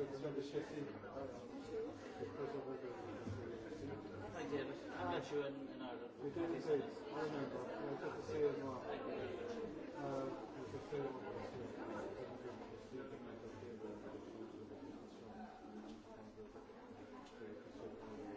I'm not sure in, in I remember, I got to say it now. Uh, we could say it Thank you.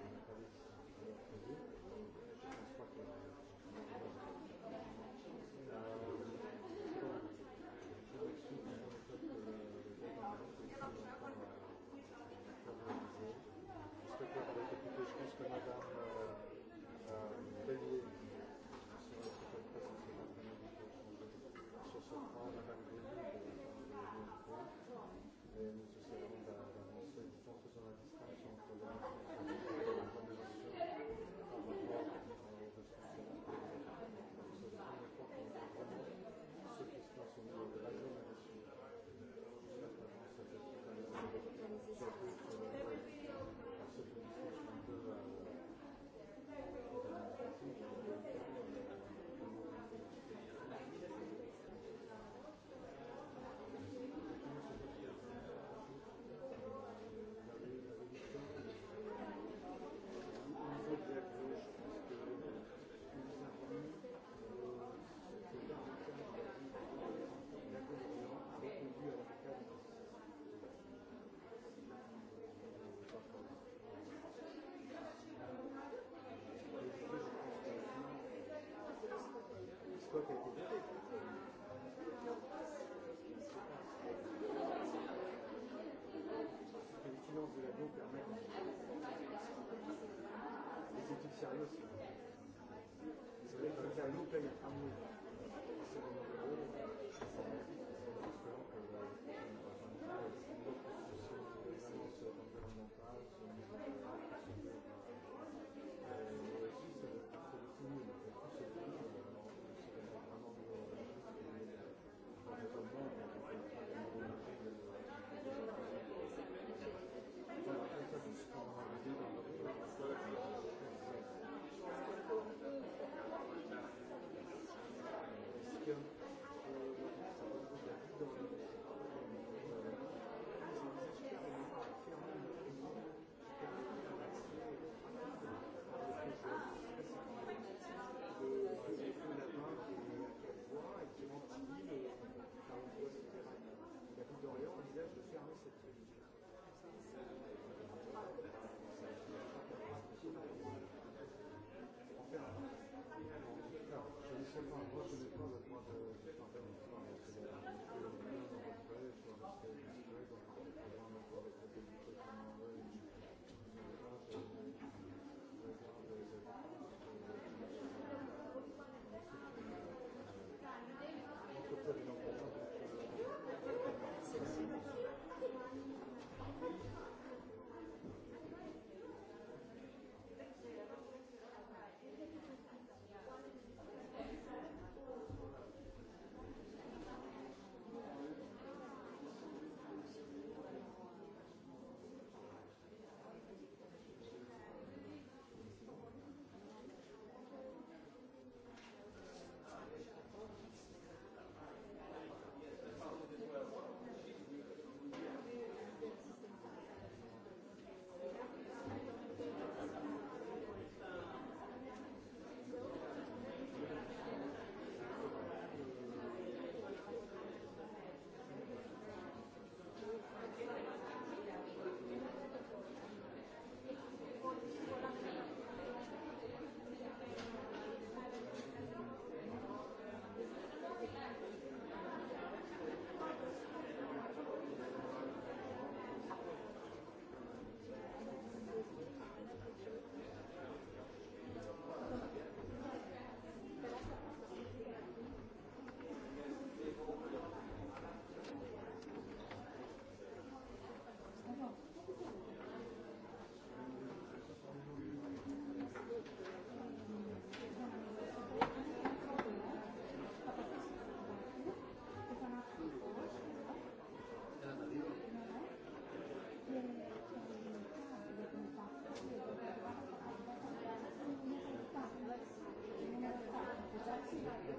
finances de la bio permettent des études sérieuses. C'est vrai que la bio paye un mot. environnementale,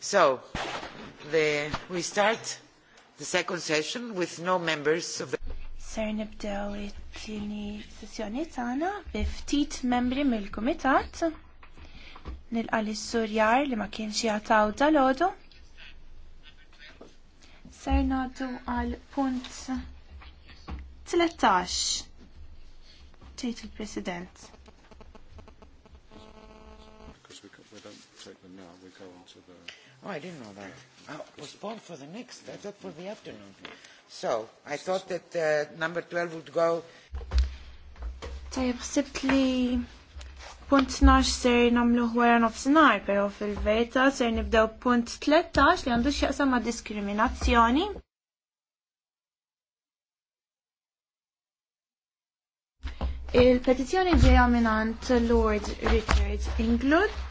So, the, we start the second session with no members of the... Ser nibdew it-tini sessjoni tagħna bi ftit membri mill-kumitat nilqa' lis-surjar li ma kienx jagħtaw dalodu. Ser ngħaddu għal punt 13 tgħid il-President. Oh, I didn't know that. I was born for the next. I thought for the afternoon. So, I thought that uh, number 12 would go... Tajab, xsibt li punt 12 ser namlu għara nofsinar, pero fil-veta ser nibdew punt 13 li għandu xieqsa ma' diskriminazzjoni. Il-petizjoni ġeja minant Lord Richard England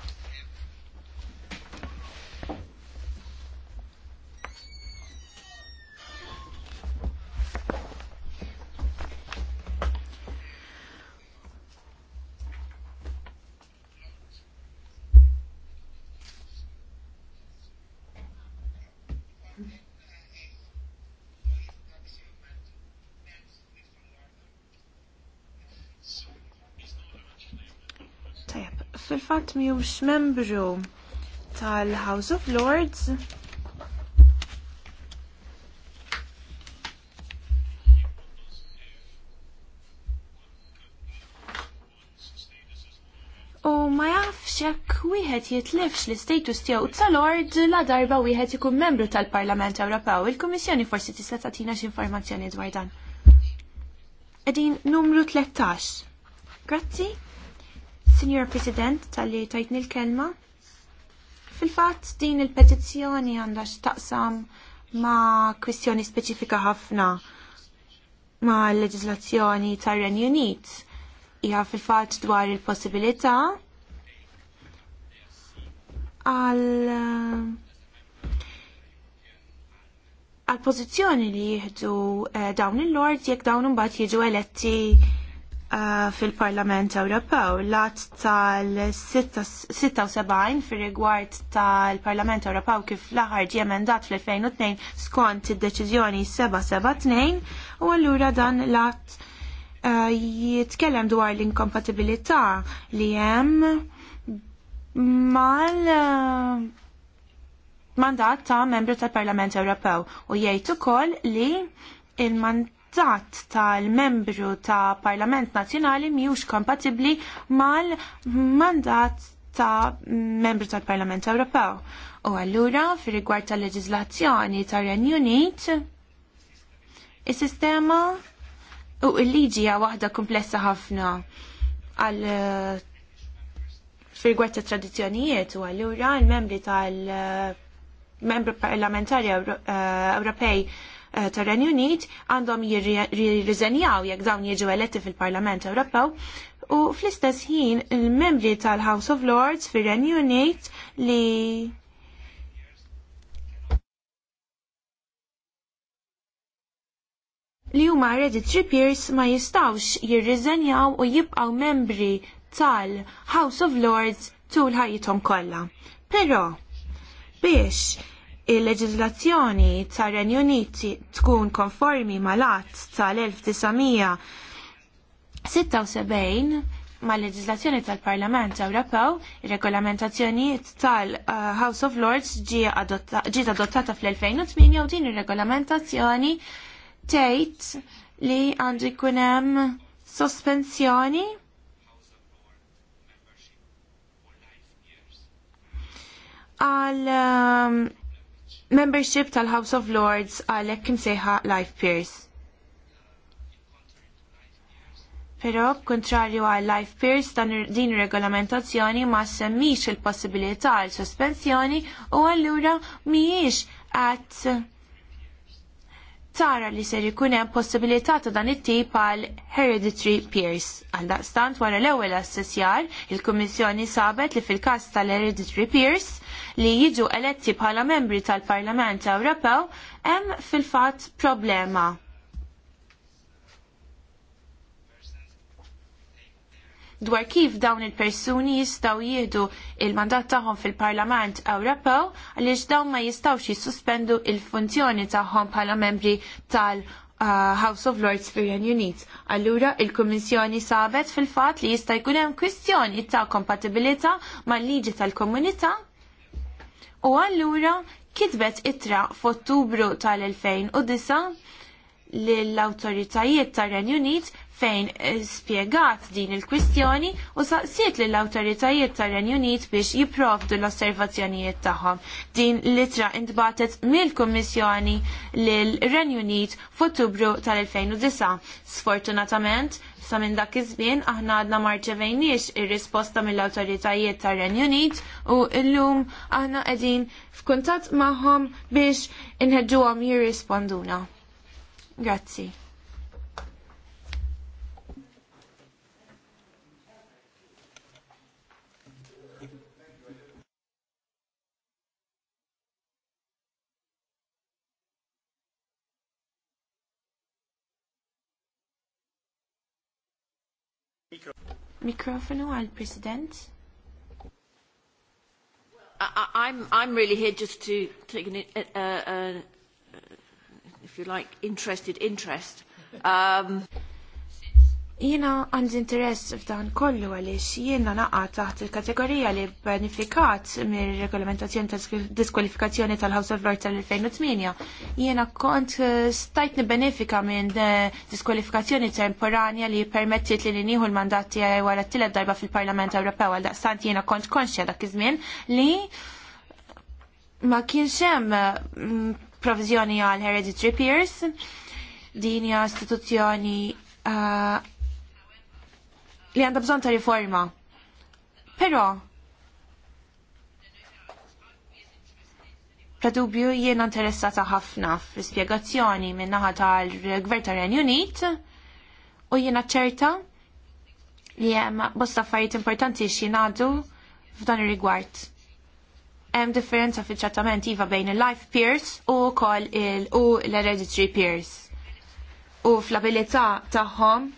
qatt mhux membru tal-House of Lords U ma jafx jekk wieħed jitlifx l-istatus tiegħu tal Lord la darba wieħed ikun membru tal-Parlament Ewropew. Il-Kummissjoni forsi tista' tagħtina xi informazzjoni dwar dan. Qegħdin numru 13. Grazzi. Signor President, tal-li tajtni l-kelma. Fil-fat, din il-petizzjoni għandha x'taqsam ma' kwistjoni speċifika ħafna ma' l-leġislazzjoni tar-Renju Unit. Hija fil-fatt dwar il-possibilità għal għal pożizzjoni li jieħdu eh, dawn il lord jekk dawn imbagħad jiġu eletti Uh, fil-Parlament Ewropew, lat tal-76 fir rigward tal-Parlament Ewropew kif l-aħħar ġie emendat fl-2002 skont id-deċiżjoni 772 u allura dan lat att uh, jitkellem dwar l-inkompatibilità li hemm mal uh, mandat ta' membru tal-Parlament Ewropew u jgħid ukoll li il-mandat mandat tal-membru ta' Parlament Nazzjonali mhijiex kompatibbli mal-mandat ta' membru tal-Parlament Ewropew. U allura fir-rigward tal-leġiżlazzjoni tar-Renju Unit is-sistema u l-liġi hija waħda komplessa ħafna għal fil-gwetta tradizzjonijiet u allura l-membri tal membru parlamentari eh, Ewropej Eh, tar-Renju Unit għandhom jirriżenjaw jekk dawn jiġu eletti fil-Parlament Ewropew u fl-istess ħin il-membri tal-House of Lords fir-Renju Unit li li huma ready Peers ma jistawx jirriżenjaw u jibqaw membri tal-House of Lords tul ħajjithom kollha. Però biex il-leġizlazzjoni tar renju Unit tkun konformi mal-att tal-1976 mal leġizlazzjoni tal-Parlament Ewropew, ir-regolamentazzjonijiet tal-House of Lords ġiet adottata fl-2008 u din ir-regolamentazzjoni tgħid li għandu jkun hemm sospensjoni għal um, membership tal-House of Lords kim seħa Life Peers. Però, kontrarju għal Life Peers, dan din regolamentazzjoni ma semmix il-possibilità għal sospensjoni u allura mhijiex għat tara li ser ikun hemm possibilità ta' dan it-tip għal hereditary peers. Għal daqstant wara l-ewwel assessjar, il-Kummissjoni sabet li fil-każ tal-hereditary peers li jiġu eletti bħala membri tal-Parlament Ewropew hemm fil-fatt problema dwar kif dawn il-persuni jistaw jieħdu il-mandat tagħhom fil-Parlament Ewropew għaliex dawn ma jistawx jissuspendu il-funzjoni tagħhom bħala membri tal- uh, House of Lords fir-Ren Unit. Allura il-Kummissjoni sabet fil-fatt li jista' jkun hemm kwistjoni ta' kompatibilità mal-liġi tal-komunità u allura kitbet itra f'Ottubru tal-2009 lill-awtoritajiet tar renju Unit fejn eh, spiegat din il-kwistjoni u saqsiet lill awtoritajiet tar-Renju Unit biex jipprovdu l-osservazzjonijiet tagħhom. Din litra intbatet mill-Kummissjoni lil renju Unit f'Ottubru tal-2009. Sfortunatament, sa minn dak iż-żmien aħna għadna rċevejniex ir-risposta mill-awtoritajiet tar-Renju Unit u llum aħna qegħdin f'kuntatt magħhom biex inħeġġuhom jirrisponduna. Grazzi. Microfono al president I'm, I'm really here just to take an, uh, uh, if you like, interested interest. Um, Jiena għandi interess f'dan kollu għaliex jiena naqqa taħt il-kategorija li benifikat mir regolamentazzjoni ta' diskwalifikazzjoni tal-House of Lords tal-2008. Jiena kont eh, stajt benefika minn eh, diskwalifikazzjoni temporanja li permettiet li nieħu l mandati għara wara t-tielet darba fil-Parlament Ewropew għal daqstant jiena kont konxja dak iż-żmien li ma kienx hemm mm, proviżjoni għal hereditary peers din hija istituzzjoni uh, li għandha bżonn ta' riforma. Però pradubju dubju jiena interessata ħafna fl-ispjegazzjoni min-naħa tal-Gvern tar-Renju Unit u jiena ċerta li hemm bosta affarijiet importanti xinadu f'dan ir-rigward. Hemm differenza fil-ċattament iva bejn il-life peers u wkoll il u l-hereditary peers. U fl-abilità tagħhom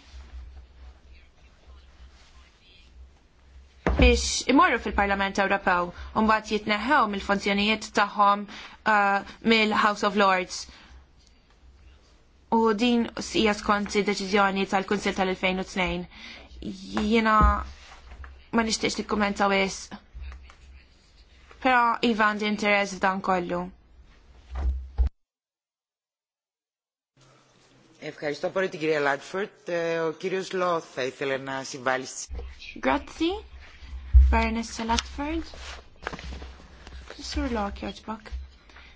biex imorru fil-Parlament Ewropew u mbagħad jitneħħew mill-funzjonijiet tagħhom uh, mill-House of Lords. U din hija skont id-deċiżjoni tal-Kunsil tal-2002. Jiena ma nixtieqx nikkumenta wis. Però ivan di interess f'dan kollu. Ευχαριστώ πολύ την κυρία Λάτφορτ. Ο κύριος Λόθ θα ήθελε να συμβάλλει. Grazie. Baronessa Salatford. Sur Lok joġbok.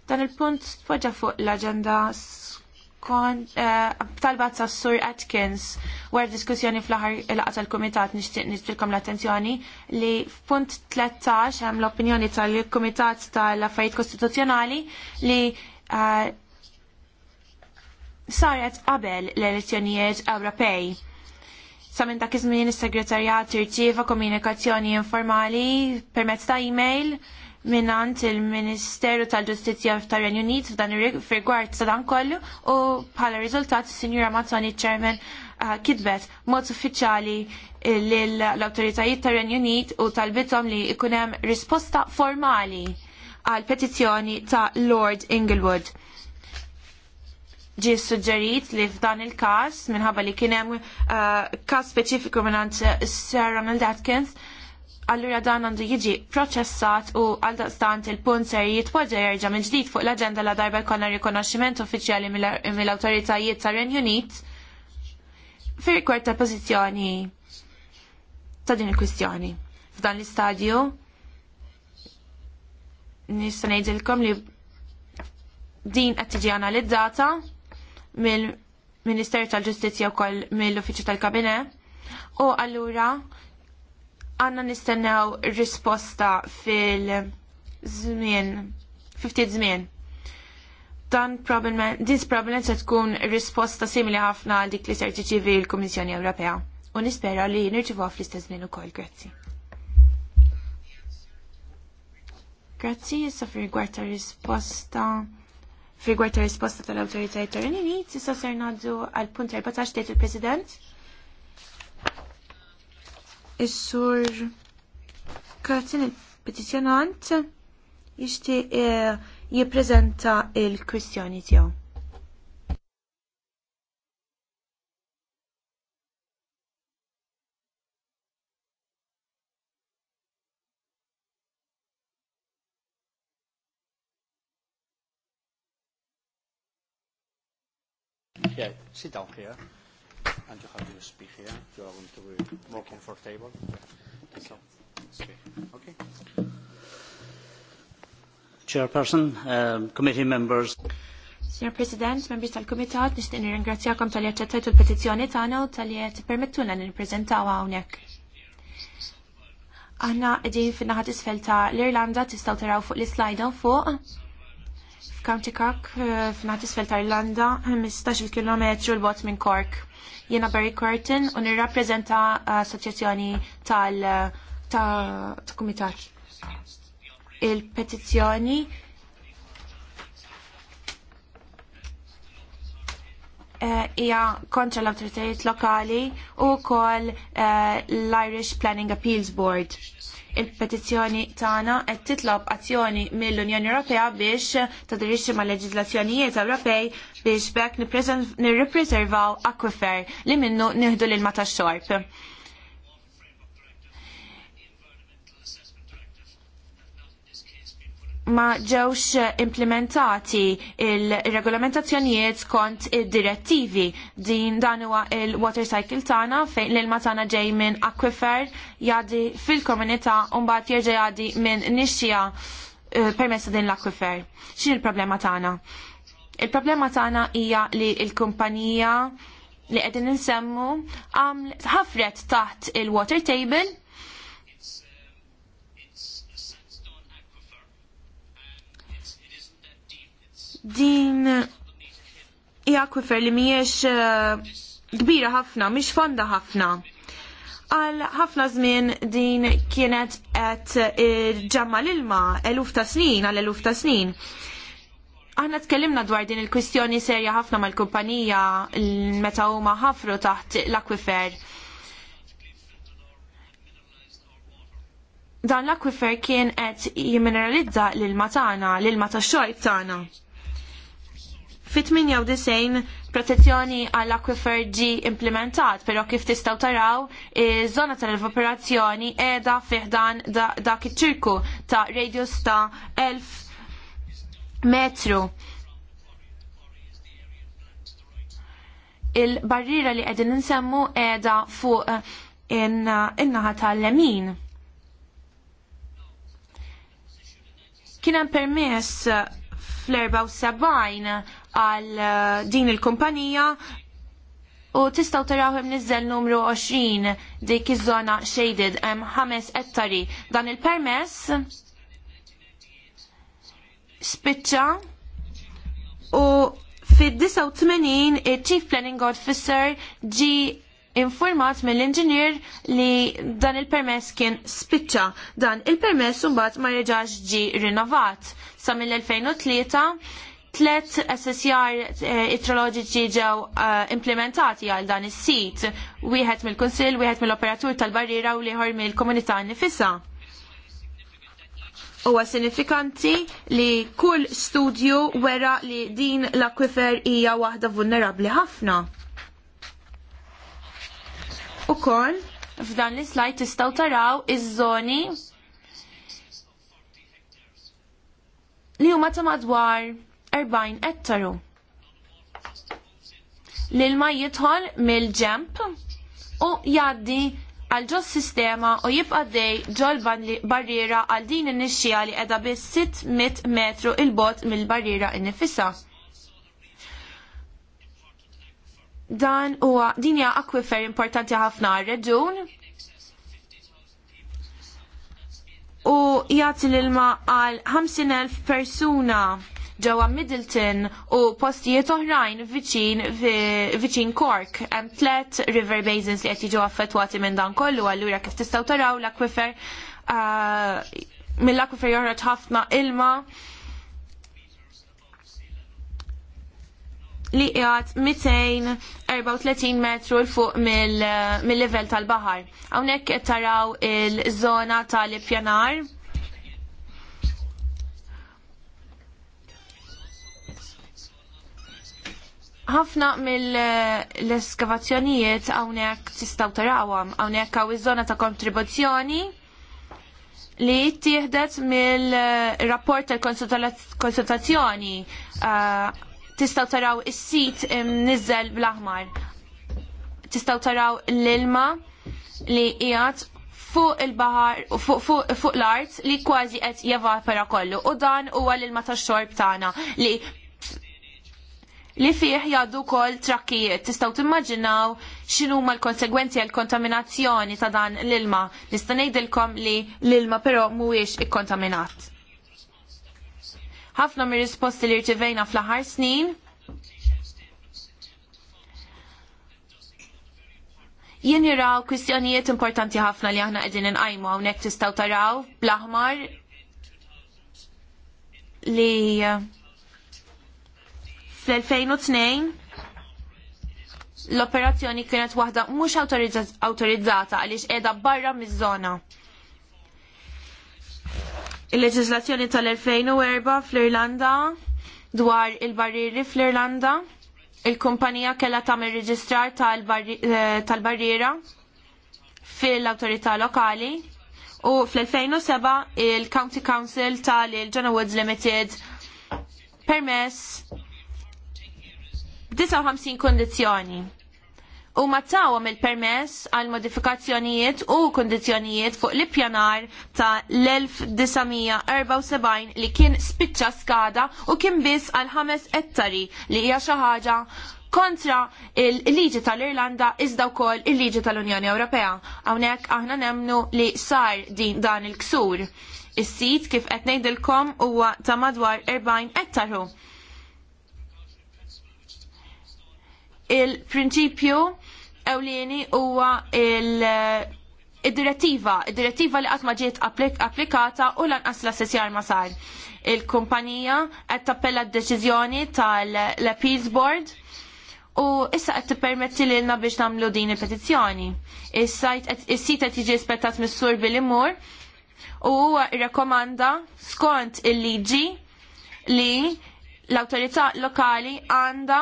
Dan il-punt tpoġġa fuq l-agenda eh, talbat sa' Sur Atkins war diskussjoni fl ħar il-qaqa tal-Kumitat nixtieq nistilkom l-attenzjoni li f'punt 13 hemm l-opinjoni tal-Kumitat tal-Affarijiet Kostituzzjonali li eh, saret qabel l-elezzjonijiet Ewropej Sa minn dak iż-żmien is-segretarjat irċieva komunikazzjoni informali permezz ta' email minnant il-Ministeru tal-Ġustizzja tar-Renju Unit f'dan ir-rigward sa dan kollu u bħala riżultat is-Sinjura Mazzoni Chairman uh, kitbet mod uffiċjali l-autoritajiet tar renju Unit u talbithom li ikun hemm risposta formali għal petizzjoni ta' Lord Inglewood ġie suġġerit li f'dan il każ minħabba li kien hemm uh, każ speċifiku mingħand uh, Sir Ronald Atkins allura dan għandu jiġi proċessat u għal il-punt ser jitpoġġa jerġa' minn ġdid fuq l-aġenda la darba jkollna rikonoxximent uffiċjali mill-awtoritajiet tar Renjunit Unit kwarta rikward ta' pożizzjoni ta' din il-kwistjoni. F'dan l-istadju nista' ngħidilkom li din qed tiġi analizzata mill-Ministeru tal-Ġustizzja u koll mill-Uffiċċju tal-Kabinet. U allura għanna nistennew risposta fil-żmien, ftit żmien. Dan problem, dis problem se tkun risposta simili ħafna għal dik li ser tiċivi l-Kummissjoni Ewropea. U nispera li nirċivuha fl-istess żmien ukoll, grazzi. Grazzi, issa fi risposta Frigwar ta' risposta tal-autoritajt tornini, tista' ser naddu għal punt 14 tgħid il-President. Is-sur Katin il-petizjonant jixtieq eh, jippreżenta il-kwistjoni tiegħu. Yeah, sit down here. And you have to speak here. You are going to be more comfortable. So, speak. Okay. Chairperson, um, committee members. Signor President, membri tal-Kumitat, nixtieq nirringrazzjakom tal-li aċċettajtu l-petizzjoni tagħna u tal-li qed permettuna nippreżentaw hawnhekk. Aħna qegħdin fin-naħa isfel ta' l-Irlanda tistgħu taraw fuq l-slajda fuq f'County Cork eh, f'nati isfel ta' Irlanda 15 km l-bot minn Cork. Jiena Barry Curtin u nirrappreżenta eh, assoċjazzjoni tal ta' kumitat. Il-petizzjoni eh, hija kontra l-autoritajiet lokali u kol l-Irish Planning Appeals Board il-petizzjoni tagħna qed titlob azzjoni mill-Unjoni Ewropea biex tadrixxi ma' leġiżlazzjonijiet Ewropej biex bekk nirripreservaw akwifer li minnu nieħdu l-ilma tax-xorb. ma ġewx implementati il-regolamentazzjonijiet kont id-direttivi din dan huwa il-water cycle tagħna fejn l-ilma tagħna ġej minn akwifer jadi fil-komunità u mbagħad jerġa' jadi minn nixxija eh, permessa din l-akwifer. X'in il-problema tagħna? Il-problema tagħna hija li l-kumpanija li qegħdin insemmu ħafret taħt il-water table din hija akwifer li mhijiex eh, kbira ħafna, mhix fonda ħafna. Għal ħafna żmien din kienet qed ġamma l-ilma eluf ta' snin għal eluf ta' snin. Aħna tkellimna dwar din il-kwistjoni serja ħafna mal-kumpanija meta huma ħafru taħt l-akwifer. dan l-akwifer kien qed jimineralizza l-ilma tagħna, l-ilma tax-xorb tagħna. Fit-98 protezzjoni għall-akwifer ġi implementat, pero kif tistaw taraw, iż-żona e, tal-evaporazzjoni edha fiħdan dak iċ-ċirku ta' radius ta' 1000 metru. Il-barriera li qegħdin insemmu edha fuq e, in-naħa tal-lemin. Kien hemm permess fl-74 għal eh, din il-kumpanija u tistaw taraw hemm niżel numru 20 dik iż-żona shaded hemm ħames ettari. Dan il-permess spiċċa u fid-89 il-Chief Planning Officer ġi informat mill-inġinier li dan il-permess kien spiċċa. Dan il-permess mbagħad ma reġax ġi rinnovat. Sa mill-2003 tlet SSR eh, itroloġiċi ġew eh, implementati għal dan is-sit, wieħed mill-Kunsill, wieħed mill-Operatur tal-Barriera u liħor mill-Komunità nnifisha. Huwa sinifikanti li kull studju wera li din l-akwifer hija waħda vulnerabbli ħafna. Ukoll f'dan l-islajd tistgħu taraw iż-żoni li huma ta' madwar 40 ettaru. L-ilma jidħol mill-ġemp u jaddi għal ġos sistema u jibqa' dej ġol barriera għal din in-nixxija li qiegħda bis 600 metru il bot mill-barriera innifisha. Dan huwa din hija akwifer importanti ħafna għar-reġun u jagħti l-ilma għal 50,000 persuna ġewwa Middleton u postijiet oħrajn viċin viċin Cork. Hemm tliet river basins li qed jiġu affettwati minn dan kollu allura kif tistgħu taraw l-akwifer uh, mill-akwifer joħroġ ħafna ilma. li jgħat 234 metru l-fuq mill-level mil tal-bahar. qed taraw il-zona tal-ippjanar ħafna mill-eskavazzjonijiet hawnhekk tistgħu tarawhom, hawnhekk hawn iż-żona ta' kontribuzzjoni li jittieħdet mill-rapport tal-konsultazzjoni uh, tistaw taraw is-sit nizzel bl-aħmar. Tistaw taraw l-ilma li qiegħed fuq il-bahar fuq l-art li kważi qed jevapera kollu u dan huwa l-ilma tax-xorb tagħna li li fih jaddu kol trakkijiet. Tistaw timmaġinaw xinu ma l-konsegwenzi għal-kontaminazzjoni ta' dan l-ilma. Nista' ngħidilkom li l-ilma però mhuwiex ikkontaminat. Ħafna mir-risposti li rċivejna fl-aħħar snin jien jiraw kwistjonijiet importanti ħafna li aħna qegħdin inqajmu hawnhekk tistgħu taraw bl-aħmar li Fl-2002 l-operazzjoni kienet waħda mhux awtorizzata għaliex qiegħda barra miż-żona. Il-leġiżlazzjoni tal-2004 fl-Irlanda dwar il-barriri fl-Irlanda, il-kumpanija kellha tagħmel reġistrar eh, tal-barriera fil-awtorità lokali u fl-2007 il-County Council tal-Jana Woods Limited permess 59 kondizjoni. U mattawom il-permess għal modifikazzjonijiet u kondizjonijiet fuq l-ippjanar ta' l-1974 li kien spiċċa skada u kien biss għal ħames ettari li hija xi ħaġa kontra il-liġi tal-Irlanda iżda wkoll il-liġi tal-Unjoni Ewropea. Hawnhekk aħna nemnu li sar din dan il-ksur. Is-sit kif qed ngħidilkom huwa ta' madwar 40 ettaru il-prinċipju ewlieni huwa il- Id-direttiva, id-direttiva li għatma ġiet applikata u lanqas l-assessjar ma sar. Il-kumpanija qed tappella d-deċiżjoni tal-Appeals Board u issa qed tippermetti lilna biex nagħmlu din il-petizzjoni. Is-sit qed jiġi spettat mis-sur bil-imur u rekomanda skont il-liġi li l-autorità lokali għanda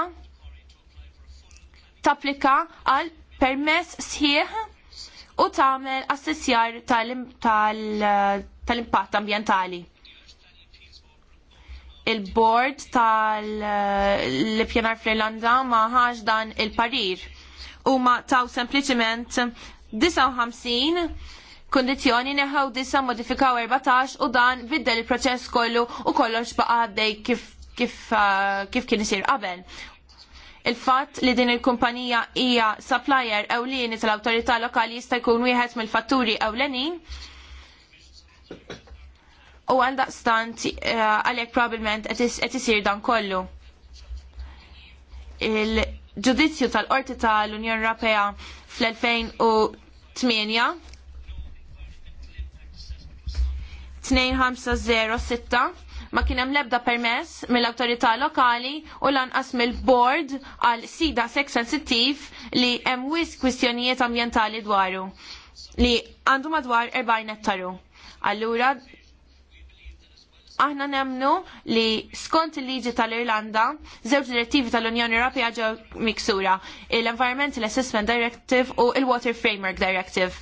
tapplika għal permess sħiħ u tagħmel assessjar tal-impatt ambjentali. Il-board tal-pjanar fl-Irlanda ma ħax dan il-parir u ma taw sempliciment 59 kondizjoni neħaw disa modifikaw 14 u dan biddel il-proċess kollu u kollox baqa kif kif, kif kien isir qabel il-fatt li din il-kumpanija hija supplier ewlieni tal-awtorità lokali jista' jkun wieħed mill-fatturi ewlenin u għaldaqstant eh, għalhekk probablement qed isir dan kollu. Il-ġudizzju tal-Qorti tal-Unjoni Ewropea fl-2008 2506 ma kien hemm l-ebda permess mill-awtorità lokali u lanqas mill-board għal sida sex sensitiv li hemm wisq kwistjonijiet ambjentali dwaru li għandu madwar 40 ettaru. Allura aħna nemnu li skont il-liġi tal-Irlanda, żewġ direttivi tal-Unjoni Ewropea ġew miksura, l environmental Assessment Directive u il-Water Framework Directive.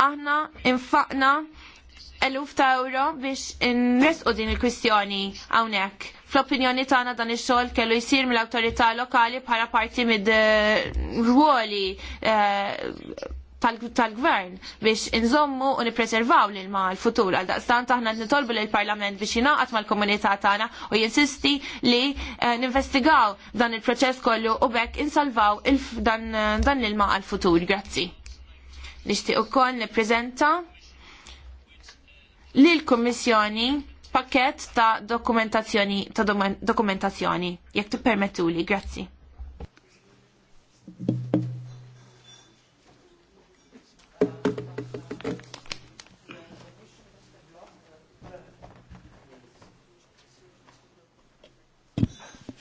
aħna infaqna eluf ta' euro biex nresqu din il-kwistjoni hawnhekk. Fl-opinjoni tagħna dan ix-xogħol kellu jsir mill-awtorità lokali bħala parti mid-rwoli eh, tal-gvern biex inżommu u nipreservaw l-ilma l-futur. Għal daqstant aħna nitolbu l-parlament biex jinaqat mal-komunità tagħna u jinsisti li eh, ninvestigaw dan il-proċess kollu u bekk insalvaw dan l-ilma għall futur Grazzi. Nixtieq ukoll nippreżenta lill-Kummissjoni pakket ta' dokumentazzjoni ta' dokumentazzjoni jekk tippermettuli, grazzi.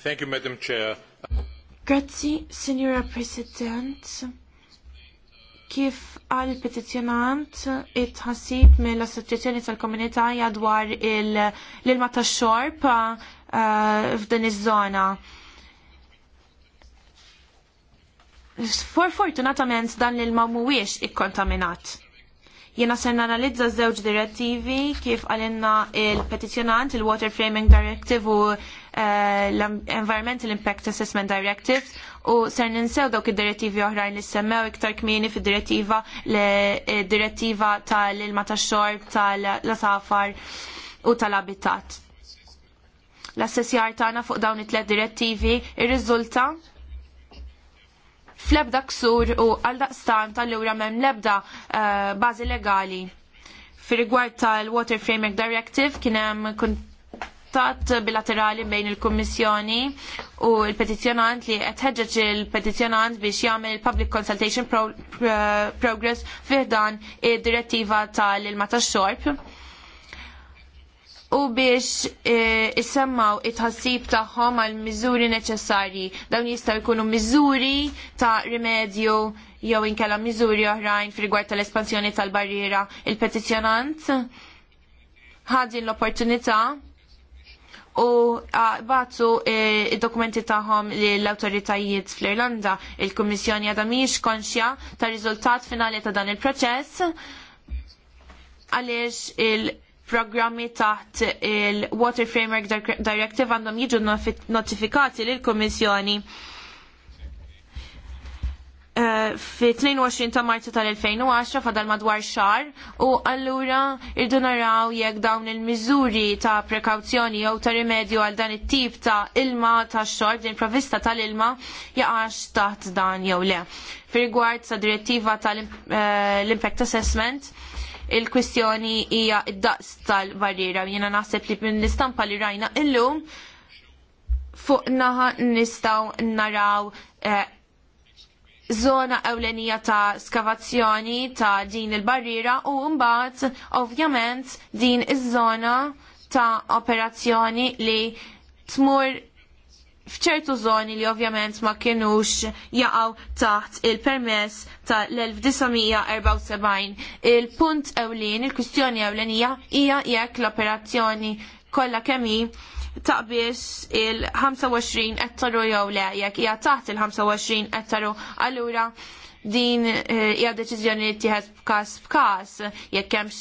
Thank you, Madam Chair. Grazie, Signora Presidente. Kif għal petizjonant it-ħassib mill-Assoċjazzjoni tal-Komunità dwar l-ilma tax-xorb uh, f'din iż-żona. For fortunatament dan l-ilma mhuwiex ikkontaminat. Jena ser nanalizza żewġ direttivi kif għalinna il-petizjonant il-Water Framing Directive u Eh, l-Environmental Impact Assessment Directive u ser ninsew dawk id-direttivi oħrajn li semmew iktar kmieni fid-direttiva eh, direttiva tal-ilma tax-xorb tal-safar u tal-abitat. L-assessjar tagħna fuq dawn it-tlet direttivi irriżulta fl-ebda ksur u għal-daqstan tal-lura l lebda eh, bażi legali fir rigward tal-Water Framework Directive kien hemm trattat bilaterali bejn il-Kummissjoni u l petizjonant li għetħedġeġ il-petizjonant biex jagħmel public consultation pro pro progress fiħdan id-direttiva tal ilma ta' xorb u biex e, issemmaw it-ħassib tagħhom għal miżuri neċessarji. Dawn jistgħu jkunu miżuri ta' rimedju jew inkella miżuri oħrajn f'rigward tal-espansjoni tal-barriera. Il-petizzjonant ħadin l-opportunità u bazzu e, il dokumenti taħħom li l-autoritajiet fl-Irlanda. Il-Kommissjoni għadha miex konxja ta' riżultat finali ta' dan il-proċess għaliex il- programmi taħt il-Water Framework Directive għandhom jiġu notifikati lill-Kummissjoni Eh, fi 22 ta' marzu tal-2010 fadal madwar xar u allura irdu naraw jekk dawn il-miżuri ta' prekawzjoni jew ta' rimedju għal dan it-tip ta' ilma ta' xor din provista tal-ilma jaqax taħt dan jew le. fir rigward sa' direttiva tal-impact eh, assessment il-kwistjoni hija id-daqs tal-barriera. Jiena naħseb li l istampa li rajna illum fuq naħa nistaw naraw eh, zona ewlenija ta' skavazzjoni ta' din il-barriera u mbagħad ovvjament din iż-żona ta' operazzjoni li tmur fċertu zoni li ovvjament ma kienux jaqaw taħt il-permess ta' l-1974. Il-punt ewlin, il-kwistjoni ewlenija, hija jekk l-operazzjoni kollha kemm taqbis il-25 ettaru jew le, jekk hija taħt il-25 ettaru, allura din eh, hija deċiżjoni li tieħed b'każ b'każ jekk hemmx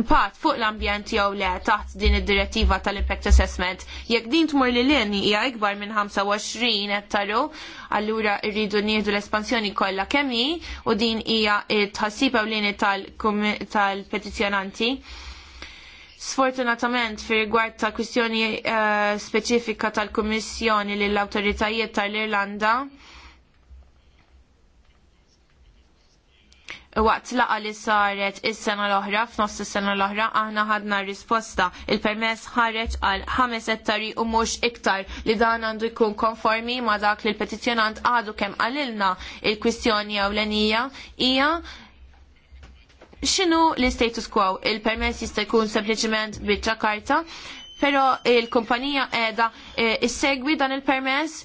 impatt fuq l-ambjent jew le taħt din id-direttiva tal-impact assessment. Jekk din tmur li lin hija ikbar minn 25 ettaru, allura rridu nieħdu l-espansjoni kollha kemm hi u din hija t tħassib ewlieni tal-petizzjonanti. tal petizzjonanti Sfortunatament firigward rigward ta' kwistjoni uh, speċifika tal-Kummissjoni lill awtoritajiet tal-Irlanda waqt laqa li saret is-sena l-oħra, f'nofs is-sena l-oħra, aħna ħadna risposta. Il-permess ħareġ għal ħames ettari u mhux iktar li dan għandu jkun konformi ma dak li l-petizzjonant għadu kemm qalilna il-kwistjoni ewlenija hija xinu l-status quo? Il-permess jista' jkun sempliċement biċċa karta, però il-kumpanija qiegħda eh, issegwi dan il-permess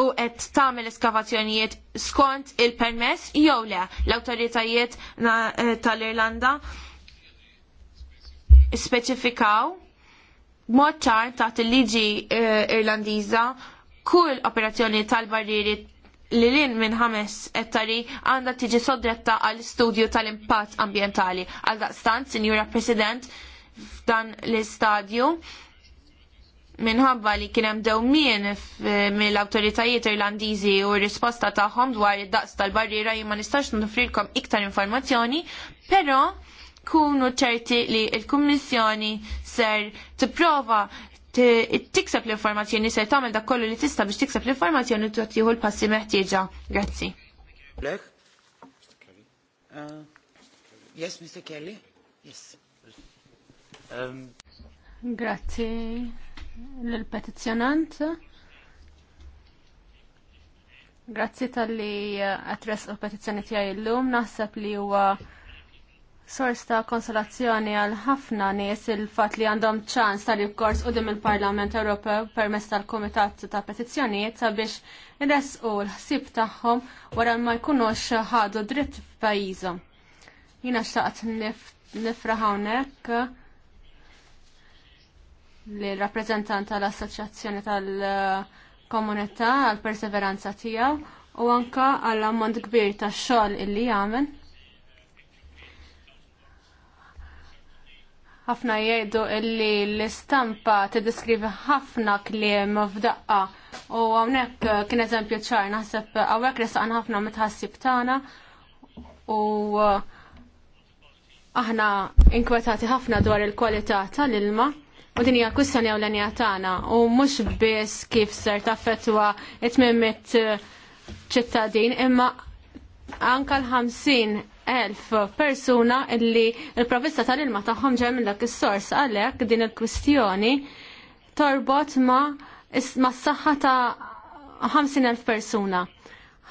u qed tagħmel eskavazzjonijiet skont il-permess jew le l-awtoritajiet eh, tal-Irlanda speċifikaw mod ċar taħt il-liġi eh, Irlandiża kull operazzjoni tal-barriri li lin minn ħames ettari għandha tiġi sodretta għal studju tal-impatt ambientali. Għal daqstant, Sinjura President, f'dan l-istadju minħabba li kienem dewmien mill-autoritajiet irlandiżi u r-risposta tagħhom dwar id-daqs tal-barriera jien ma nistax nufrilkom iktar informazzjoni, però kunu ċerti li l-Kummissjoni ser tipprova tikseb l-informazzjoni se tagħmel dak kollu li tista' biex tikseb l-informazzjoni u tieħu l-passi meħtieġa. Grazzi. Eh, yes, Mr. Kelly. Yes. Um, Grazzi l-petizzjonant. Grazzi tal-li għatres u petizzjoni tijaj l-lum. Naħseb li huwa sors ta' konsolazzjoni għal ħafna nies il-fat li għandhom ċans tal kors u il-Parlament Ewropew permess tal-Komitat ta' Petizzjonijiet sabiex resqu l-ħsib tagħhom wara ma jkunux ħadu dritt f'pajjiżhom. Jiena xtaqt nifra hawnhekk li rappreżentant tal-Assoċjazzjoni tal-Komunità għal perseveranza tiegħu u anka għall ammont kbir tax xogħol illi jagħmel ħafna jgħidu illi l-istampa tiddiskrivi ħafna kliem f'daqqa u hawnhekk eh, kien eżempju ċar naħseb hawnhekk resaqna ħafna mitħassib tagħna u eh, aħna inkwetati ħafna dwar il-kwalità tal-ilma u din hija kwistjoni ewlenija tagħna u mhux biss kif ser taffettwa it-tmimmet eh, ċittadin imma anka l-ħamsin elf persuna illi il-provista tal-ilma tagħhom ġej mill-lek is-sors għalhekk din il-kwistjoni torbot ma' ma' s-saħħa ta' 50,000 persuna.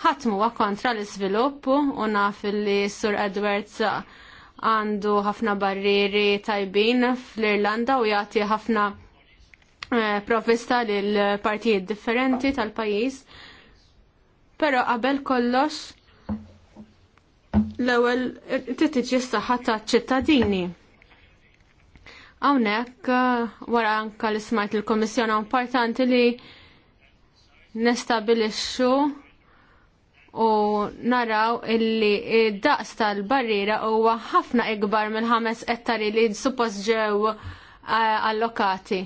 Ħatmu wa kontra l-iżvilupp u naf li Sur Edwards għandu ħafna barrieri tajbin fl-Irlanda u jagħti ħafna eh, provvista l partijiet differenti tal-pajjiż. Pero qabel kollox l-ewwel trid tiġi s ċittadini Hawnhekk uh, wara anke li smajt il-Kommissjoni importanti li nestabilixxu u naraw illi id-daqs tal-barriera huwa ħafna ikbar minn ħames ettari li suppost ġew uh, allokati.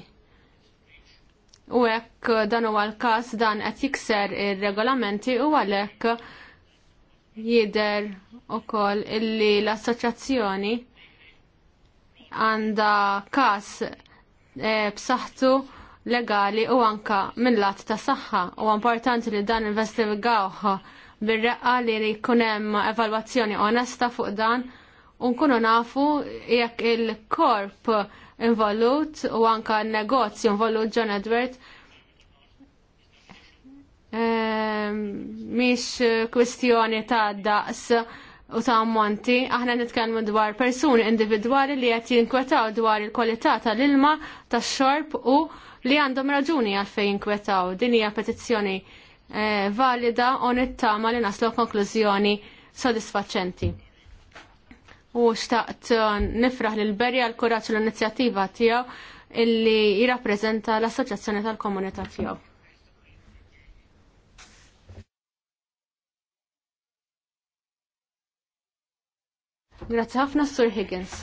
U hekk uh, dan huwa l-każ dan qed jikser ir-regolamenti u għalhekk jider u koll illi l-assoċazzjoni għanda kas e, eh, b'saħħtu legali u anka mill-lat ta' saħħa u importanti li dan investigawħ bir-reqqa li jkun hemm evalwazzjoni onesta fuq dan u nkunu nafu jekk il-korp involut u anka n negozju involut John Edward miex ehm, kwestjoni ta' daqs u ta' ammonti, aħna nitkellmu dwar persuni individwali li qed jinkwetaw dwar il-kwalità tal-ilma, tax-xorb u li għandhom raġuni għalfejn jinkwetaw. Din hija petizzjoni eh, valida u nittama li naslu konklużjoni sodisfaċenti. U xtaqt eh, nifraħ lil berja l-kuraġġ l-inizjattiva tiegħu illi jirrappreżenta l-Assoċjazzjoni tal-Komunità tiegħu. Grazzi ħafna Sur Higgins.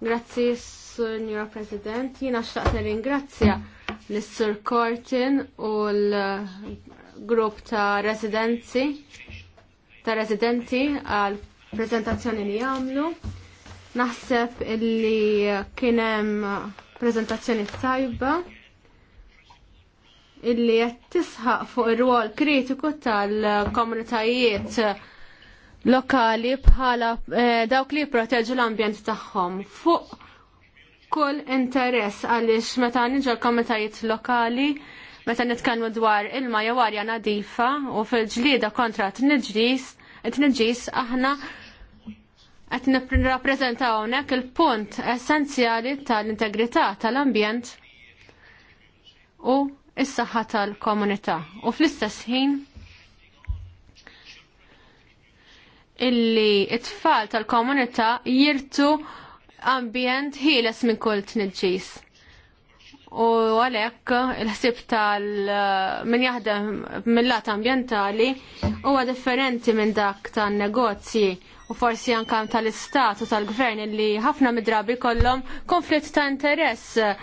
Grazzi Sur Njura President. Jina xtaqt ringrazzja l-Sur Cortin u l-grupp ta' residenzi ta' residenti għal prezentazzjoni li għamlu. Naħseb illi kienem prezentazzjoni tajba illi tisħaq fuq ir-rwol kritiku tal-komunitajiet lokali bħala eh, dawk li jipproteġu l-ambjent tagħhom fuq kull interess għaliex meta niġu l-komitajiet lokali meta nitkellmu dwar ilma jew arja nadifa u fil-ġlieda kontra t-nġis, t-nġis aħna qed nirrappreżentaw hawnhekk il-punt essenzjali tal-integrità tal-ambjent u s-saħħa tal-komunità. U fl-istess ħin illi it-tfal tal-komunità jirtu ambjent ħieles minn kull tniġġis. U għalhekk il-ħsieb tal eh, min jaħdem mill-lat ambjentali huwa differenti minn dak tan-negozji u forsi anke tal-istat u tal-gvern li ħafna midrabi kollhom konflitt ta' interess eh,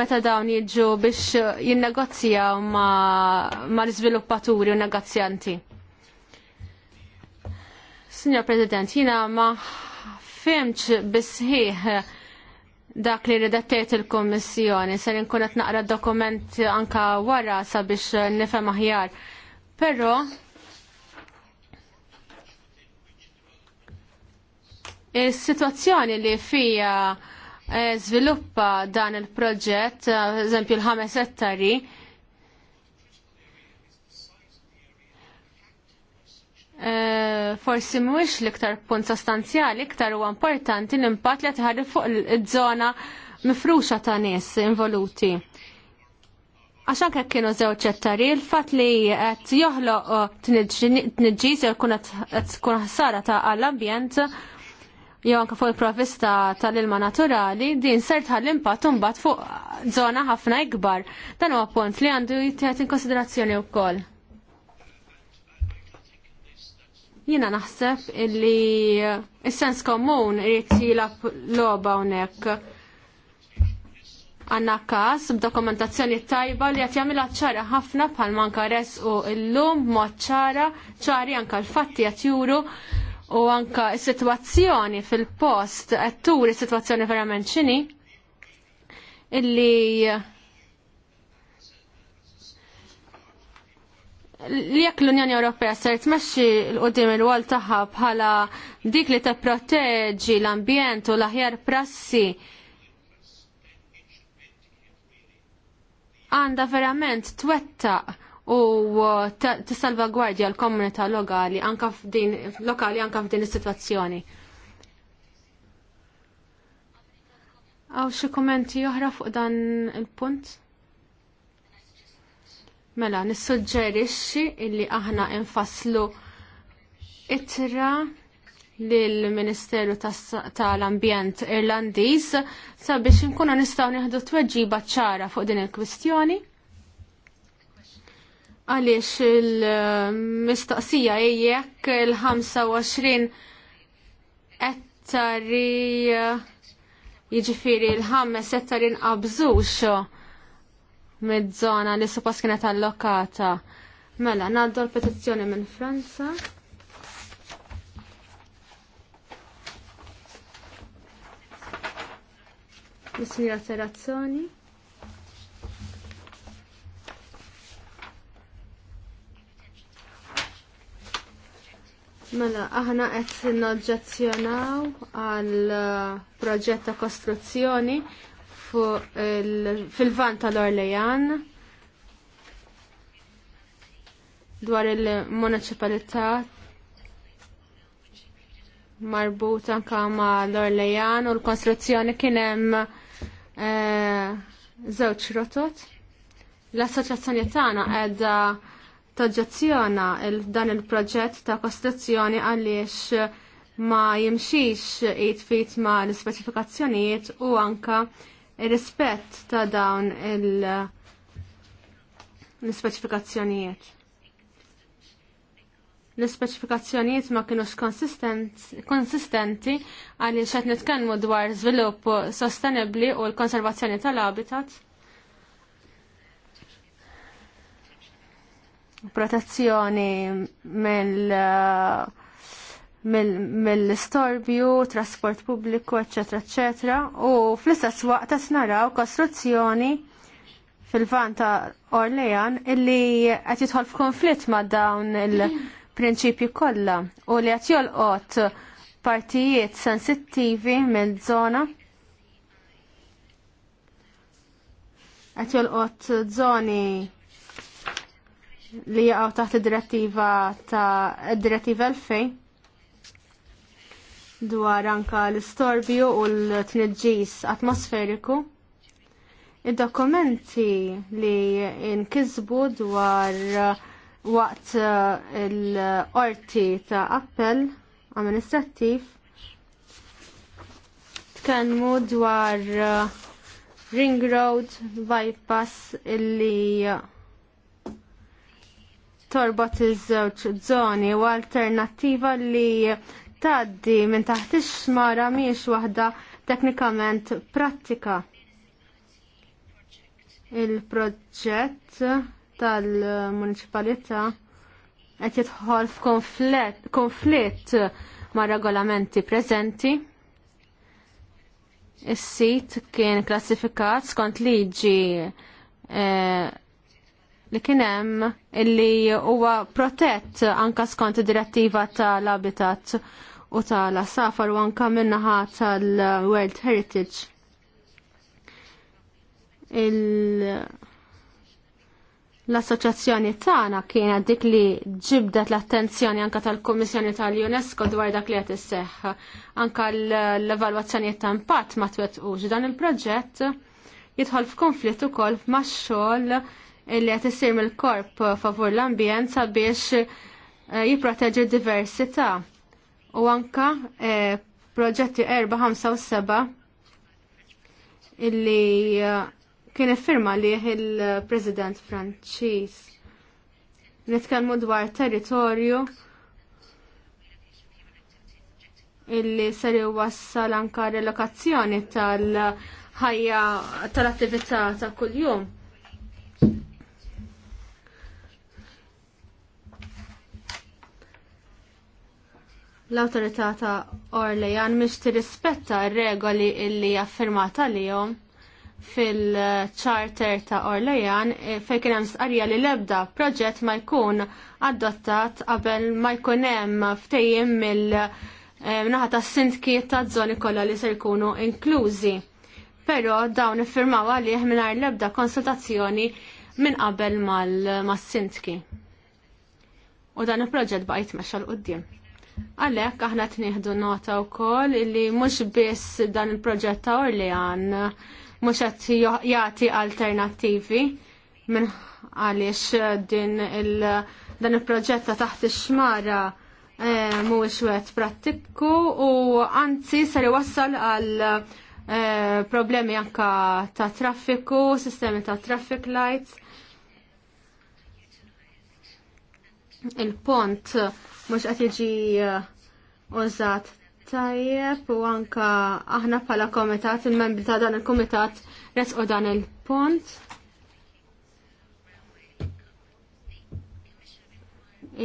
meta dawn jiġu biex jinnegozzja ma' l-iżviluppaturi u negozjanti. Signor President, jina ma fimċ bisħiħ dak li redattajt il-Kommissjoni, ser nkun qed naqra dokument anka wara sabiex nifhem aħjar. Però is-sitwazzjoni li fija eh, żviluppa dan il-proġett, eh, eżempju l-ħames ettari, Eh, forsi mhuwiex l-iktar punt sostanzjali, iktar huwa importanti l-impatt li għatħarri fuq iż-żona mifruxa ta' nies involuti. Għax anke kienu żewġ ċettari, il-fatt li qed joħloq eh, tniġġis jew qed tkun ħsara ta' għall-ambjent jew anke fuq il-provista tal-ilma naturali, din ser tħall impatt un fuq żona ħafna ikbar. Dan huwa punt li għandu jitħed in konsiderazzjoni wkoll. Jiena naħseb illi il sens komun irrit jilab logħba hawnhekk. Għanna kas b'dokumentazzjoni tajba li qed jagħmilha ċara ħafna bħal manka u llum mod ċara, ċari anke l-fatti qed juru u anke s-sitwazzjoni fil-post qed turi s-sitwazzjoni verament x'inhi illi li jekk l-Unjoni Ewropea ser tmexxi l-qudiem il-wol tagħha bħala dik li tipproteġġi l-ambjent u l-aħjar prassi għandha verament twettaq u tissalvagwardja l-komunità lokali anka f'din lokali anka f'din is-sitwazzjoni. Għaw xi kummenti oħra fuq dan il-punt? Mela, nissuġġerixxi illi aħna infaslu itra lill-Ministeru tal-Ambjent Irlandiż sabiex inkunu nistgħu nieħdu tweġiba ċara fuq din il-kwistjoni. Għaliex il-mistoqsija jekk il-25 ettari jiġifieri l-ħames ettari nqabżux mid-żona li suppos kienet allokata. Mela, ngħaddu l-petizzjoni minn Franza. Is-sinjora Mela, aħna qed noġġezzjonaw għal uh, proġett ta' kostruzzjoni fil-van tal-Orlejan dwar il-municipalità marbut anka ma l-Orlejan u l-konstruzzjoni kienem zewċ eh, rotot. L-assoċjazzjoni tagħna qiegħda toġġazzjona dan il-proġett ta' kostruzzjoni għaliex ma jimxix it-fit ma l-ispeċifikazzjonijiet u anka ir-rispett ta' dawn l-ispeċifikazzjonijiet. L-ispeċifikazzjonijiet ma kienux konsistenti għaliex qed nitkellmu dwar żvilupp sostenibbli u l-konservazzjoni tal-habitat. Protezzjoni mill- uh, mill-istorbju, mil trasport pubbliku, eccetera, eccetera. U fl-istess waqt qed naraw kostruzzjoni fil-van ta' Orlean illi qed jidħol f'konflitt ma' dawn il-prinċipji kollha u li qed jolqot partijiet sensittivi minn żona qed jolqot żoni li jaqgħu taħt id-direttiva ta' id-direttiva 2000 dwar anka l-istorbju u l-tniġġis atmosferiku. Id-dokumenti li inkisbu dwar uh, waqt uh, l-orti ta' appell amministrattiv tkellmu dwar uh, Ring Road bypass illi torbot iż-żewġ zoni u alternattiva li tgħaddi minn taħt ix-xmara mhijiex waħda teknikament prattika. Il-proġett tal-municipalità qed jidħol f'konflitt ma' regolamenti preżenti. Is-sit kien klassifikat skont liġi eh, li kien hemm illi huwa protett anka skont id direttiva tal-habitat u tala safar u anka minnaħa tal-World Heritage. L-assoċjazzjoni tagħna kienet dik li ġibdet l-attenzjoni anka tal-Kummissjoni tal-UNESCO dwar dak li qed isseħħ. Anka l-evalwazzjonijiet ta' impatt ma twettqux dan il-proġett jidħol f'konflitt ukoll max-xogħol li qed isir mill-korp favur l-ambjent sabiex eh, jipproteġi d-diversità u anka eh, proġetti 457 5 7 illi eh, kien firma li il-President Franċis. Nitkellmu dwar territorju illi ser jwassal anka relokazzjoni tal-ħajja tal-attività ta' kuljum. l-autorità ta' Orlejan mhix tirrispetta r-regoli illi affirmata lihom fil-charter ta' Orlejan eh, fejn kien hemm stqarrija li l-ebda proġett ma jkun adottat qabel ma jkun hemm ftejjim mill eh, naħa ta' sindki ta' żoni kollha li se jkunu inklużi. Però dawn iffirmaw għalih mingħajr l-ebda konsultazzjoni minn qabel mal-sindki. U dan il-proġett baqgħet mexa l-qudiem. Għalek, aħna t-nieħdu nota u koll illi mux biss dan il-proġett ta' Orlean mux għat jati alternativi minn għaliex din il- dan il-proġett ta' taħt il xmara e, eh, mhuwiex wet prattiku u anzi sari wassal għal e, problemi anka ta' traffiku, sistemi ta' traffic lights. Il-pont mhux qed jiġi uh, użat tajjeb u anka aħna bħala komitat, il-membri ta' dan il-komitat resqu dan il-punt.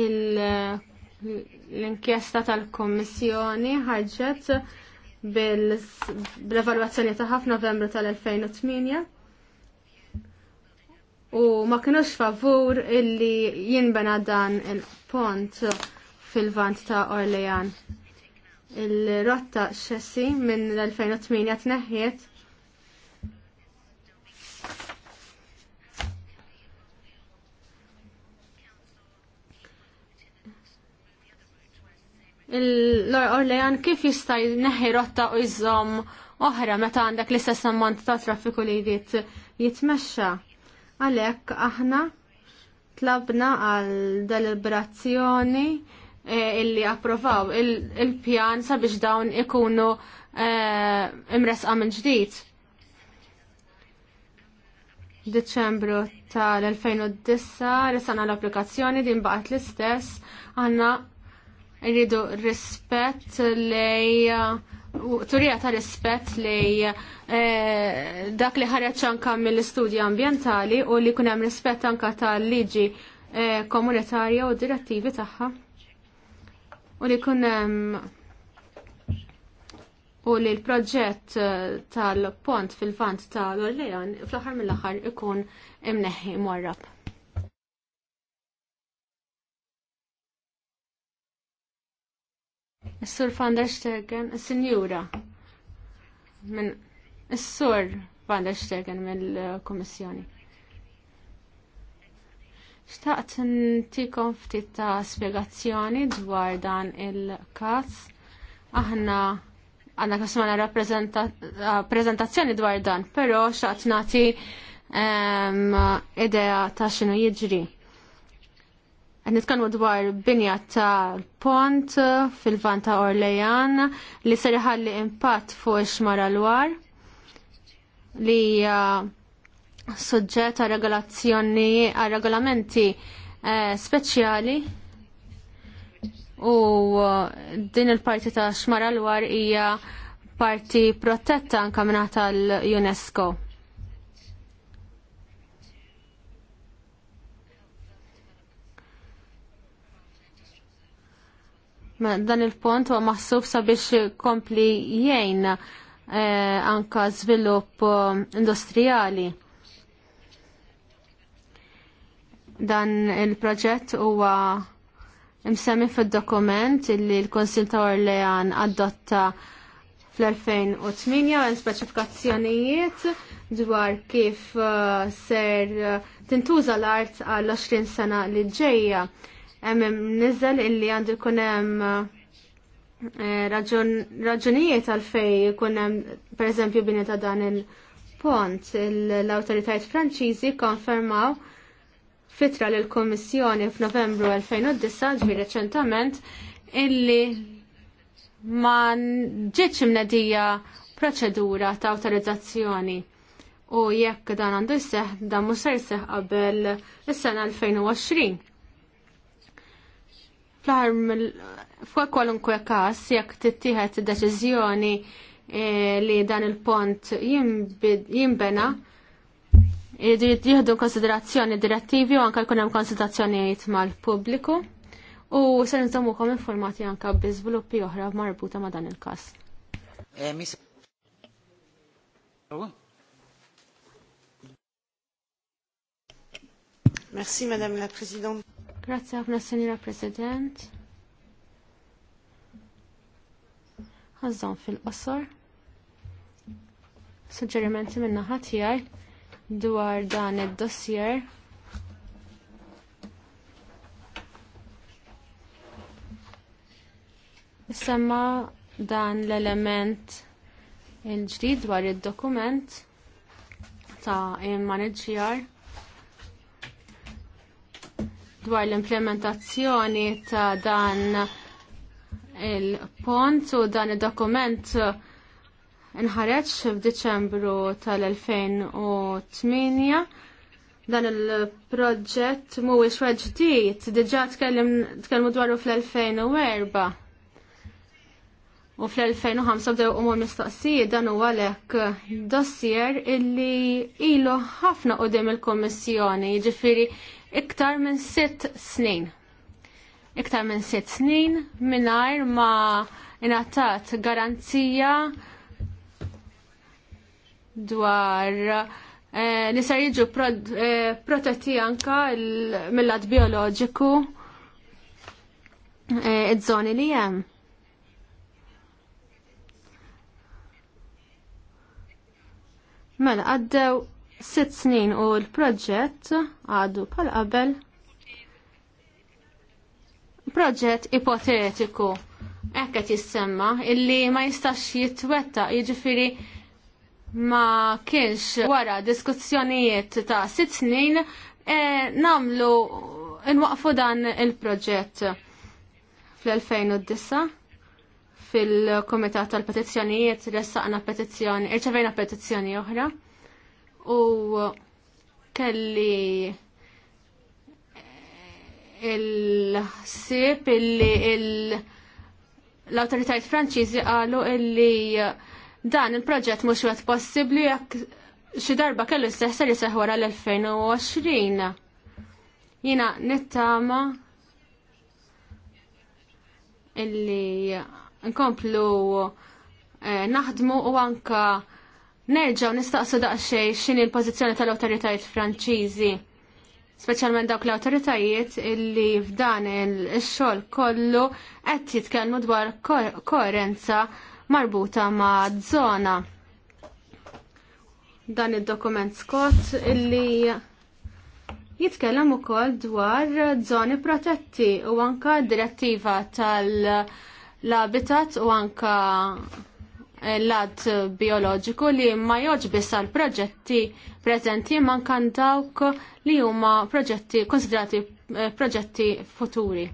Uh, l-inkjesta tal komissjoni ħagġet bil-evalwazzjoni ħaf Novembru tal-2008 u ma kinux favur illi jinbena dan il-pont fil-vant ta' Orlean. Il-rotta xessi minn l-2008 tneħħiet l-Orlean kif jista' jneħħi rotta u jżomm oħra meta għandek l-istess ammont ta' traffiku li jrid jitmexxa. Għalhekk aħna tlabna għal deliberazzjoni E, illi approvaw il-pjan sabiex dawn ikunu e, imresqa minn ġdid. Deċembru tal-2009 resana l-applikazzjoni din baqgħet l-istess għandna rridu rispett li turija ta' rispett li e, dak li ħareċ anka mill-istudji ambjentali u li kunem rispett anka tal-liġi komunitarja u direttivi tagħha u li kunem u li l-proġett eh, tal-pont fil-vant tal-Orlean fl ħar mill ħar ikun imneħi morrab. Is-sur van der Stegen, is-sinjura is-sur van der Stegen mill komissjoni Xtaqt ntikom ftit ta' spiegazzjoni dwar dan il-kas. Aħna għanna kasmana rappresentazzjoni dwar dan, pero xaqt nati um, ehm, idea ta' xinu jiġri. Nitkanu dwar binja ta' pont fil vanta Orlejan li seriħalli impatt fuq ix-xmara l-war li uh, Suġġett għal regolazzjoni għal regolamenti eh, speċjali u eh, din il-parti ta' xmara l-war hija parti protetta anka minata l-UNESCO. Dan il-pont huwa maħsub sabiex kompli jgħin eh, anka żvilupp eh, industrijali. Dan il-proġett huwa msemmi fil-dokument li l-Konsil ta' Orlean adotta fl-2008 l-speċifikazzjonijiet dwar kif uh, ser uh, tintuża l-art għal-20 sena li ġejja. Hemm niżel illi għandu jkun hemm uh, raġunijiet għalfej jkun hemm pereżempju bini ta' dan il-pont. L-awtoritajiet Franċiżi konfermaw fitra l kommissjoni f'Novembru 2009 ġvi reċentament illi ma ġietx mnedija proċedura ta' awtorizzazzjoni u jekk dan għandu jseħ dan mhux se jseħ qabel is-sena 2020. Fl-aħħar fuq kwalunkwe każ jekk tittieħed deċiżjoni eh, li dan il-pont jinbena, jrid jieħdu konsiderazzjoni direttivi u anke jkun hemm konsultazzjonijiet mal-pubbliku u se nżommukom informati anke bi żviluppi oħra marbuta ma' dan il-każ. Eh, Merci Madame la Présidente. Grazie Monsieur Senjora President. Għazzon fil-qosor. Suġġerimenti minna ħatijaj dwar dan id-dossier. Semma dan l-element il-ġdid dwar id-dokument ta' il-manager dwar l-implementazzjoni ta' dan il-pont u dan id dokument inħareġ f'Diċembru tal-2008 dan il-proġett mhuwiex wa ġdid, diġà tkellmu dwaru fl-2004. U fl-2005 bdew umur mistoqsijiet dan huwa għalhekk dossier illi ilu ħafna qudiem il-Kummissjoni, jiġifieri iktar minn sitt snin. Iktar minn sitt snin mingħajr ma ingħatat garanzija dwar nisar eh, li jiġu eh, protetti anka mill-lat bioloġiku eh, id-żoni li hemm. Mela għaddew sitt snin u l-proġett għadu pal qabel proġett ipotetiku ekk qed jissemma illi ma jistax jitwetta jiġifieri ma kienx wara diskussjonijiet ta' sitt snin e, namlu nwaqfu dan il-proġett fl-2009 fil-Komitat tal-Petizzjonijiet ressaqna petizzjoni, irċevejna petizzjoni oħra u kelli il-ħsieb illi l-autoritajiet franċiżi qalu illi Dan il-proġett mhux wieħed possibbli jekk xi darba kellu jseħsar jiseħ wara l-2020. Jiena nittama illi nkomplu eh, naħdmu u anka nerġgħu nistaqsu daqsxejn x'inhi l-pożizzjoni tal-awtoritajiet Franċiżi, speċjalment dawk l-awtoritajiet illi f'dan il xogħol kollu qed jitkellmu dwar koerenza marbuta ma' zona. Dan id-dokument Scott illi jitkellem ukoll dwar zoni protetti u anka direttiva tal-habitat u anka l għad bioloġiku li ma joġbis għal proġetti prezenti manka dawk li huma proġetti konsidrati eh, proġetti futuri.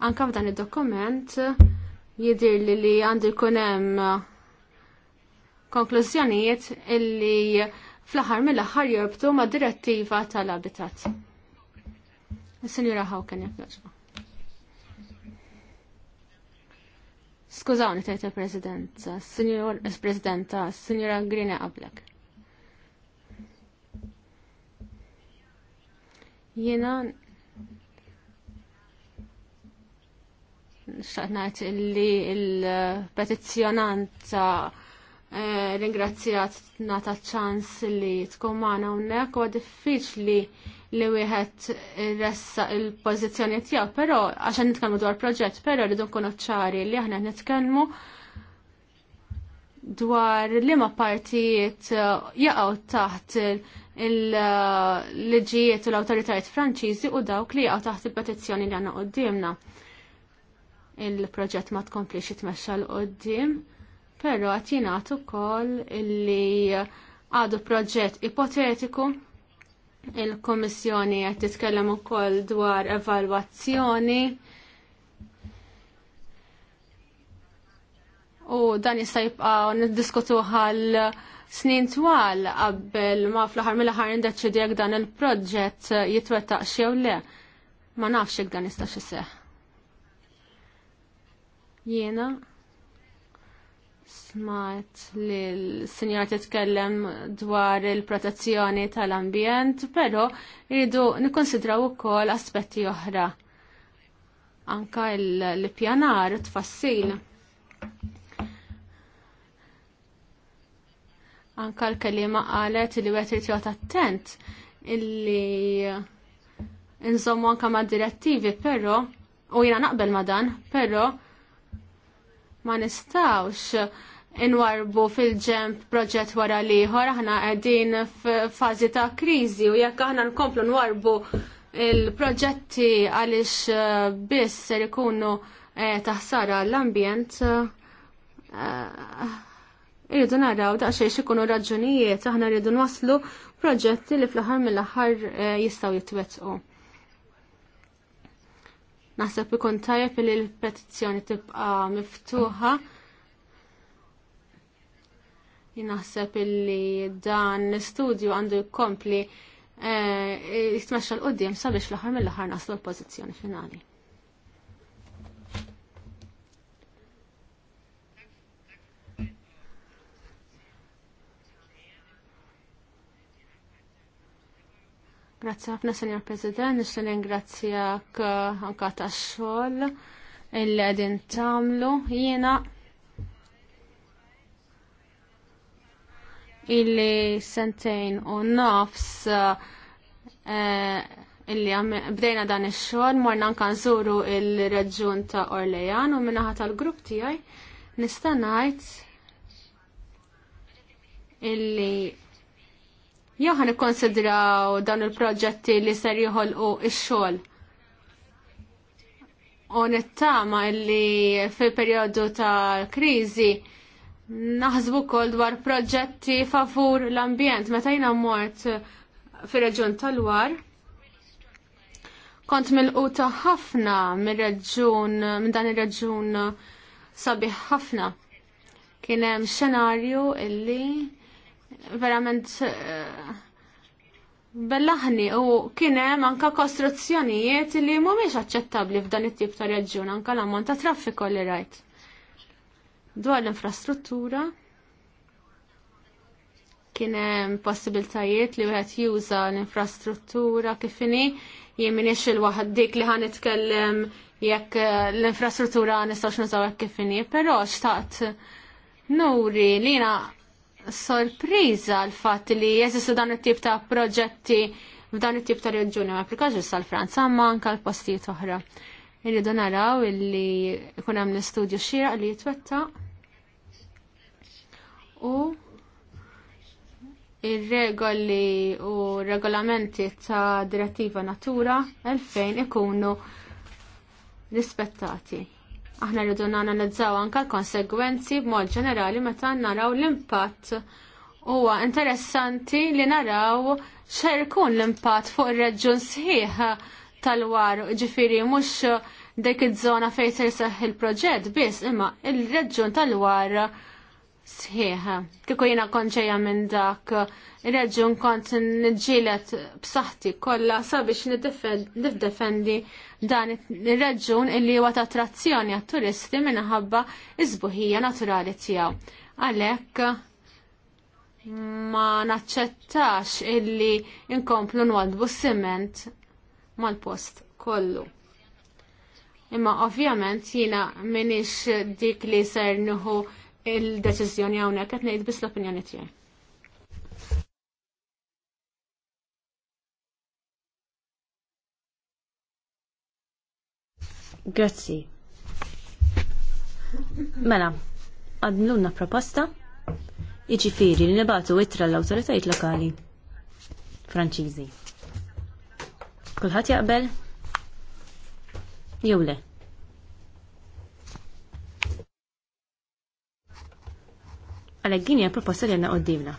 Anka f'dan id-dokument jidir li li għandir kunem uh, konklużjonijiet illi fl-aħħar mill-aħħar jorbtu ma' direttiva tal-abitat. Signora Hawken jek naġba. Skużawni tajta prezidenta, presidenza prezidenta, Signora Grina Ablek. Jena xaqnajt li il-petizjonanta eh, ringrazzjat nata ċans li tkun maħna unnek u diffiċ li li wieħed ressa il-pozizjoni tiegħu, però għaxan nitkellmu dwar proġett, però rridu nkunu ċari li aħna nitkellmu dwar liema partijiet eh, jaqgħu taħt il-liġijiet u l-awtoritajiet Franċiżi u dawk li jaqgħu taħt il-petizzjoni li għandna qudiemna il-proġett ma tkomplix jitmexxa l qoddim però qed jingħad ukoll li għadu proġett ipotetiku il komissjoni qed titkellem ukoll dwar evalwazzjoni u dan jista' jibqa' niddiskutu għal snin twal qabel ma fl-aħħar mill-aħħar niddeċidi jekk dan il-proġett jitwettaq xew le. Ma nafx jekk dan jista' seħħ. Jiena smart li l-sinjor titkellem dwar il-protezzjoni tal-ambjent, però rridu nikkonsidraw ukoll aspetti oħra. Anka l-pjanar tfassil. Anka l-kelima qalet li wet irtjot attent illi nżommu anka ma' direttivi, però u jiena naqbel ma' dan, però ma nistawx inwarbu fil-ġemp proġett wara liħor, aħna qegħdin f'fażi ta' kriżi u jekk aħna nkomplu nwarbu il-proġetti għaliex eh, biss ser ikunu eh, taħsara l-ambjent eh, irridu naraw xiex ikunu raġunijiet aħna rridu nwaslu proġetti li fl-aħħar mill-aħħar jistgħu jitwettqu. Naħseb ikun tajjeb li l-petizzjoni tibqa miftuħa. Naħseb illi dan l-istudju għandu jkompli eh, jitmexxa l-qoddim sabiex l-aħħar mill-aħħar naslu l-pożizzjoni finali. Grazzi ħafna, Senjor President, nixtieq ningrazzjak eh, anke ta' xogħol illi ledin tagħmlu. Jiena illi sentejn u nofs eh, illi bdejna dan ix-xogħol morna anke nżuru il reġun ta' Orlejan u minnaħa tal-grupp tiegħi nista' ngħid illi Jew ħan ikkonsidraw dawn il-proġetti li ser jħolqu ix-xogħol. U nittama li fil-perjodu ta' kriżi naħsbu wkoll dwar proġetti favur l-ambjent. Meta jiena mort fir-reġjun tal-War, kont mill-quta ħafna mir reġun minn dan ir-reġjun sabiħ ħafna. Kien hemm xenarju illi verament eh, bellaħni u kienem anka kostruzzjonijiet li mumiex aċċettabli f'dan it-tip ta' reġjun anka l-ammont ta' traffiku li rajt. Dwar l-infrastruttura kienem possibiltajiet li wieħed juża l-infrastruttura kifini jien minix il-waħad dik li ħan itkellem jekk eh, l-infrastruttura nistgħux nużaw hekk kifini, però xtaqt nuri li jina sorpriża l-fatt li jeżistu dan it-tip ta' proġetti f'dan it-tip ta' reġuni ma applikax issa l-Franza ma anke l-postijiet oħra. Irridu naraw illi jkun hemm l-istudju xieraq li jitwettaq u ir-regoli u regolamenti ta' direttiva natura 2000 ikunu rispettati. Aħna rridu nanalizzaw anka l-konsegwenzi b'mod ġenerali meta naraw l-impatt. Huwa interessanti li naraw xerkun l-impatt fuq ir-reġjun sħiħ tal waru ġifiri mhux dik iż-żona fejn se jseħħ il-proġett biss imma il-reġjun tal-war sħiħ. Kieku jiena konċeja minn dak ir-reġjun kont niġġielet b'saħħti kollha sabiex niddefendi dan ir-raġun illi huwa ta' attrazzjoni għat-turisti minħabba iż naturali tiegħu. Għalhekk ma naċċettax illi inkomplu nwadbu siment mal-post kollu. Imma ovvjament jiena minix dik li ser nieħu il-deċiżjoni hawnhekk qed ngħid bis l-opinjoni tiegħi. Grazzi. Mela, għadnunna proposta iġifiri li nibatu itra l autoritajt lokali franċiżi. Kulħadd jaqbel? Jew le? Għalhekk din hija proposta li għandna għoddimna.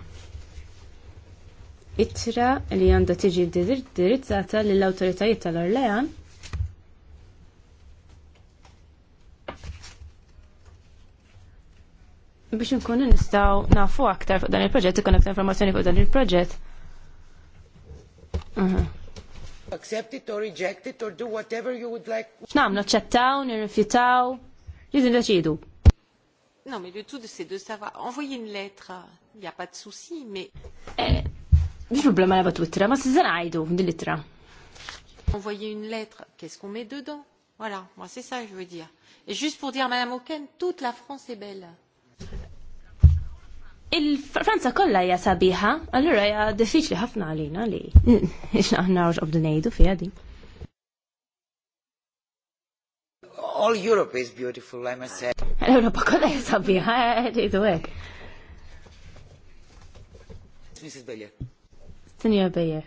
Ittra li għandha tiġi dirizzata lill-awtoritajiet tal-Orlean biex nkunu nistaw nafu aktar fuq dan il-proġett, ikun aktar informazzjoni fuq dan il-proġett. Accept it or reject it or do whatever you would like. Nam, noċċettaw, nirrifjutaw, jizin ndeċidu. Non, mais le tout de ces deux, ça va. Envoyer une lettre, il n'y a pas de souci, mais... Eh, Biex problema la batwittra, mais c'est sizan għajdu, une lettre. Envoyer une lettre, qu'est-ce qu'on met dedans Voilà, moi c'est ça que je veux dire. Et juste pour dire Madame Oken, toute la France est belle. Il-Franza kolla hija sabiħa, allura hija diffiċli ħafna għalina li x'aħna rġ qobdu ngħidu fiha din. All Europe is beautiful, I must say. L-Europa kolla hija sabiħa, rridu eh, hekk. Mrs. Beyer. Signor Beyer.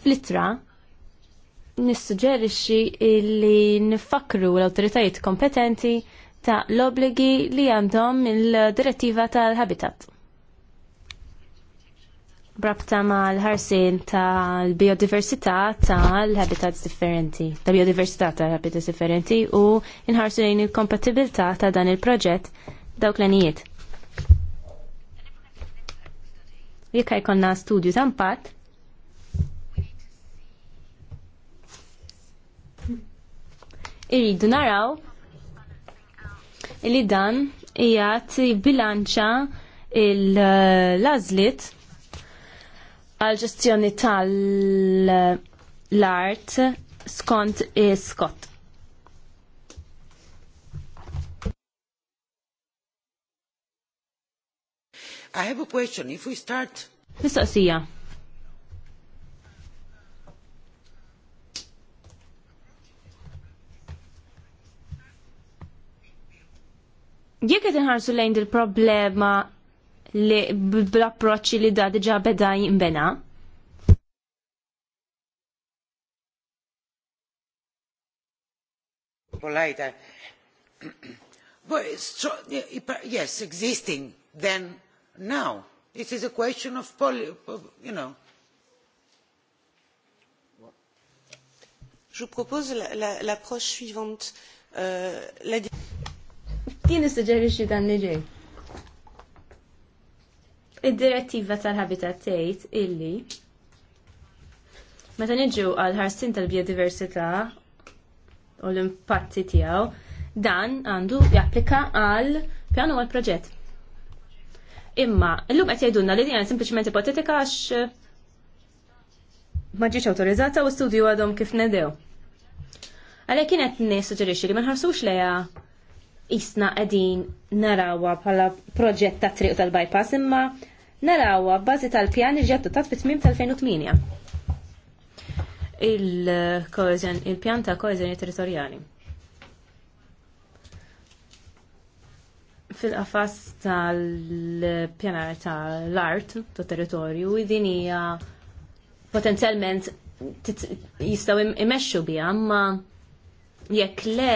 Flittra, nissuġġerixxi li nifakru l-awtoritajiet kompetenti ta' l-obligi li għandhom il-direttiva tal-habitat. Brabta ma' l-ħarsin tal-biodiversità tal-habitats differenti, ta' biodiversità tal-habitats differenti u nħarsu lejn il-kompatibilità ta' dan il-proġett dawk l-anijiet. Jekk jkollna studju ta' impatt, irridu naraw li dan hija bilanċa l-azlit għal ġestjoni tal-art skont scott. I have a question. If we start... Mistoqsija. jekk qed inħarsu lejn il problema li bl-approċċi li da diġà beda jinbena. Polajta. yes, existing then now. It is a question of, poly, of you know. Je vous propose l'approche la, la, suivante. Euh, la... Jien nissuġġerixxi dan li ġej. Id-direttiva tal-Habitat tgħid illi meta niġu għal ħarsin tal-biodiversità u l-impatti tiegħu, dan għandu japplika għal pjanu għal proġett. Imma, l-lum qed jgħidulna li din sempliċement ipotetika għax ma ġietx awtorizzata u studju għadhom kif nedew. Għalhekk kienet nissuġġerixxi li ma nħarsux leja isna qegħdin narawha bħala proġett ta' triq tal-bypass imma narawha bbażi tal-pjan li ġattutat fit-tmim tal-2008. Il-pjan ta' koeżjoni territorjali. fil-qafas tal-pjanar tal-art, ta' territorju, din hija potenzjalment jistaw imexxu biha, imma jekk le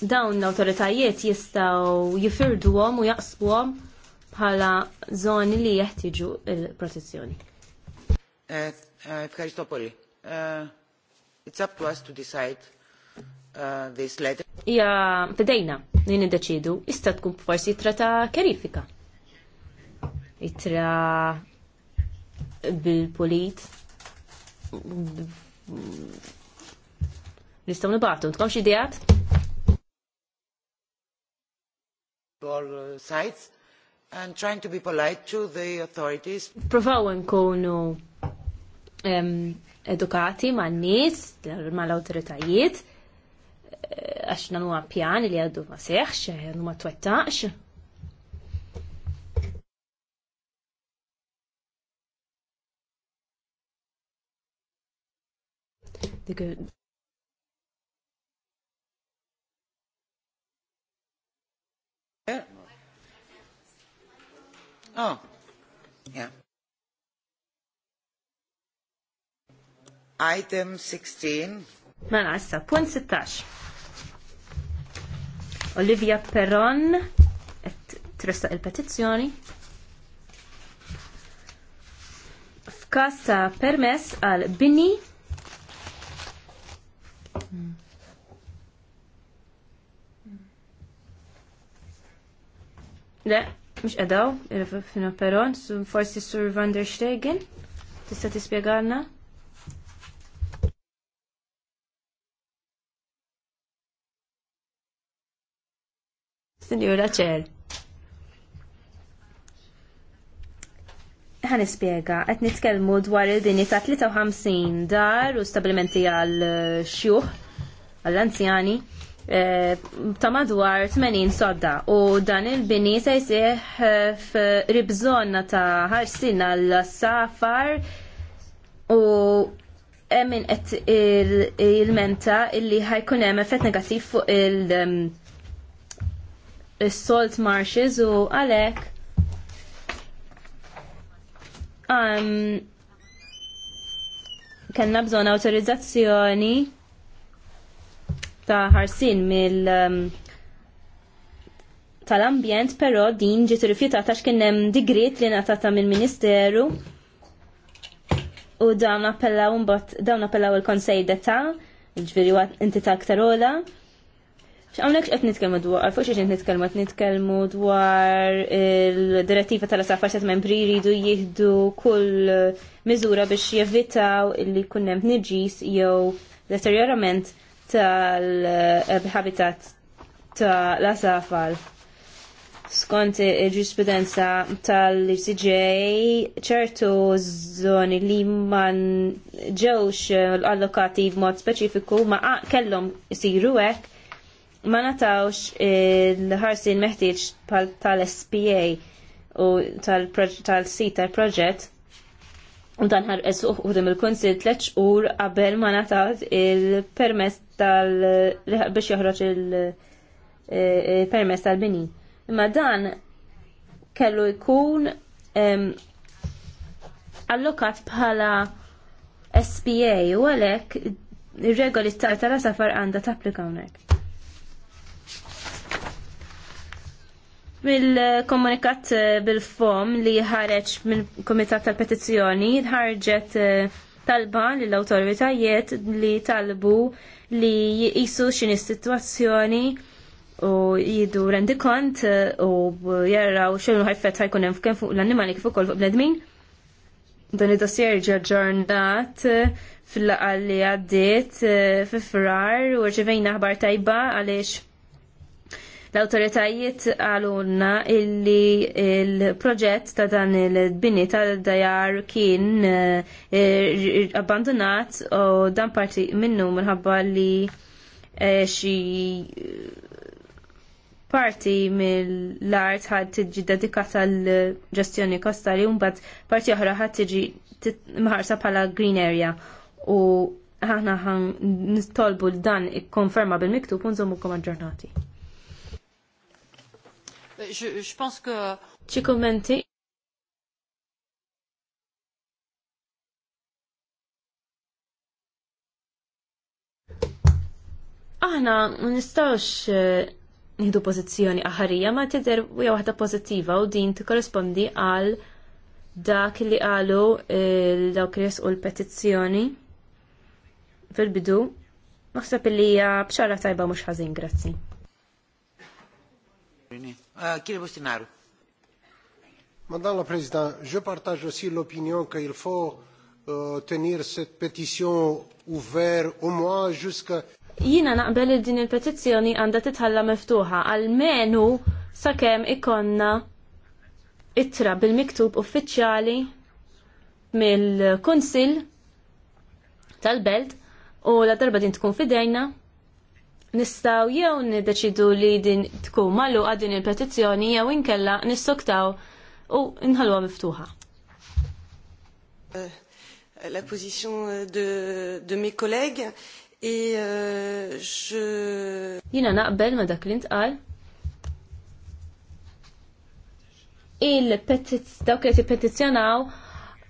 dawn l-autoritajiet jistaw jifirduhom u jaqsbuhom bħala zoni li jeħtiġu il-protezzjoni. Fkaristopoli, eh, eh, eh, it's up to us to decide uh, this letter. Ja, fidejna, li niddeċidu, jista tkun forsi jitra ta' kerifika. Jitra bil-polit, nistaw nibatu, tkomx idejat? all sides and trying to be polite to the authorities. Provaw nkunu um, edukati ma' n-nis, ma' l-autoritajiet, eh, għax nanu pjan li għaddu ma' seħx, eh, għaddu ma' twettax. Dik Oh, yeah. Item 16. Mela, issa, punt 16. Olivia Perron, et tresta il-petizzjoni. F'kas permess għal bini mm. Le, mux edaw, eh, fina peron, forsi sur Van der Stegen, tista tispiegarna? Sinjura ċer. Għan ispiega, qed nitkellmu dwar il-bini ta' 53 dar u stabilimenti għal xjuħ għall-anzjani Eh, ta' madwar 80 sodda u dan il-bini se jisih eh, f'ribżonna ta' ħarsin għal safar u emin qed il-menta illi ħajkun hemm effett negattiv fuq il- salt marshes u għalek um, kanna bżon autorizzazzjoni ta' ħarsin mill um, tal-ambjent, però din ġiet irrifjutata għax kien hemm digrit li ngħatata mill-Ministeru u dawn appellaw mbagħad dawn appellaw il-Konsej d'Età, ġifieri huwa entità aktar ola. X'hawnhekk qed nitkellmu dwar, fuq xi nitkellmu qed nitkellmu dwar il-direttiva tal-asafar set membri jridu jieħdu kull miżura biex jevitaw illi jkun hemm niġis jew deterjorament tal-habitat tal-asafal. Skont il-ġurisprudenza tal-ICJ, ċertu zoni li man ġewx eh, allokati b'mod speċifiku ma kellhom isiru hekk ma natawx il-ħarsin meħtieġ tal-SPA u tal-sit tal-proġett U dan ħarqes uħdim il-konsil tliet ur qabel ma ngħatat il-permess tal biex joħroġ eh, il-permess tal-bini. Imma dan kellu jkun allokat bħala SPA u għalhekk ir-regoli tal-tara safar għandha tapplika hawnhekk. mill komunikat eh, bil-fom li ħareġ mill kumitat tal-Petizzjoni ħarġet eh, talba lill awtoritajiet li talbu li jisu x'inhi situazzjoni sitwazzjoni u jidu rendi kont eh, u jarraw xinu ħajfet ħajkun hemm fuq l-annimali kif ukoll fuq bledmin. Dan id-dossier ġi fil-laqgħa li għaddiet fi frar u rċevejna ħbar tajba għaliex L-autoritajiet għalunna illi il-proġett ta' dan il-bini tal-dajar kien eh, abbandonat u dan parti minnu minħabba li eh, xi parti mill-art ħad tiġi dedikata l-ġestjoni kostali un mbagħad parti oħra ħad tiġi maħarsa bħala green area u aħna ħan nistolbu l-dan ikkonferma bil-miktub unżommukom aġġornati je, pense que... Ci commenti? Aħna ma nistawx eh, nieħdu pożizzjoni aħarija ma tidher hija waħda pożittiva u din tikkorrispondi għal dak li qalu eh, dawk li u l-petizzjoni fil-bidu. Naħseb li hija bxara tajba mhux ħażin, grazzi. Euh, Madame la Présidente, je partage aussi l'opinion qu'il faut euh, tenir cette pétition ouverte au moins jusqu'à jina naqbel din il-petizzjoni għandha titħalla miftuħa menu sakemm ikonna itra bil-miktub uffiċjali mill-Kunsill tal-Belt u la darba din tkun fidejna nistaw jew niddeċidu li din tkun magħluqa din il-petizzjoni jew inkella nissoktaw u nħalluha miftuħa. Euh, la position de, de mes collègues et euh, je... Jina naqbel ma dak li ntqal il-petizjoni dawk li petizzjonaw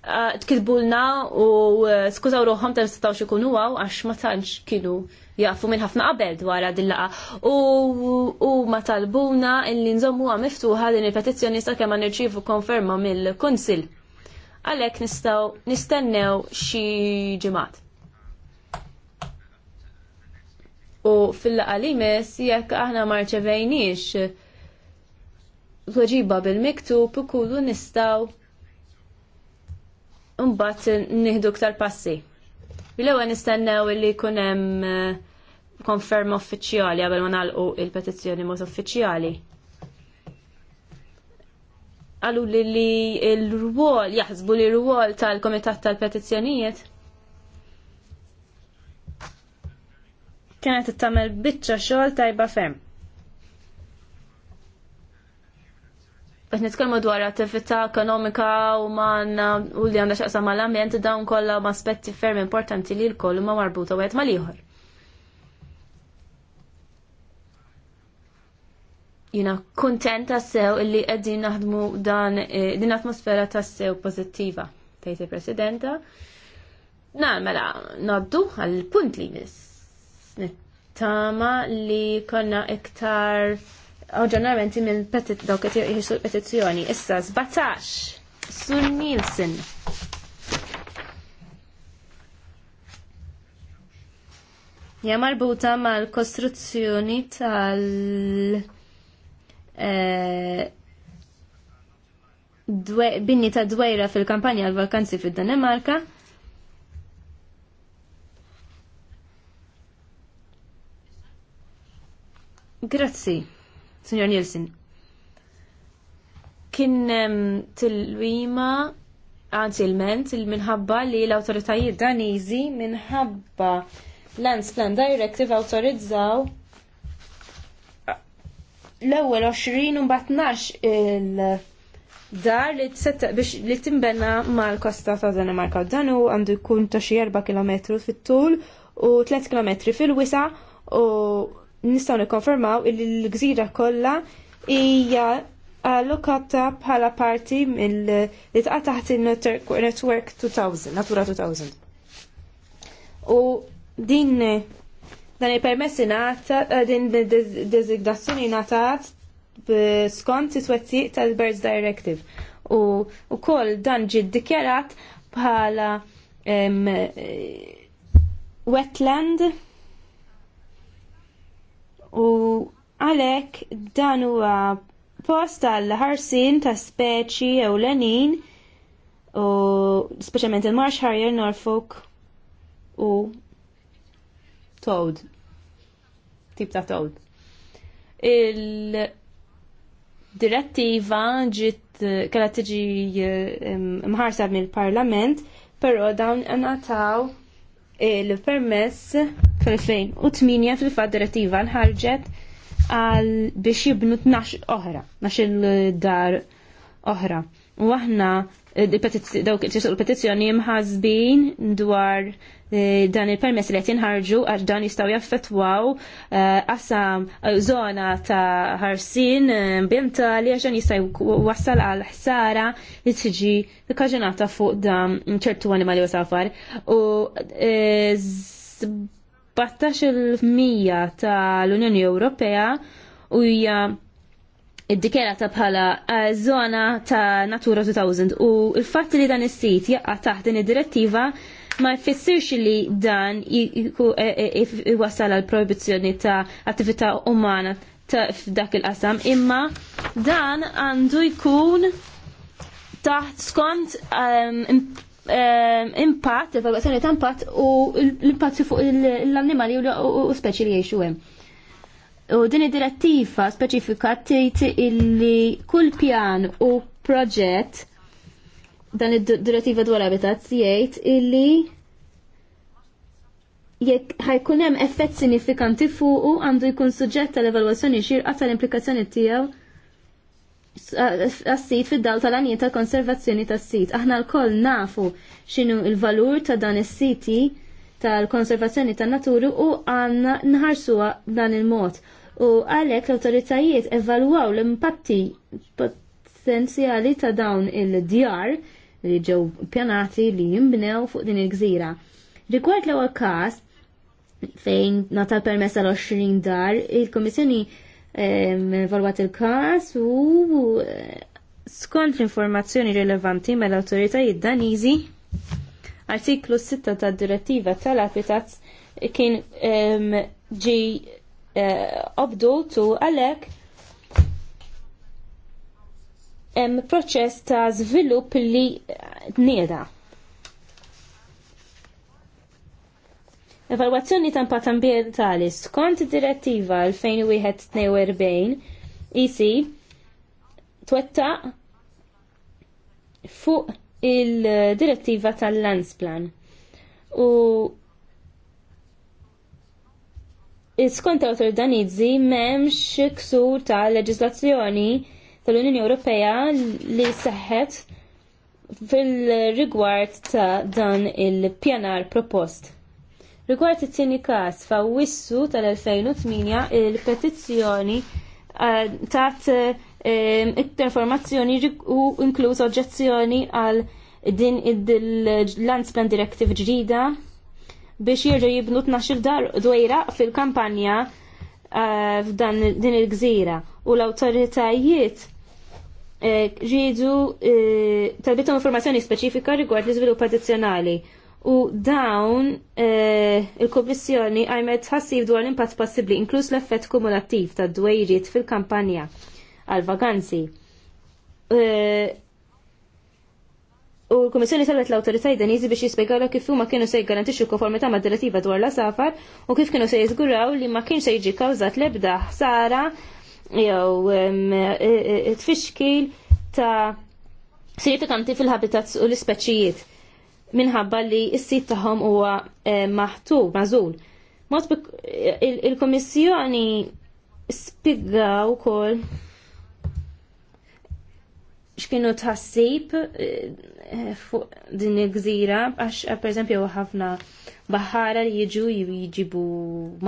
Eh, tkidbulna u eh, skużaw ruħom ta' nistaw ikunu għaw għax ma tantx kienu jafu minn ħafna qabel dwar din laqa u ma talbuna illi nżommu għam miftuħa din il petizjoni sa' kemm nirċivu konferma mill-Kunsil. Għalhekk nistgħu nistennew xi ġimgħat. U fil-qalimis jekk aħna marċevejniex tweġiba bil-miktub ikunu nistgħu mbagħad nihdu ktar passi. Bil-ewwel nistennew li jkun hemm eh, konferma uffiċjali qabel ma nagħlqu il-petizzjoni mod uffiċjali. Għallu li li il rwol jaħsbu li l-rwol tal-Komitat tal-Petizzjonijiet kienet it-tamel biċċa xogħol tajba ferm. Bħet nitkellmu dwar attività ekonomika, u manna u li għandha xaqsa mal-ambjent dawn kollha aspetti ferm importanti li l-koll ma' marbuta wieħed mal-ieħor. Jina kuntenta sew illi qegħdin naħdmu dan eh, din atmosfera ta' sew pożittiva, tgħid il-Presidenta. Na, mela, noddu għall-punt li nis. Nittama li konna iktar ġenerament minn petit dawk qed l petizzjoni. Issa 17 Sur Nielsen. Ja marbuta mal-kostruzzjoni tal eh, binni ta' dwejra fil-kampanja għal-vakanzi fil-Danimarka. Grazzi. Signor Nielsen. Kien ehm, tilwima għanzi il-ment il-minħabba li l-autoritajiet danizi minħabba Lands Plan Directive autorizzaw l-ewwel 20 u mbagħad il-dar li biex li timbenna mal-kosta ta' Danimarka. Dan Danu għandu jkun ta' xie 4 km fit-tul u 3 km fil-wisa u nistgħu nikkonfermaw li l-gżira kollha hija allokata bħala parti mill li taqa' taħt il-Network 2000, Natura 2000. U din dan il-permessi nata, eh, din designazzjoni nata skont it-twettiq tal-Birds Directive. U wkoll dan ġi ddikjarat bħala eh, wetland u għalek dan huwa post għall-ħarsin ta' speċi ewlenin u speċjalment il-Marsh Harrier Norfolk u Toad. Tip ta' Toad. Il-direttiva ġit kellha tiġi eh, mħarsa mill-Parlament, però dawn għanataw il-permess fil-2008 fil federativa nħarġet għal biex jibnu 12 oħra, il dar oħra. U għahna, dawk il petizjoni mħazbin dwar Eh, dan il-permess li jinħarġu għax dan jistaw jaffetwaw eh, qasam eh, zona ta' ħarsin bimta li għaxan jistaw wassal għal ħsara li l kaġenata fuq dan ċertu animali u safar. U 17% tal-Unjoni Ewropea u hija ta bħala zona ta' Natura 2000 u il-fatt li dan is-sit jaqa' taħt din id-direttiva ma jfissirx li dan e- e- e- iwasal għal proibizzjoni ta' attività umana f'dak il-qasam, imma dan għandu jkun taħt skont ehm, ehm, impatt, evalwazzjoni ta' impatt u l-impatt fuq l-annimali u speċi li jgħixu hemm. U din id-direttiva speċifika tgħid illi kull pjan u proġett dan id-direttiva dwar habitat jgħid illi jekk ħajkun hemm effett sinifikanti u għandu jkun suġġett tal-evalwazzjoni xirqa tal-implikazzjoni tiegħu għas-sit fid-dal tal-għanijiet tal-konservazzjoni tas-sit. Aħna l-koll nafu x'inhu l valur ta' dan is-siti tal-konservazzjoni tan-naturi u għandna nħarsuha dan il-mod. U għalhekk l-awtoritajiet evalwaw l-impatti potenzjali ta' dawn il-djar li ġew pjanati li jimbnew fuq din il-gżira. Rigward l-ewwel każ fejn nata permess għal 20 dar, il-Komissjoni valwat il-każ u eh, skont l-informazzjoni rilevanti mill-awtoritajiet Daniżi, artiklu 6 tad direttiva tal apitaz kien ġi eh, obdu tu għalhekk hemm proċess ta' żvilupp li tnieda. Evalwazzjoni ta' impatt ambjentali skont direttiva 2001-42 EC twettaq fuq il-direttiva tal-Landsplan. U skont danizzi memx ksur ta' leġislazzjoni tal-Unjoni Ewropea li seħħet fil-rigward ta' dan il-pjanar propost. Rigward it-tieni każ wissu tal-2008 il-petizzjoni eh, tat eh, informazzjoni u inkluż oġġezzjoni għal din il-Land Plan Directive ġdida biex jirġu jibnu 12 dar dwejra fil-kampanja eh, f'dan din il-gżira u l-autoritajiet ġidu eh, eh, talbitu informazzjoni speċifika rigward l-iżvilupp addizzjonali. U dawn eh, il-Kommissjoni għajmet ħassib dwar l-impatt possibbli, inkluż l-effett kumulattiv ta' dwejġiet fil-kampanja għal-vaganzi. U l-Kommissjoni talbet l-autorità daniżi biex jispjegaw kif huma kienu se jgarantixxu konformità mad-direttiva dwar l-asafar u kif kienu se jiżguraw li ma kienx se jiġi kkawżat l-ebda ħsara jew e, e, e, tfixkil ta' sinifikanti fil-habitats u l-ispeċijiet minħabba li s-sit tagħhom huwa maħtub, mażul. Mod il-Komissjoni spiggaw kol x'kienu tħassib fuq din il-gżira għax pereżempju ħafna baħara li jiġu jiġibu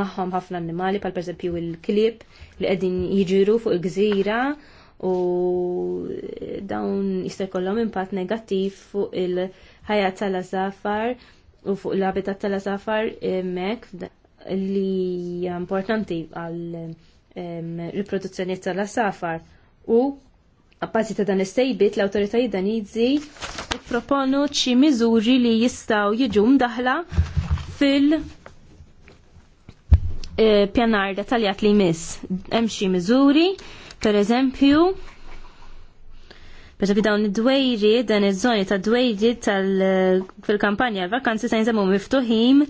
magħhom ħafna annimali per pereżempju il klib li qegħdin jiġiru fuq il-gżira u dawn jista' jkollhom impatt negattiv fuq il-ħajja tal-azafar u fuq l abitat tal-azafar mek li importanti għal riproduzzjoni tal-azafar u Apparti ta' dan istejbit, l-autoritajiet danizi proponu xi miżuri li jistgħu jiġu mdaħla fil- E, pjanar detaljat li jmiss. Hemm xi miżuri, pereżempju, Bħiġa dawn id-dwejri, dan iż-żoni ta' dwejri fil-kampanja vakanzi se jinżammu miftuħin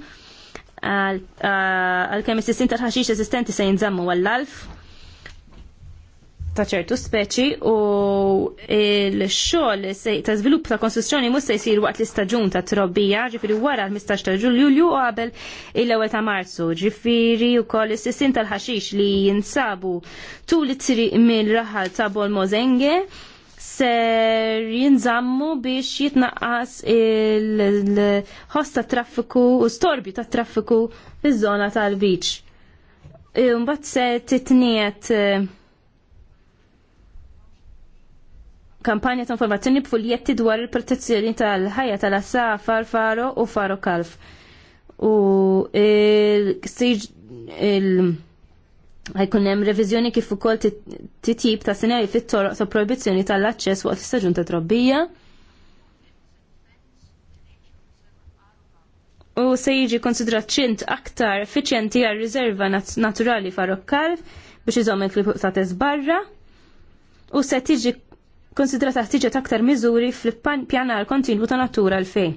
għal-kemm is-sistin tal-ħaxix eżistenti se jinżammu għall-alf ta' ċertu speċi u l-xogħol ta' żvilupp ta' konstruzzjoni mhux se jsir waqt l-istaġun ta' trobbija, ġifiri wara l-15 ta' Lulju u qabel il-ewwel ta' Marzu, u wkoll is-sissin tal-ħaxix li jinsabu tul it-triq mill-raħal ta' Bolmozenge ser jinżammu biex jitnaqqas il-ħoss traffiku u storbi ta' traffiku fiż-żona tal-biċ. E, mbagħad se titniet eh, kampanja ta' informazzjoni b'fuljetti dwar il-protezzjoni tal-ħajja tal-assafar faro u faro kalf. U il- ħajkun hemm reviżjoni kif ukoll titjib ta' sinjali fit-toroq ta' proibizzjoni tal-aċċess waqt is-staġun ta' trobbija. U se jiġi konsidrat ċint aktar effiċjenti għal riserva naturali farok biex iżomm li klipuqtates barra u se tiġi konsidrata ħtiġet aktar miżuri fil-pjanar kontinwu ta' natura l fej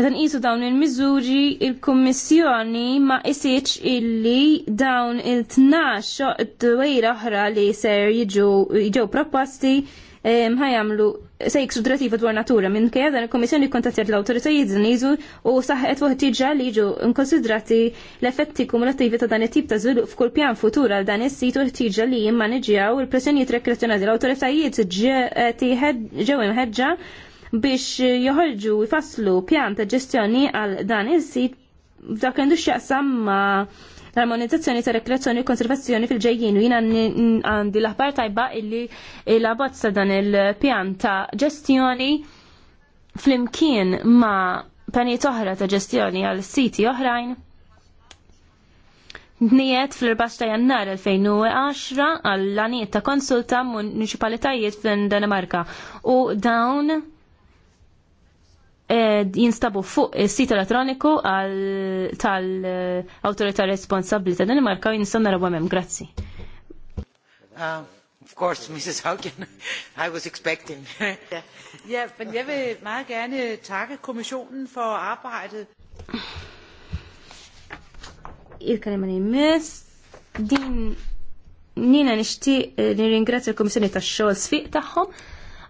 Meta nqisu dawn il-miżuri, il-Kummissjoni ma qisitx illi dawn il-12 dwejra oħra li ser jiġu proposti eh, ħajamlu se jiksu drattiva dwar natura minn kajja dan il-Komissjoni kontatjat l-autoritajiet znizu u saħet waħt tiġa li ġu nkonsidrati l-effetti kumulattivi ta' dan it-tip ta' żvilupp f'kull pjan futur għal dan is-sit u ħtiġa li jimmaneġjaw il-pressjonijiet rekreazzjonali l-autoritajiet eh, ġew imħeġġa biex joħolġu jfasslu pjan ta' ġestjoni għal dan is-sit f'dak għandu ma' l-armonizzazzjoni ta' rekreazzjoni u konservazzjoni fil-ġejjin u jina għandi l-aħbar tajba illi il abbozza dan il-pjan ta' ġestjoni fl-imkien ma' pjanijiet oħra ta' ġestjoni għal siti oħrajn. Nijiet fl-14 jannar 2010 għall-laniet ta' konsulta municipalitajiet danimarka u dawn Eh, jinstabu fuq il sit elettroniku tal autorita responsabli ta' Danimarka u jinstabu narabu għamem. Grazzi. Uh, of course, Mrs. Hogan, I was expecting. ja, men jeg vil meget gerne takke kommissionen for arbejdet. Il-kalima li mis, din nina nishti eh, nirringrazzja l-Komissjoni tax-xogħol sfiq tagħhom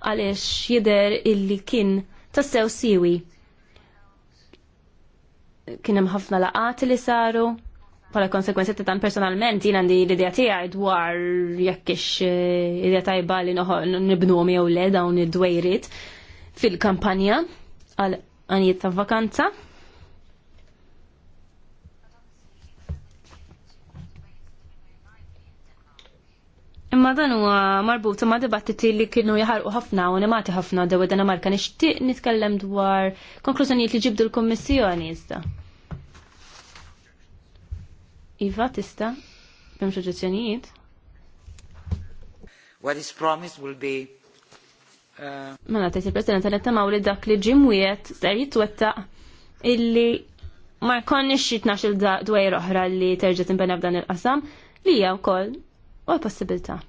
għaliex jidher illi kien tassew siwi. Kien hemm ħafna laqat li saru, pala konsekwenzi ta' tan personalment jien għandi l-idea tiegħi dwar jekk ix eh, idea tajba li nibnuhom jew le dawn id-dwejrit fil-kampanja għal għanijiet ta' vakanza. Imma dan huwa marbuta ma' dibattiti li kienu jaħarqu ħafna u nemati ħafna dan Danimarka nixtieq nitkellem dwar konklużjonijiet li ġibdu l-Kummissjoni iżda. Iva tista' b'hemm suġġezzjonijiet? What is promised will be uh... Mela tgħid il-President għanet tamaw li dak li ġimwiet ser jitwettaq illi ma jkonniex jitnax il-dwejr oħra li terġa' tinbena f'dan il-qasam li hija wkoll u l-possibilità.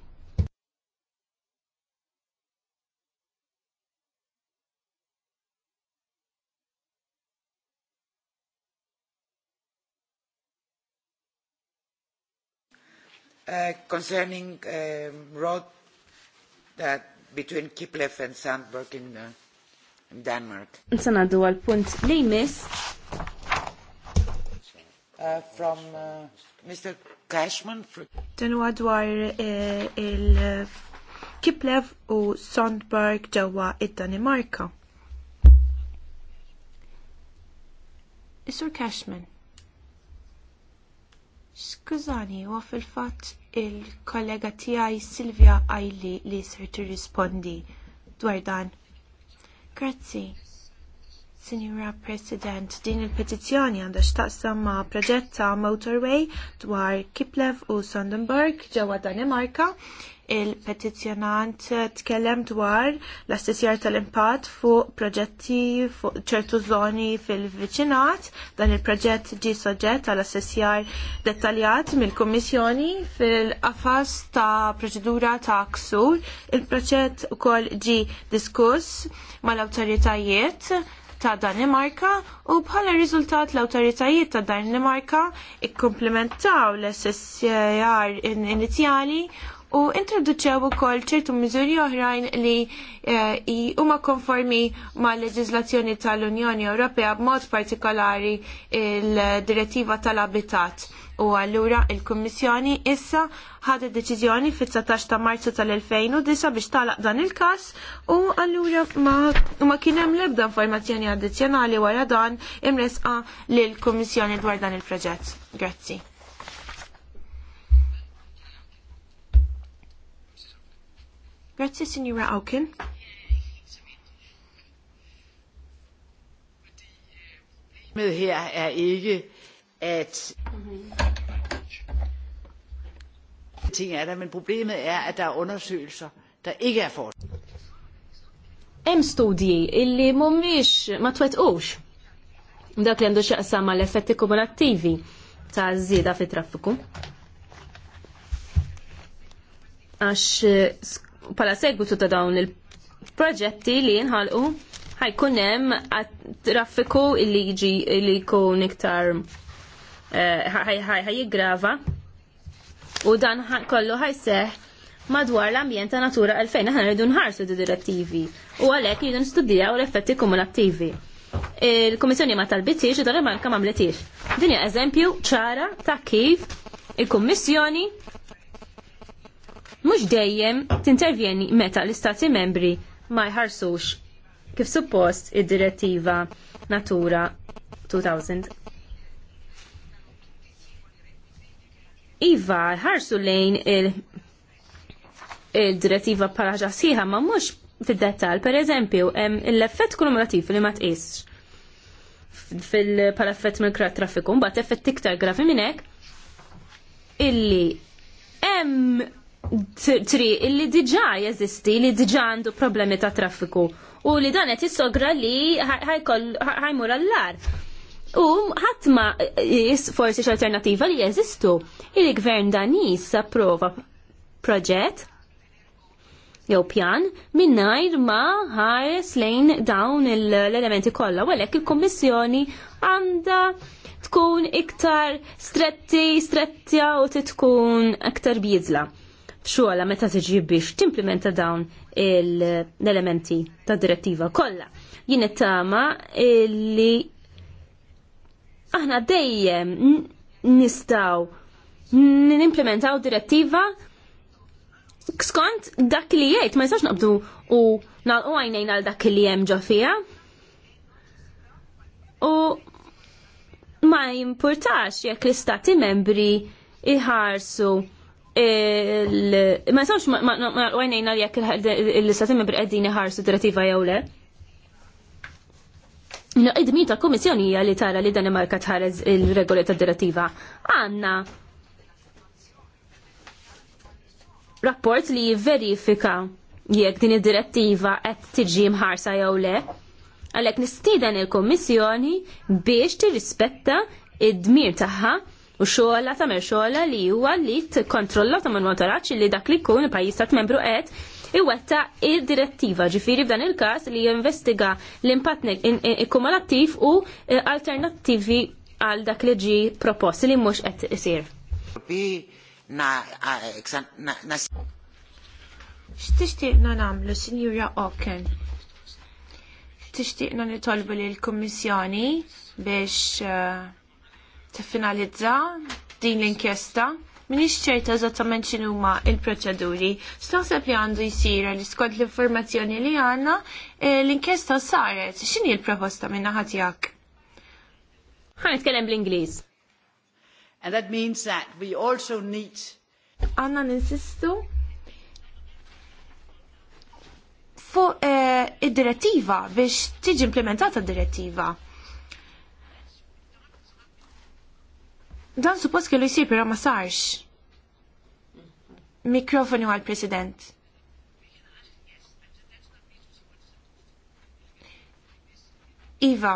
Uh, concerning um, road that between Kiplef and Sandberg in, uh, in Denmark. Nsanadu għal punt li jmiss. Uh, from uh, Mr. Cashman. Dan huwa dwar eh, il Kiplev u Sandberg ġewwa id-Danimarka. is Cashman. Skużani, huwa fil-fatt il-kollega tiegħi Silvia Ajli li ser tirrispondi dwar dan. Grazzi. Signora President, din il-petizzjoni għandha x'taqsam ma' proġett ta' motorway dwar Kiplev u Sandenburg ġewwa Danimarka il-petizjonant tkellem dwar l-assessjar tal-impatt fuq proġetti fuq ċertu zoni fil-viċinat. Dan il-proġett ġi soġġett għal assessjar dettaljat mill-Kummissjoni fil-qafas ta' proċedura ta' ksur. Il-proġett ukoll ġi diskuss mal-awtoritajiet ta' Danimarka u bħala riżultat l-autoritajiet ta' Danimarka ikkomplementaw l-SSR inizjali u introduċew ukoll ċertu miżuri oħrajn li eh, huma konformi mal leġiżlazzjoni tal-Unjoni Ewropea b'mod partikolari il-direttiva tal-abitat. U allura il-Kummissjoni issa ħadde deċiżjoni fit-19 ta' Marzu tal-2009 biex talaq dan il-każ u allura ma kien hemm l-ebda informazzjoni addizzjonali wara dan imresqa lill-Kummissjoni dwar dan il-proġett. Grazzi. Grazie, Signora Auken. Med her er ikke, at mhm. ting er der, men problemet er, at der er undersøgelser, der ikke er for. Em studji illi mhumiex ma twet ux. dak li għandu xaqsam għal effetti kumulattivi ta' zida fit traffiku. Għax pala segwitu ta' dawn il-proġetti li jinħalqu ħajkun hemm traffiku li jiġi li jkun iktar eh, ħajjiggrava u dan kollu ħajseħ madwar l-ambjent ta' natura għalfejn aħna rridu nħarsu di direttivi u għalhekk jridu nistudjaw l-effetti kumulattivi. Il-Kummissjoni ma talbitiex u dan ma kamamletiex. Din hija eżempju ċara ta' kif il-Kummissjoni mhux dejjem tintervjeni meta l-istati membri ma jħarsux kif suppost id-direttiva Natura 2000. Iva, ħarsu lejn il-direttiva il paraġa sħiħa ma mhux fid detal per eżempju, l-effett kumulativ li ma tqisx fil-palaffett mill krat traffiku, mbagħad effett iktar grafi minn hekk illi hemm tri illi diġa' jeżisti li diġa' għandu problemi ta' traffiku u li dan qed jissogra li ħajmur għallar. U ħatma forsi x'alternattiva li jeżistu. Il-gvern Danis approva proġett jew pjan minnajr ma ħares lejn dawn l-elementi kollha għalek il-Kummissjoni għandha tkun iktar stretti, strettja u tkun iktar biżla f'xogħla meta tiġi biex timplementa dawn l-elementi ta' direttiva kollha. Jien tama li aħna dejjem nistaw nimplementaw direttiva skont dak li jgħid ma jistax naqbdu u nagħlqu għajnejn għal dak li hemm ġo fiha. U ma jimpurtax jekk l-istati membri iħarsu ma nsawx ma għajnejna li jekk l-istatim bil-qeddini ħarsu direttiva jew le. Id-dmin ta' komissjoni hija li tara li Danimarka tħares il-regoli ta' direttiva. Għanna rapport li verifika jekk din id-direttiva qed tiġi mħarsa jew le. Għalhekk nistieden il komissjoni biex tirrispetta id-dmir tagħha U xogħla tagħmel xoħla li huwa li tikkontrolla man motoraċ li dak li jkun il-pajjiż tat membru qed iwetta id-direttiva ġifiri f'dan il-każ li jinvestiga l-impatt kumulattiv u eh, alternattivi għal dak li ġi proposti li mhux qed isir. X'tixtieqna nagħmlu, Sinjura Oken? Tixtieqna nitolbu lill-Kummissjoni biex eh, tiffinalizza din l-inkjesta minix ċerta eżattament x'inhuma huma il-proċeduri. Staħseb li għandu jsir li skont l-informazzjoni li għandna eh, l-inkjesta saret. X'inhi l-proposta minn naħa tiegħek? Ħa nitkellem bl-Ingliż. And that means that we also need Għanna ninsistu fuq eh, id-direttiva biex tiġi implementata d-direttiva. Dan suppost kellu jisir però ma sarx. Mikrofonu għal-President. Iva,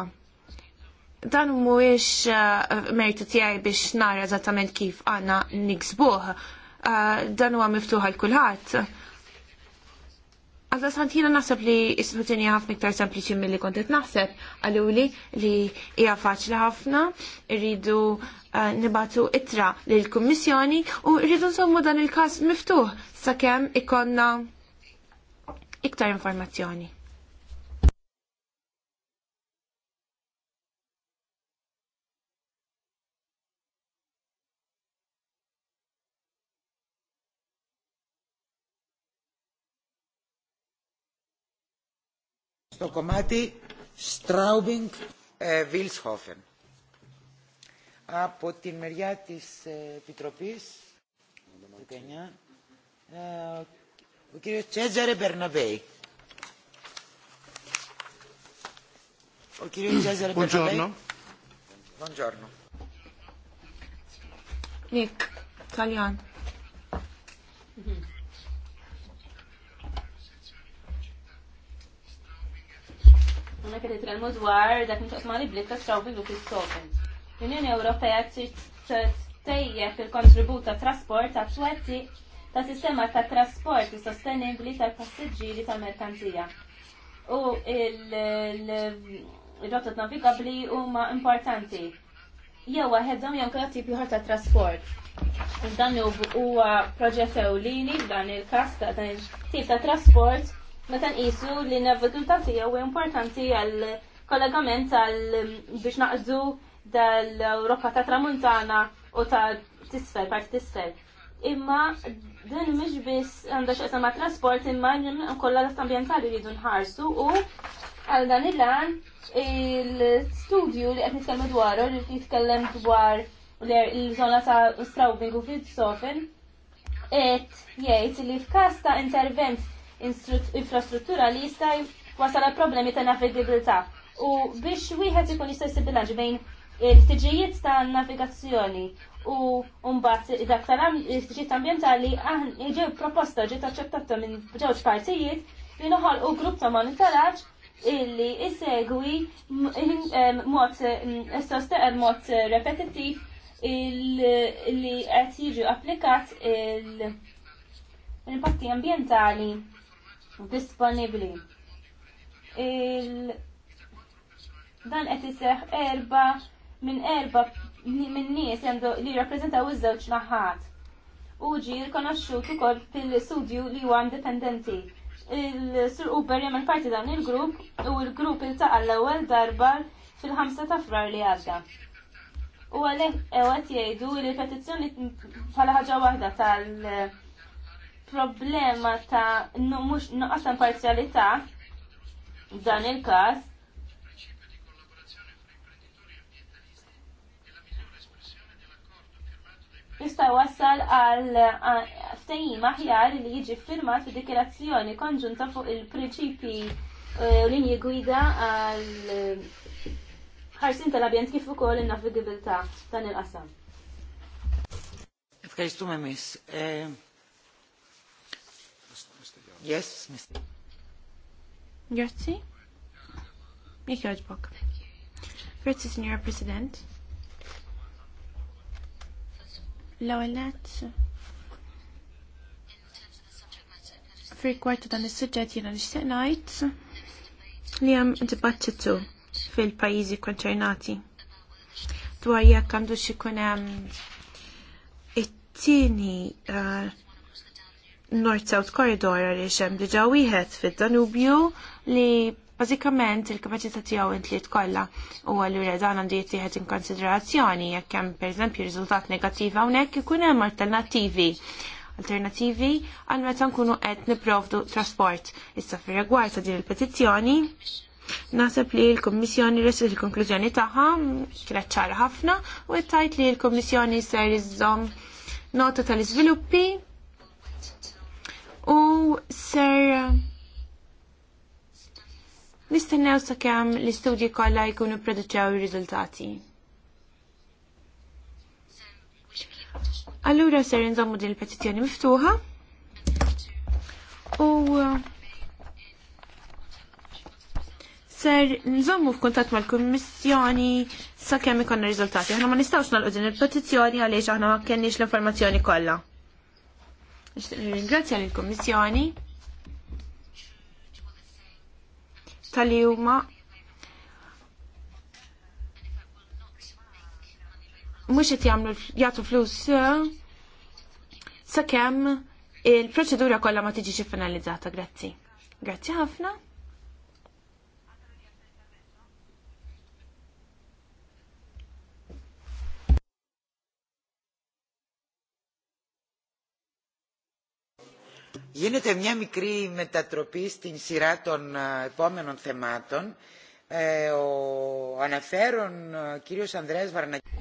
dan mhuwiex uh, mertu tiegħi biex nara eżattament kif għanna niksbuh. Uh, dan huwa miftuħ għal kulħadd Għazza santina naħseb li istituzzjoni ħafna iktar sempliċi mill-li kontet naħseb għaluli li hija faċli ħafna, rridu eh, nibatu itra l kummissjoni u rridu nsommu dan il-kas miftuħ sakemm ikonna iktar informazzjoni. στο κομμάτι Straubing Wilshofen. Από την μεριά της Επιτροπής, 19, ο κύριος Τσέτζαρε Μπερναβέη. Ο κύριος Τσέτζαρε Μπερναβέη. Buongiorno. Nick, Italian. Mm-hmm. Għana kħed jitrelmu dwar dak li ta' strawbi u fil-sofen. L-Unjoni Ewropea tejjeb il-kontribut ta' trasport ta' twetti ta' sistema ta' trasport sostenibli tal passiġġieri tal-merkanzija. U il-rotot navigabli huma importanti. Jew waħedhom jew kien tip ieħor ta' trasport. Dan huwa proġett ewlieni f'dan il-każ ta' dan il-tip ta' trasport meta nqisu li n-avveduta tiegħu importanti għal kollegament għal mm, biex naqżu dal-Europa ta' tramuntana u ta' tisfel, part tisfel. Imma din mhix biss għandha x'qesam ma' trasport imma kollha l-ambjentali dun nħarsu u għal dan il-lan il-studju li qed nitkellem dwaru li jitkellem dwar l-żona ta' Straubing u Friedstofen qed jgħid li f'każ ta' intervent infrastruttura li jista' wasal għal problemi ta' navigabilità. U biex wieħed ikun jista' jsib bejn il-ħtiġijiet ta' navigazzjoni u mbagħad dak tal-ħtiġijiet ambjentali aħna ġew proposta ġiet aċċettata minn ġewġ partijiet li noħolqu grupp ta' monitoraġġ illi isegwi eh, mod eh, eh, mod repetittiv li qed jiġu applikat il-impatti ambjentali disponibli. Il... Dan qed iseħħ erba minn erba minn nies li jirrappreżentaw iż-żewġ naħat. Uġi ġi rikonoxxut ukoll fil-studju li huwa indipendenti. Il-Sur Uber jagħmel parti dan il-grupp u l-grupp iltaqa' l-ewwel darba fil-5 ta' frar li għadda. U għalhekk qed jgħidu li l-petizzjoni bħala ħaġa waħda tal- problema ta' mux nuqqas imparzjalità dan il-każ jista' wassal għal ftehim aħjar li jiġi firmat fi dikirazzjoni konġunta fuq il-prinċipi e, u linji gwida għal e, ħarsin tal-abjent kif ukoll in-navigabilità dan il-qasam. Fkajstu memis, Yes, Mr. Grazzi. Jek joġbok. Grazzi, Signora President. L-għallet. Frikwart dan il-sujġet jena nishtiq najt li għam dibattitu fil-pajizi konċernati dwar jekk għandu xikun it-tieni uh, North South Corridor għaliex hemm diġà wieħed fid-Danubju li bażikament il-kapaċità tiegħu li kollha u allura dan għandu jittieħed in konsiderazzjoni jekk hemm pereżempju riżultat negattiv hawnhekk ikun hemm alternattivi alternattivi għal meta nkunu qed nipprovdu trasport. Issa fir-rigward ta' din il-petizzjoni Nasab li l-Kommissjoni resit il-konklużjoni taħħa kienet ċara ħafna u tajt li l-Kommissjoni ser iżżomm nota tal-iżviluppi u ser nistennew sakemm l-istudji kollha jkunu produċew ir-riżultati. Allura ser nżommu din il-petizzjoni miftuħa u ser nżommu f'kuntatt mal-Kummissjoni sakemm ikonna riżultati. Aħna ma nistgħux nagħlqu din il-petizzjoni għaliex aħna ma kenniex l-informazzjoni kollha. Ringrazzja l-Kommissjoni tal-li huma mhux qed jagħmlu jagħtu flus eh, sakemm il-proċedura kollha ma tiġix finalizzata, grazzi. Grazzi ħafna. Γίνεται μια μικρή μετατροπή στην σειρά των επόμενων θεμάτων. Ε, ο αναφέρον κύριος Ανδρέας Βαρνακής.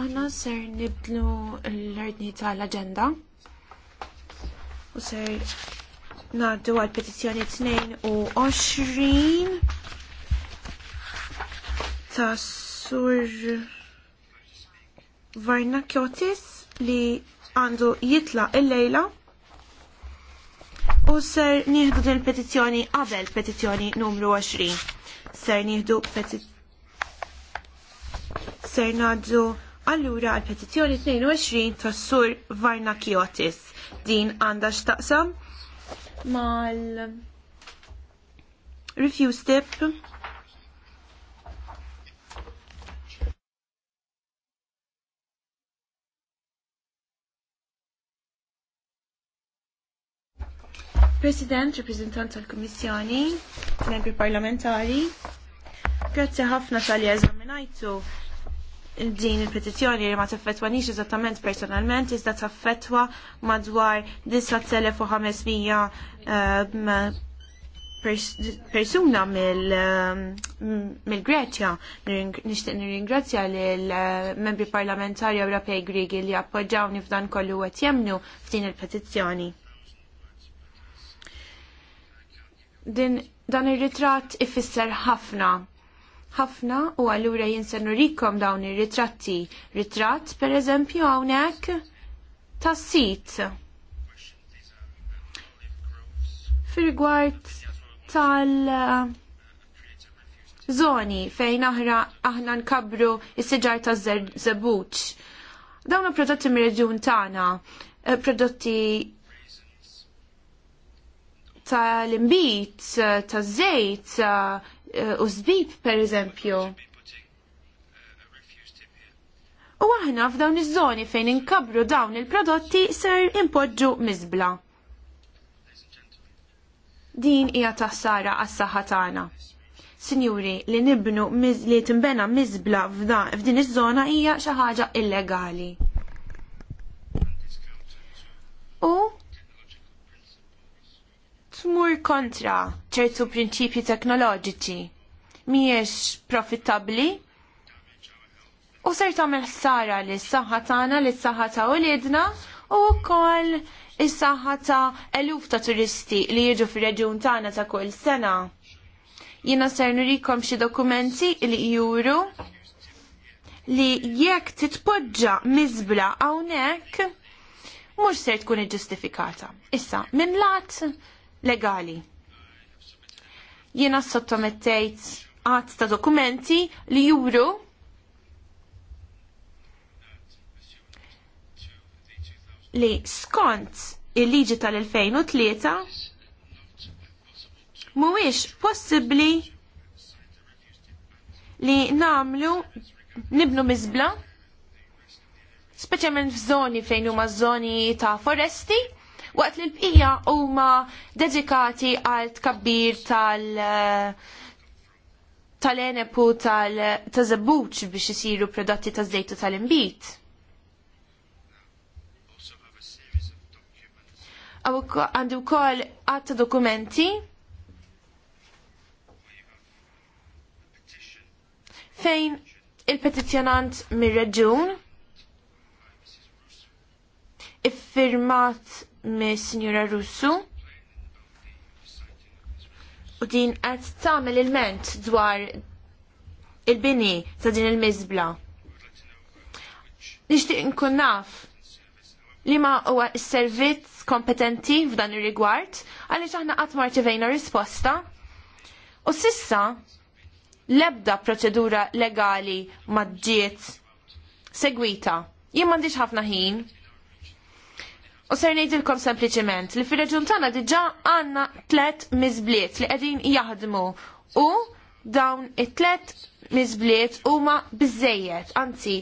Għanna ser nibdlu l λαγέντα. tal-agenda u ser naddu għal petizjoni 22 ta' sur Varna Kjotis li għandu jitla U ser nieħdu din petizzjoni qabel petizzjoni numru 20. Ser nieħdu ser ngħaddu allura għal petizzjoni 22 tas-sur Varna Kiotis. Din għandha x'taqsam mal refuse tip. President, Reprezentant tal-Komissjoni, Membri Parlamentari, grazzi ħafna tal-li eżaminajtu din il-petizjoni li ma nix eżattament personalment, iżda taffetwa madwar 9500 ehm, persuna ehm, mill-Greċja. Nishtiq nirringrazzja l-membri eh, parlamentari Ewropej Grigi li appoġġawni f'dan kollu għet jemnu f'din il-petizzjoni. din dan ir-ritratt ifisser ħafna. Ħafna u allura jinsen rikom dawn ir-ritratti. Ritrat, per eżempju hawnhekk tas-sit. Fir-rigward tal- eh, zoni fejn aħra aħna nkabru is-siġar ta' zebuċ. Dawn prodotti mir-reġjun tagħna, eh, prodotti tal-imbit, taż-żejt eh, u per pereżempju. U aħna f'dawn iż-żoni fejn inkabru dawn il-prodotti ser impoġġu miżbla. Din hija taħsara għas-saħħa tagħna. Sinjuri, li nibnu li timbena miżbla f'din iż-żona hija xi ħaġa illegali. U tmur kontra ċertu prinċipji teknoloġiċi. Miex profittabbli u ser tagħmel ħsara li s-saħħa tagħna li s-saħħa ta' uliedna u wkoll is-saħħa ta' eluf ta' turisti li jiġu fir-reġjun tagħna ta' kull sena. Jiena ser nurikom xi dokumenti li juru li jekk titpoġġa miżbla hawnhekk mhux ser tkun iġġustifikata. Issa, minn lat legali. Jiena sottomettejt għat ta' dokumenti li juru li skont il-liġi tal-2003 mhuwiex possibbli li namlu nibnu miżbla speċjalment f'żoni fejn huma żoni ta' foresti waqt li l-bqija huma dedikati għal tkabbir tal- eh, tal-enepu tal tazabuċ biex isiru prodotti ta' zejtu tal-imbit. Għandu kol għatta dokumenti fejn il-petizjonant mir-reġun iffirmat me Signora Russu u din qed tagħmel il-ment dwar il-bini ta' din il-miżbla. Nixtieq nkun naf li ma huwa s-servizz kompetenti f'dan ir-rigward għaliex aħna qatt marċivejna risposta u sissa l-ebda proċedura legali maġġiet ġiet segwita. Jien m'għandix ħafna ħin U ser ngħidilkom sempliċement li fir-reġjun tagħna diġà għandna tlet miżbliet li qegħdin jaħdmu u dawn it-tlet miżbliet huma biżejjed, anzi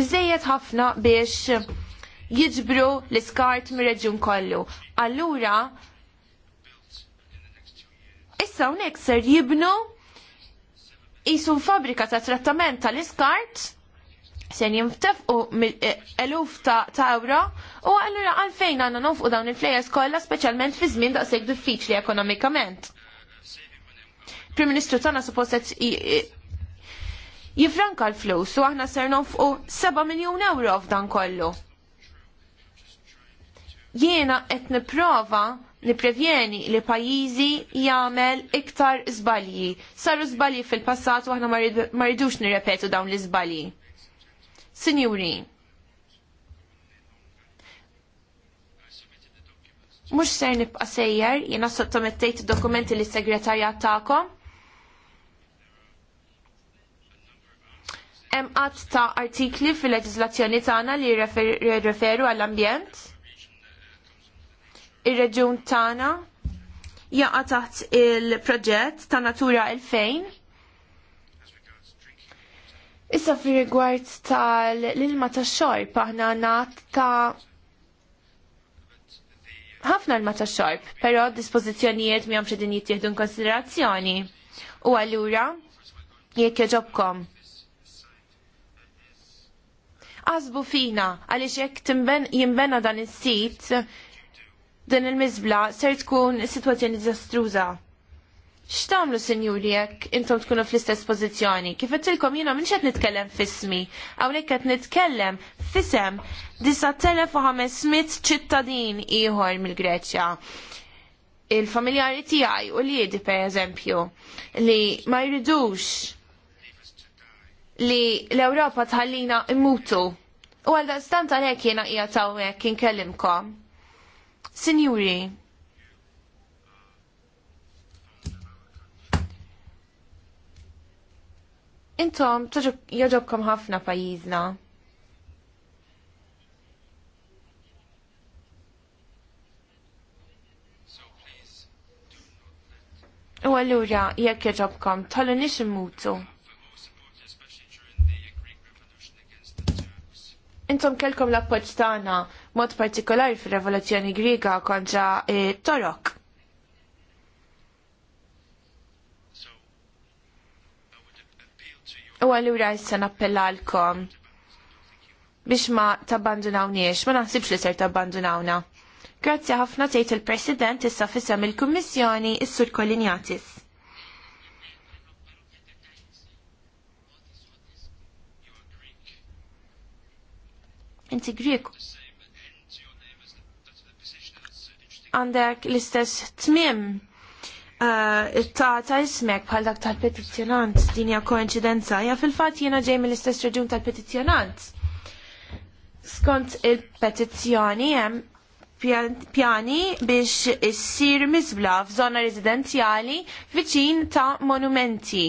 biżejjed ħafna biex jiġbru l-iskart mir-reġjun kollu. Allura issa hawnhekk ser jibnu jisun fabrika ta' trattament tal-iskart sen u e, eluf ta' tawra u għallura għalfejn għanna nofqu dawn il-flejers kollha speċjalment fi żmien daqshekk diffiċli ekonomikament. Prim Ministru tagħna suppost jifranka l-flus u aħna ser nofqu 7 miljun euro f'dan kollu. Jiena qed nipprova niprevjeni li pajjiżi jagħmel iktar żbalji. Saru żbalji fil-passat u aħna ma rridux nirrepetu dawn l-iżbalji Sinjuri, mux ser nibqa sejjer, jena sottomettejt dokumenti li segretarjat ta'kom. Hemm qatt ta' artikli fil-leġiżlazzjoni tagħna li jirreferu għall-ambjent. Ir-reġjun tagħna jaqa' taħt il-proġett ta' Natura 2000 Issa fi rigward tal-ilma ta' xorb, aħna nat ta' ħafna l-ma ta' xorb, pero dispozizjonijiet mi għamxed din jittieħdu konsiderazzjoni. U għallura, jekk joġobkom. Għazbu fina, għalix jekk jimbena dan il-sit, din il-mizbla, ser tkun situazzjoni dizastruza. X'tamlu sinjuri jekk intom tkunu fl-istess pożizzjoni? Kif qedtilkom jiena minn xed nitkellem fismi, hawnhekk qed nitkellem fisem 9500 ċittadin ieħor mill-Greċja il-familjari tiegħi u liedi pereżempju li ma jridux li l-Ewropa tħallina immutu. U għal stant għalhekk jiena qiegħed hawnhekk inkellimkom. Sinjuri, Intom joġobkom ħafna pajjiżna. U għallura, jekk jaġobkom, tal nix immutu. Intom kelkom l-appoċ tagħna mod partikolari fir-Revoluzzjoni Griega kontra eh, torok. U għallura jissa nappellalkom biex ma tabbandunawniex, ma naħsibx li ser tabbandunawna. Grazzi ħafna tgħid il-President issa fisem il-Kummissjoni is-Sur Kolinjatis. Inti Grieg. Għandek l-istess tmiem Uh, ta' ta' ismek bħal dak tal-petizjonant din hija koinċidenza. Ja fil-fatt jiena ġej mill-istess reġun tal-petizjonant. Skont il-petizzjoni hemm pjani biex issir miżbla f'żona residenzjali viċin ta' monumenti.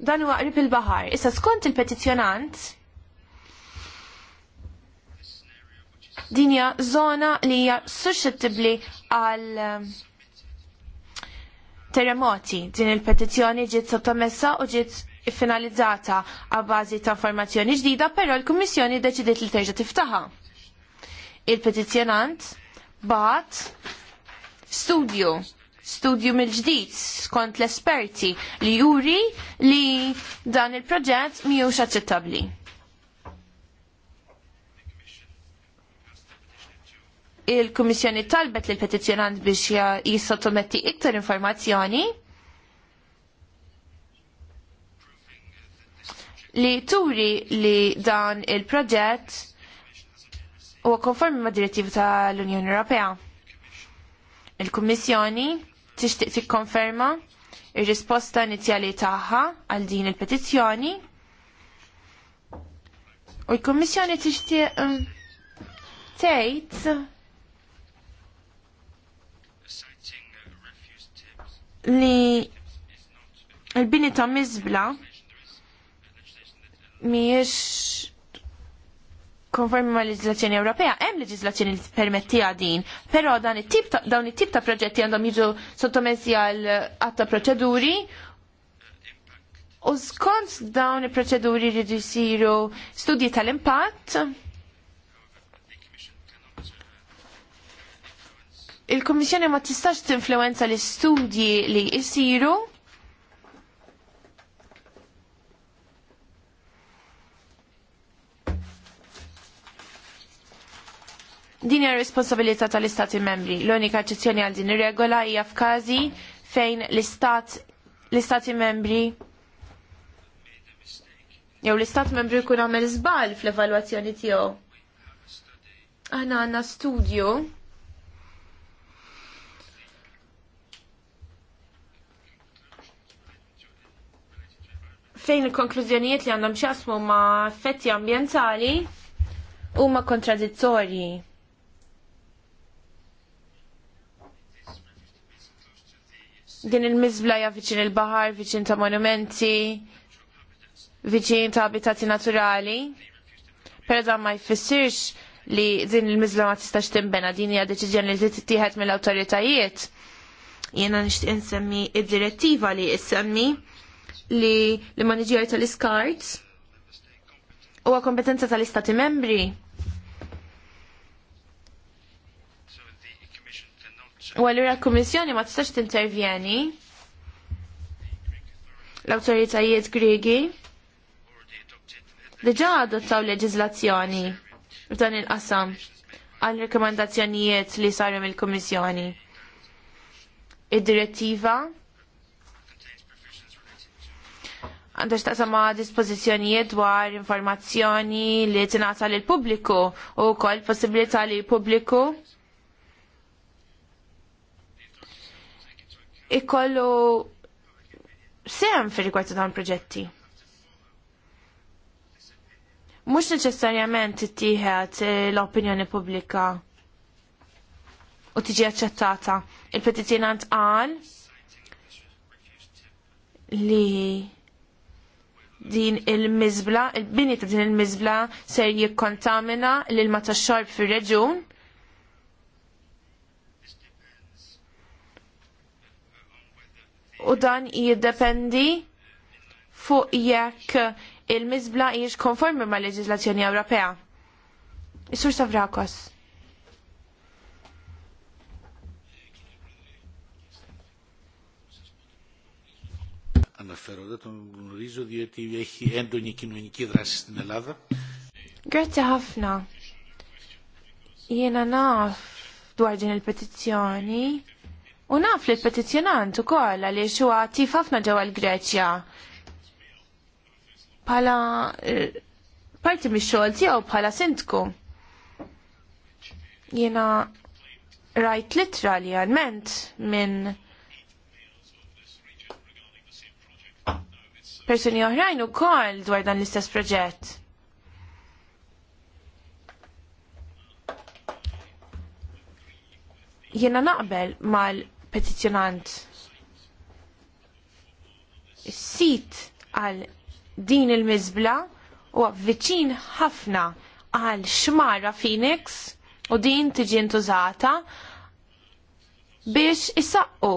Dan huwa qrib il-baħar. Issa skont il-petizzjonant, dinja zona li hija suscettibbli għal ehm, terremoti. Din il-petizzjoni ġiet sottomessa u ġiet finalizzata bażi ta' informazzjoni ġdida, però l-Kummissjoni deċidiet li terġa' tiftaħa. Il-petizzjonant bat studju studju mill-ġdid skont l-esperti li juri li dan il-proġett mhijiex aċċettabbli. il-Kummissjoni talbet lil petizzjonant biex jissottometti iktar informazzjoni li turi li dan il-proġett huwa konformi ma' direttiva tal-Unjoni Ewropea. Il-Kummissjoni tixtieq tikkonferma ir-risposta inizjali tagħha għal din il-petizzjoni u l-Kummissjoni tixtieq mm, tgħid li il-bini ta' mizbla miex konformi ma' leġislazzjoni Ewropea, hemm leġislazzjoni li permetti din, però dan it-tip dawn it-tip ta' proġetti għandhom jiġu sottomessi għal għatta proċeduri u skont dawn il-proċeduri jridu jsiru studji tal-impatt il-Kommissjoni ma tistax t-influenza l-istudji li jisiru Din hija responsabilità tal-Istati membri. L-unika eċezzjoni għal din ir-regola hija f'każi fejn l-Istat l-Istati membri jew l-Istat membri jkun għamel żball fl-evalwazzjoni tiegħu. Aħna għandna studju fejn il-konklużjonijiet li għandhom xasmu ma' effetti ambientali u ma' kontradittorji. Din il-mizblaja viċin il-bahar, viċin ta' monumenti, viċin ta' abitati naturali. Per dan ma' jfissirx li din il-mizla ma tistax timbena, din hija deċiżjoni li tittieħed mill-awtoritajiet. Jiena nixtieq insemmi id-direttiva li issemmi li l-manager tal-iskards huwa kompetenza tal-istati membri. U għallura l-Kummissjoni ma tistax t-intervjeni l-autoritajiet Griegi diġa adottaw leġizlazzjoni f'dan il-qasam għal rekomendazzjonijiet li saru mill-Kummissjoni. Id-direttiva għandu ta' sama dispozizjonijiet dwar informazzjoni li li l pubbliku u kol possibilita li l-pubbliku ikollu sem fi rigward dan proġetti. Mux neċessarjament tittieħed eh, l-opinjoni pubblika u tiġi aċċettata. Il-petizjonant qal li din il-mizbla, il-bini ta' din il-mizbla ser jikkontamina l-ilma ta' xorb fil-reġun. U dan jiddependi fuq jekk il-mizbla jiex konformi ma' leġislazzjoni Ewropea. Is-sur Savrakos. αναφέροντα, τον γνωρίζω διότι έχει έντονη κοινωνική δράση στην Ελλάδα. Grazie ħafna. Jiena naf dwar din il-petizzjoni u naf li l-petizzjonant ukoll għaliex huwa attiv ħafna ġewwa l-Greċja. Bħala eh, parti mix-xogħol tiegħu bħala sindku. Jiena rajt litra li għalment minn persuni oħrajn ukoll dwar dan l-istess proġett. Jiena naqbel mal-petizjonant sit għal din il-mizbla u viċin ħafna għal xmara Phoenix u din tiġi intużata biex issaqqu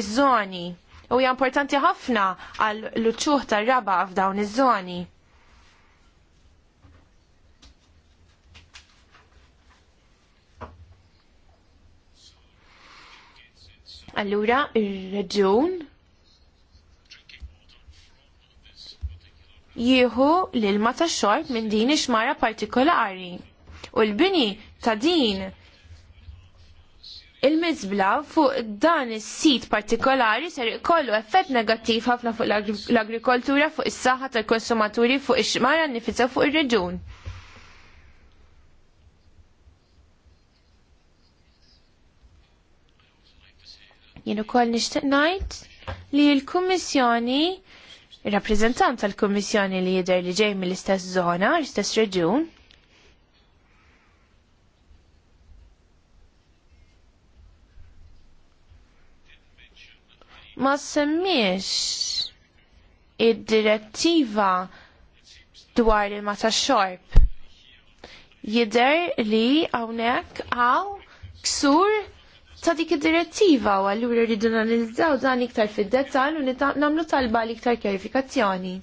iż-żoni u hija importanti ħafna għal l-uċċuħ tar-raba f'dawn iż-żoni. Allura, ir-reġun jieħu l-ilma tax-xorb minn din ix-xmara partikolari u l-bini ta' din il-mizbla fuq dan is-sit partikolari ser ikollu effett negattiv ħafna fuq l-agrikoltura, fuq is-saħħa tal-konsumaturi, fuq ix-xmara nifisa fuq ir-reġun. Jien ukoll nixtieq ngħid li l-Kummissjoni ir-rappreżentant tal-Kummissjoni li jidher li ġej mill-istess żona, l-istess reġun, ma semmiex id-direttiva dwar il-mata xorb. Jider li għawnek għaw ksur ta' dik id-direttiva u għallur rridu nanizzaw dan iktar fid-detal u namlu talba li iktar kjarifikazzjoni.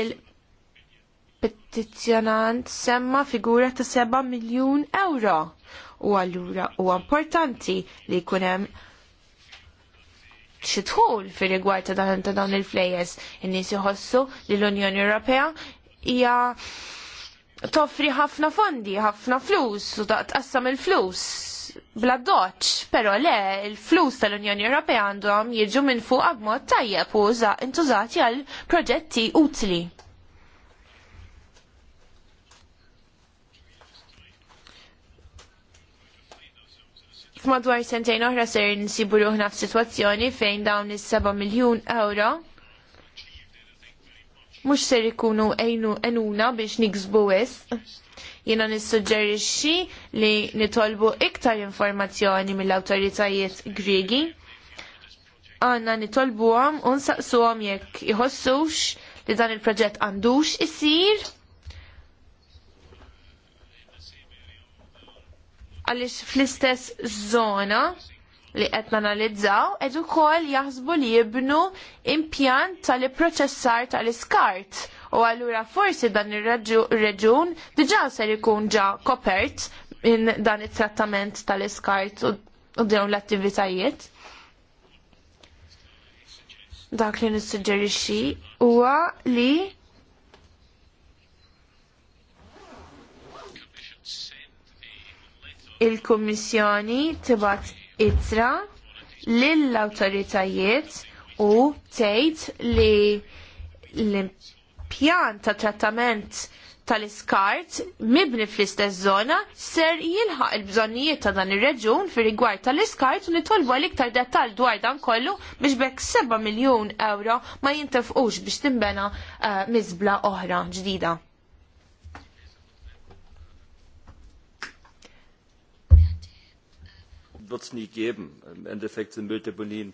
Il-petizjonant semma figura ta' 7 miljon euro u allura huwa importanti li jkun hemm xi dħul fir-rigward ta' dan ta' dawn il-flejers. In-nies iħossu li l-Unjoni Ewropea hija toffri ħafna fondi, ħafna flus u tqassam il-flus bla doċ, pero le, il-flus tal-Unjoni Ewropea għandhom jiġu minn fuq b'mod tajjeb u intużati għal proġetti utli. Madwar sentejn oħra ser nsibu ruħna f'sitwazzjoni fejn dawn is-7 miljun euro mhux ser ikunu enuna biex niksbu wisq. Jiena nissuġġerixxi li nitolbu iktar informazzjoni mill-awtoritajiet Griegi. Għanna nitolbuhom u nsaqsuhom jekk iħossux li dan il-proġett għandux isir għaliex fl-istess zona li qed nanalizzaw qed ukoll jaħsbu li jibnu impjant tal-proċessar tal-iskart u allura forsi dan ir-reġun diġà ser ikun ġa kopert in dan it-trattament tal-iskart u dawn l-attivitajiet. Dak li nissuġġerixxi huwa li il-Kummissjoni tibat itra lill-awtoritajiet u tgħid li l-impjant ta' trattament tal-iskart mibni fl-istess żona ser jilħaq il-bżonnijiet ta' dan ir-reġun fir rigward tal-iskart u nitolbu għal iktar dettall dwar dan kollu biex bekk 7 miljun euro ma jintefqux biex timbena uh, eh, miżbla oħra ġdida. wird es nie geben. Im Endeffekt sind Mülldeponien.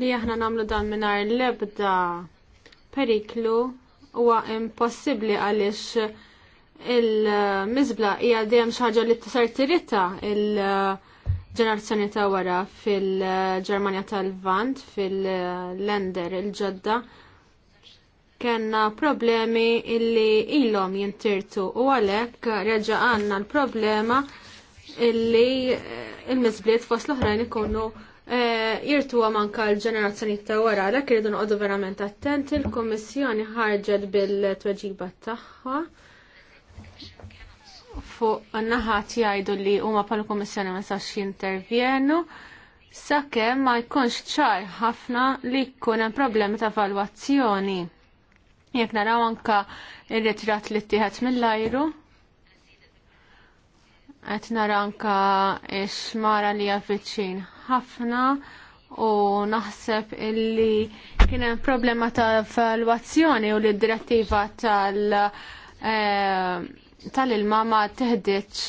Li aħna namlu dan minar lebda periklu huwa impossibbli għaliex il-mizbla hija dejjem xi ħaġa li tisar tirita il- ġenerazzjoni ta' wara fil-Ġermanja tal-Vant, fil-Lender il-ġodda, kena problemi illi ilhom jintirtu u għalhekk reġa' għandna l-problema illi eh, il-mizbliet fost l-oħrajn ikunu eh, jirtu manka l-ġenerazzjoni ta' wara, dak irridu noqogħdu verament attenti, il-Kummissjoni ħarġet bil-tweġiba tagħha fuq naħat jgħidu li huma pal kommissjoni ma sax jintervjenu sakemm ma jkunx ċar ħafna li jkun hemm problemi ta' valwazzjoni. Jekk naraw anka ir-ritrat li ttieħed mill-ajru, Qed nara anka xmara li viċin ħafna u naħseb illi kien hemm problema ta' evalwazzjoni u li d-direttiva tal- eh, tal-ilma ma teħdiċ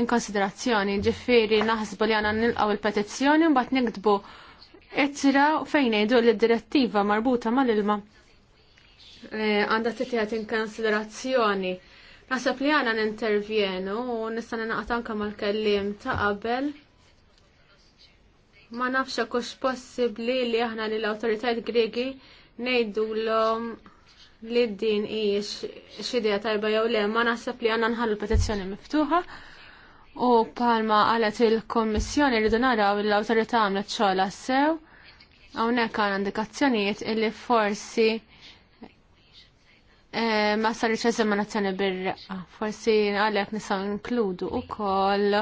in konsiderazzjoni ġifiri naħsbu li għana nilqaw il-petizzjoni u bat nikdbu itra fejn jgħidu li d-direttiva marbuta mal-ilma eh, għanda titjat in konsiderazzjoni Naħseb li għana nintervjenu u nistan n-naqtan mal-kellim ta' qabel. Ma nafx kux possibli li aħna li l-autoritajt Gregi nejdu l-om li d-din ijiex xidija tajba jew le, ma naħseb li għana nħallu petizzjoni miftuħa. U palma għalet il-Kommissjoni rridu naraw l autoritajt għamlet xogħla sew, hawnhekk għandna indikazzjonijiet illi forsi ma sar eżaminazzjoni bir-reqqa. Forsi għalhekk nistgħu inkludu wkoll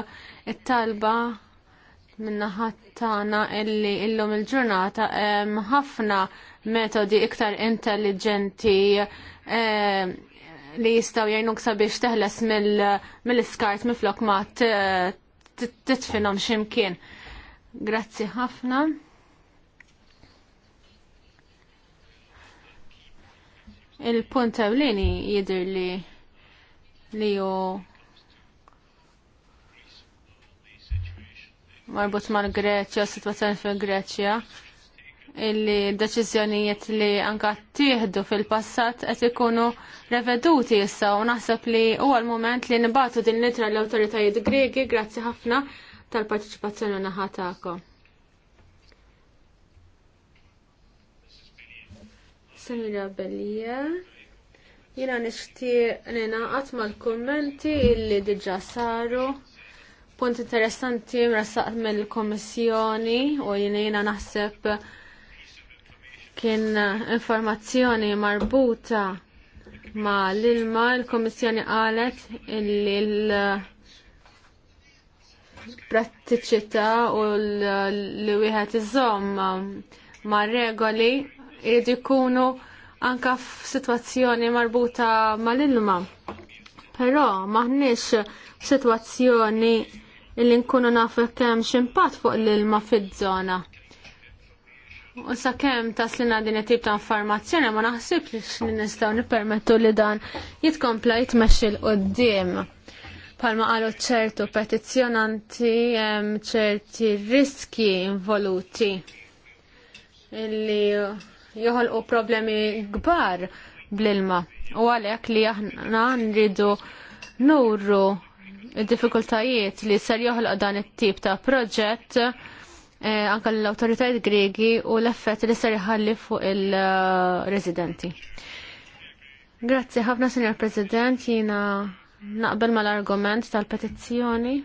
it-talba minnaħa tagħna illi illum il-ġurnata hemm ħafna metodi iktar intelligenti li jistgħu jgħinuk sabiex teħles mill-iskart miflok ma titfinhom x'imkien. Grazzi ħafna. il-punt ewlieni jidher li li hu marbut mal-Greċja, situazzjoni fil-Greċja, illi deċiżjonijiet li anka tieħdu fil-passat qed ikunu reveduti issa u naħseb li huwa l-mument li nibatu din nitra l-awtoritajiet Gregi grazzi ħafna tal-partiċipazzjoni naħa tagħkom. Senjura Bellija, jina nishtiq ninaqat mal-kommenti illi diġa saru. Punt interessanti mrassaqt mill-Komissjoni u jina jina naħseb kien informazzjoni marbuta ma l-ilma l-Komissjoni qalet illi l-prattiċità u l-li wieħed iżomm ma regoli jridu jkunu anka f'sitwazzjoni marbuta mal-ilma. Però maħniex f'sitwazzjoni li nkunu nafu kemm ximpat fuq l-ilma fid-żona. U sakemm taslina din it-tip ta' informazzjoni ma naħsibx li nistgħu nippermettu li dan jitkompla jitmexxi l qudiem Palma qalu ċertu petizzjonanti hemm ċerti riski involuti illi joħolqu problemi kbar bl-ilma u għalhekk li aħna nridu nurru il-diffikultajiet li ser joħloq dan it-tip ta' proġett eh, anka l-autoritajiet Gregi u l-effett li ser jħalli fuq il-residenti. Grazzi ħafna, senjor President, jina naqbel mal-argument tal-petizzjoni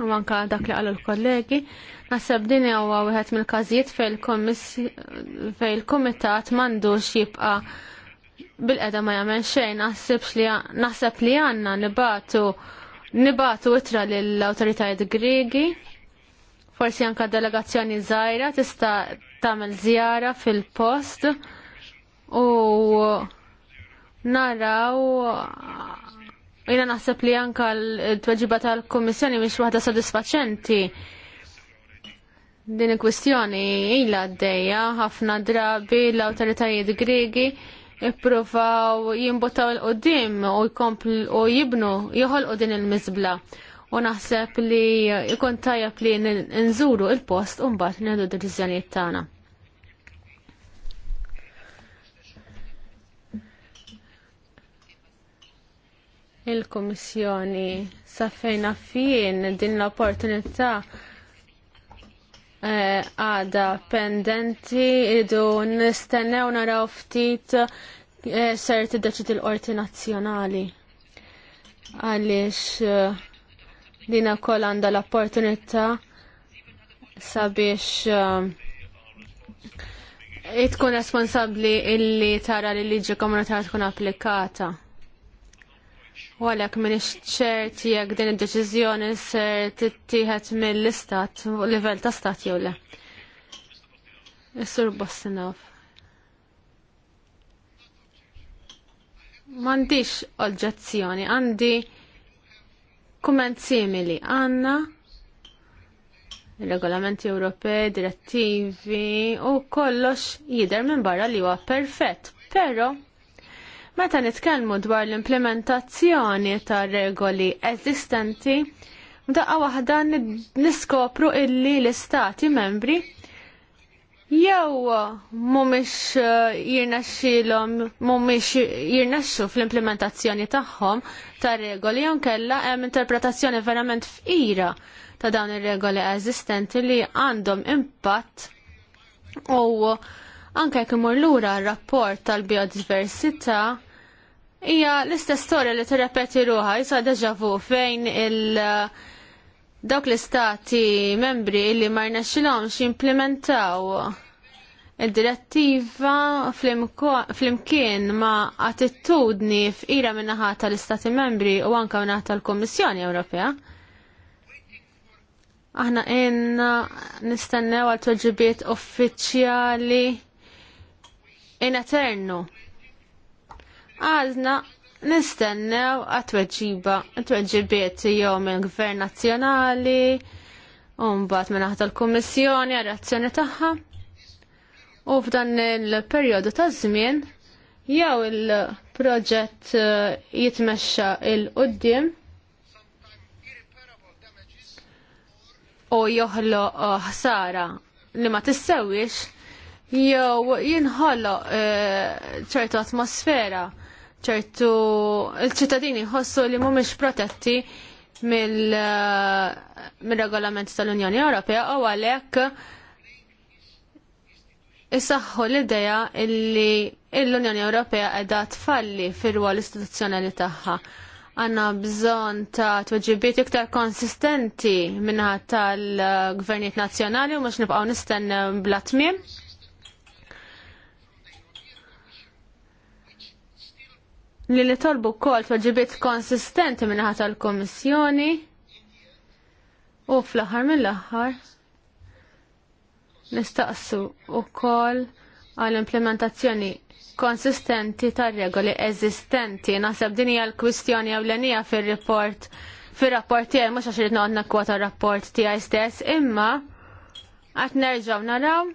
u anka dak li għallu l-kollegi. Għasab din huwa wieħed mill-każijiet fejn il-kumitat m'għandux jibqa' bil-qeda ma jagħmel xejn naħsibx li naħseb li għandna nibatu nibatu itra lill-awtoritajiet Griegi. Forsi anka delegazzjoni żgħira tista' tagħmel żjara fil-post u naraw jina naħseb li anka l-tweġiba tal-Kummissjoni mhix waħda sodisfaċenti din il-kwistjoni ila għaddejja ħafna drabi l-autoritajiet Gregi ippruvaw jimbotaw l-qoddim u jkomplu u jibnu jħolqu din il-mizbla. U naħseb li jkun tajjeb li nżuru il-post u mbagħad d deċiżjonijiet tagħna. Il-Kummissjoni sa fejn fien din l-opportunità Eh, għada pendenti idu nistennew naraw ftit eh, ser tiddeċit il-qorti nazzjonali. Għaliex eh, dina kol għanda l-opportunità sabiex tkun responsabli illi tara li liġi komunitarja tkun applikata. U għalek minix ċert jekk din id-deċiżjoni ser tittieħed mill-istat, livell ta' stat jew le. Is-sur Bostinov. M'għandix oġġezzjoni, għandi kumment simili. Għanna regolamenti Ewropej, direttivi u kollox jidher minn barra li huwa perfett, però Meta nitkellmu dwar l-implementazzjoni ta' regoli eżistenti, mdaqqa waħda niskopru illi l-istati membri jew mumiex jirnaxxilhom mumiex jirnaxxu fl-implementazzjoni tagħhom ta' regoli jew kella hemm interpretazzjoni verament fqira ta' dawn ir-regoli eżistenti li għandhom impatt u anke jekk imur lura r-rapport tal-biodiversità hija l-istess storja li tirrepeti ruha jisa deġa vu fejn il- dawk l-istati membri li ma rnexxilhomx jimplementaw id-direttiva flimkien ma' attitudni f'ira minnaħa tal-istati membri u anka minnaħa tal-Kommissjoni Ewropea. Aħna inna nistennew għal toġibiet uffiċjali in eternu għazna nistennew għat-tweġiba, tweġibiet jew minn gvern nazzjonali, u mbagħad minn aħta l-Kummissjoni għar-reazzjoni tagħha. U f'dan il-perjodu ta' żmien jew il-proġett eh, jitmexxa il-qudiem u joħloq eh, ħsara li ma tissewix jew jinħolloq eh, ċertu atmosfera ċertu il-ċittadini ħossu li mhumiex protetti eh, mill-regolament tal-Unjoni Ewropea u għalhekk isaħħu l-idea illi l-Unjoni Ewropea qiegħda tfalli fir-rwol istituzzjonali tagħha. Għanna bżonn ta' tweġibiet iktar konsistenti minnaħat tal-gvernijiet nazzjonali u mhux nibqgħu nistennew bla tmiem. li li tolbu kol ġibiet konsistenti minnaħat tal-Komissjoni u fl-aħħar mill-aħħar nistaqsu u kol għal-implementazzjoni konsistenti tar-regoli eżistenti. Naseb din hija l-kwistjoni ewlenija fir-report fir-rapport tiegħi mhux għax irid noqgħod nakkwota r-rapport tiegħi stess, imma qed nerġgħu naraw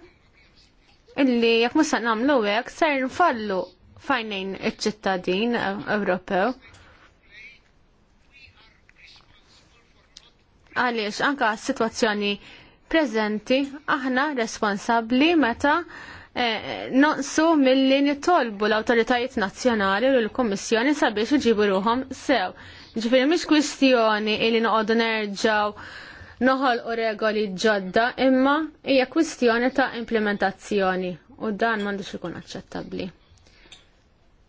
illi jekk mhux nagħmlu hekk ser nfallu fajnejn iċ-ċittadin Ewropew. Għaliex anka s-sitwazzjoni preżenti aħna responsabbli meta eh, nonsu milli nitolbu l awtoritajiet nazzjonali u l-Kummissjoni sabiex iġibu ruhom sew. Ġifieri mhix kwistjoni li noqogħdu nerġgħu noħol u regoli ġodda imma hija kwistjoni ta' implementazzjoni u dan m'għandux ikun aċċettabbli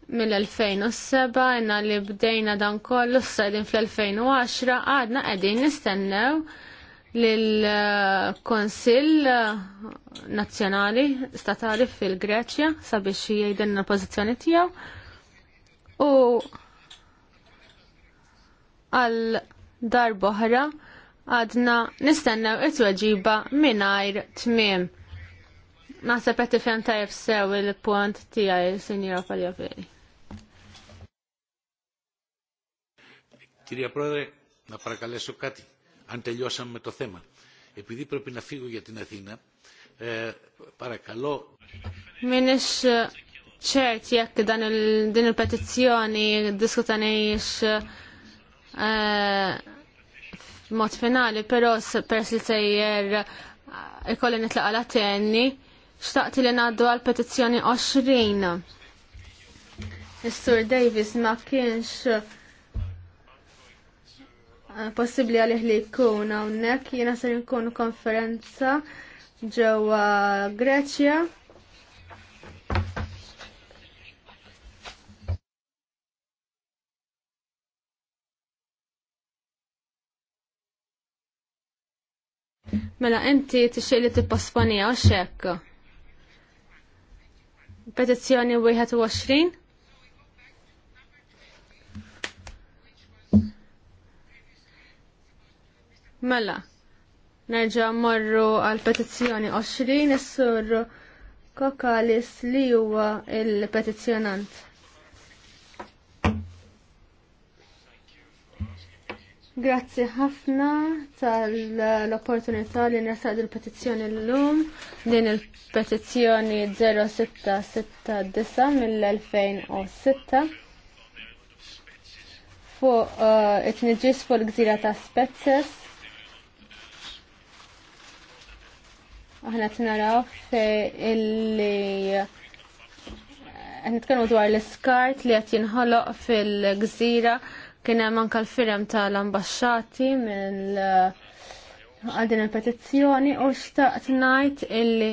mill-2007 inna li bdejna dan kollu s-sajdin fl-2010 għadna għedin nistennew lill-Konsill Nazzjonali Statali fil-Greċja sabiex jgħidilna l-pożizzjoni tiegħu u għal darboħra għadna nistennew it-tweġiba mingħajr tmiem. Naħseb qed tifhem tajjeb sew il-punt tiegħi, Sinjora Paljaveri. Κυρία Πρόεδρε, να παρακαλέσω κάτι, αν τελειώσαμε με το θέμα. Επειδή πρέπει να φύγω για την Αθήνα, ε, παρακαλώ... Μήνες ċert jekk dan il, din il-petizzjoni diskutanix mod finali, però pers li sejjer ikolli nitlaqa la tenni, xtaqt li naddu għal petizzjoni 20. Davis ma kienx possibbli għalih li jkun hawnhekk jiena ser nkun konferenza ġewwa Greċja. Mela inti tixtieq li tipposponija għax hekk. Petizzjoni 21 Mela, nerġa' morru għal petizzjoni 20 is-sur Kokalis li huwa il-petizzjonant. Grazzi ħafna tal-opportunità li nersaq il-petizzjoni l-lum din il-petizzjoni 0669 mill-2006 fuq uh, it-nġis fuq l-gżira ta' Spezzes aħna t-naraw illi kanu dwar l-iskart li qed jinħoloq fil-gżira kien hemm anke l-firem tal-ambaxxati mill għal din il-petizzjoni u xtaqt ngħid illi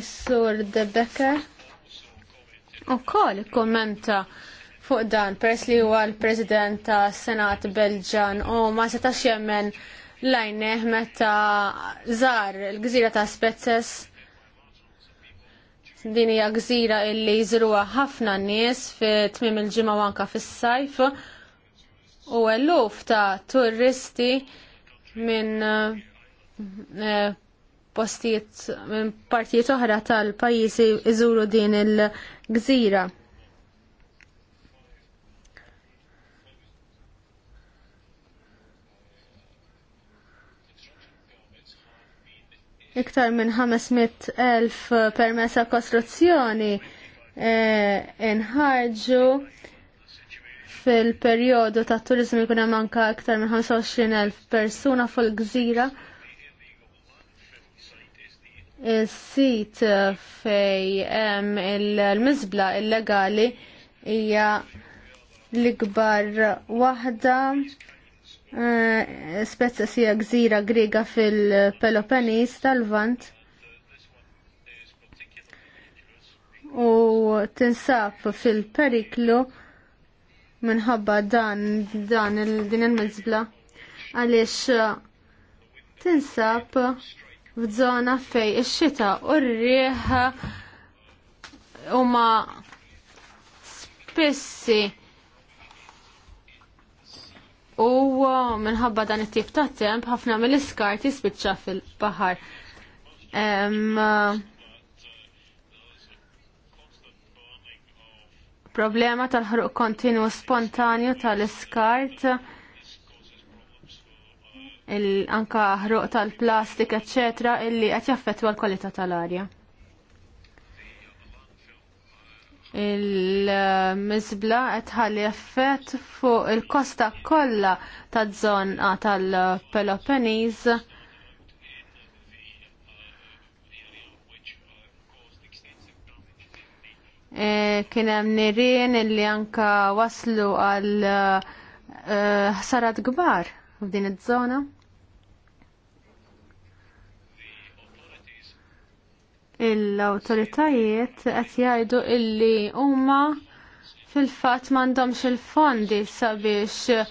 s-sur De Becker ukoll kommenta fuq dan peress li huwa l-President tas-Senat Belġan u ma setax jemmen lajneħ meta zar il-gżira ta' Spezzes din hija gżira illi jżruha ħafna nies fi tmiem il-ġimgħa anka fis-sajf u eluf ta' turisti minn eh, postijiet minn partijiet oħra tal-pajjiżi jżuru din il-gżira. iktar minn 500.000 permessa kostruzzjoni eh, inħarġu fil-periodu ta' turizmu jkun hemm anke iktar minn 25.000 persuna fuq gżira Is-sit fej hemm il-miżbla illegali hija l-ikbar waħda Eh, spezza sija gżira griga fil-Peloponnes tal-Vant u tinsab fil-periklu minħabba dan dan din il-mizbla għaliex eh, tinsab f'żona fej ix-xita u r-rieħ huma spissi u uh, minħabba dan it-tip ta' temp ħafna mill-iskart jispiċċa fil-baħar. Uh, problema tal-ħruq kontinu spontanju tal-iskart anka ħruq tal-plastik, eccetera, illi qed jaffettwa l-kwalità tal-arja. il-mizbla qed ħalli effett fuq il-kosta kollha taż-żona tal peloponnes e, Kien hemm nirien li anka waslu għal e, ħsarat kbar f'din iż-żona. l-awtoritajiet qed jgħidu illi huma fil-fatt m'għandhomx il-fondi sabiex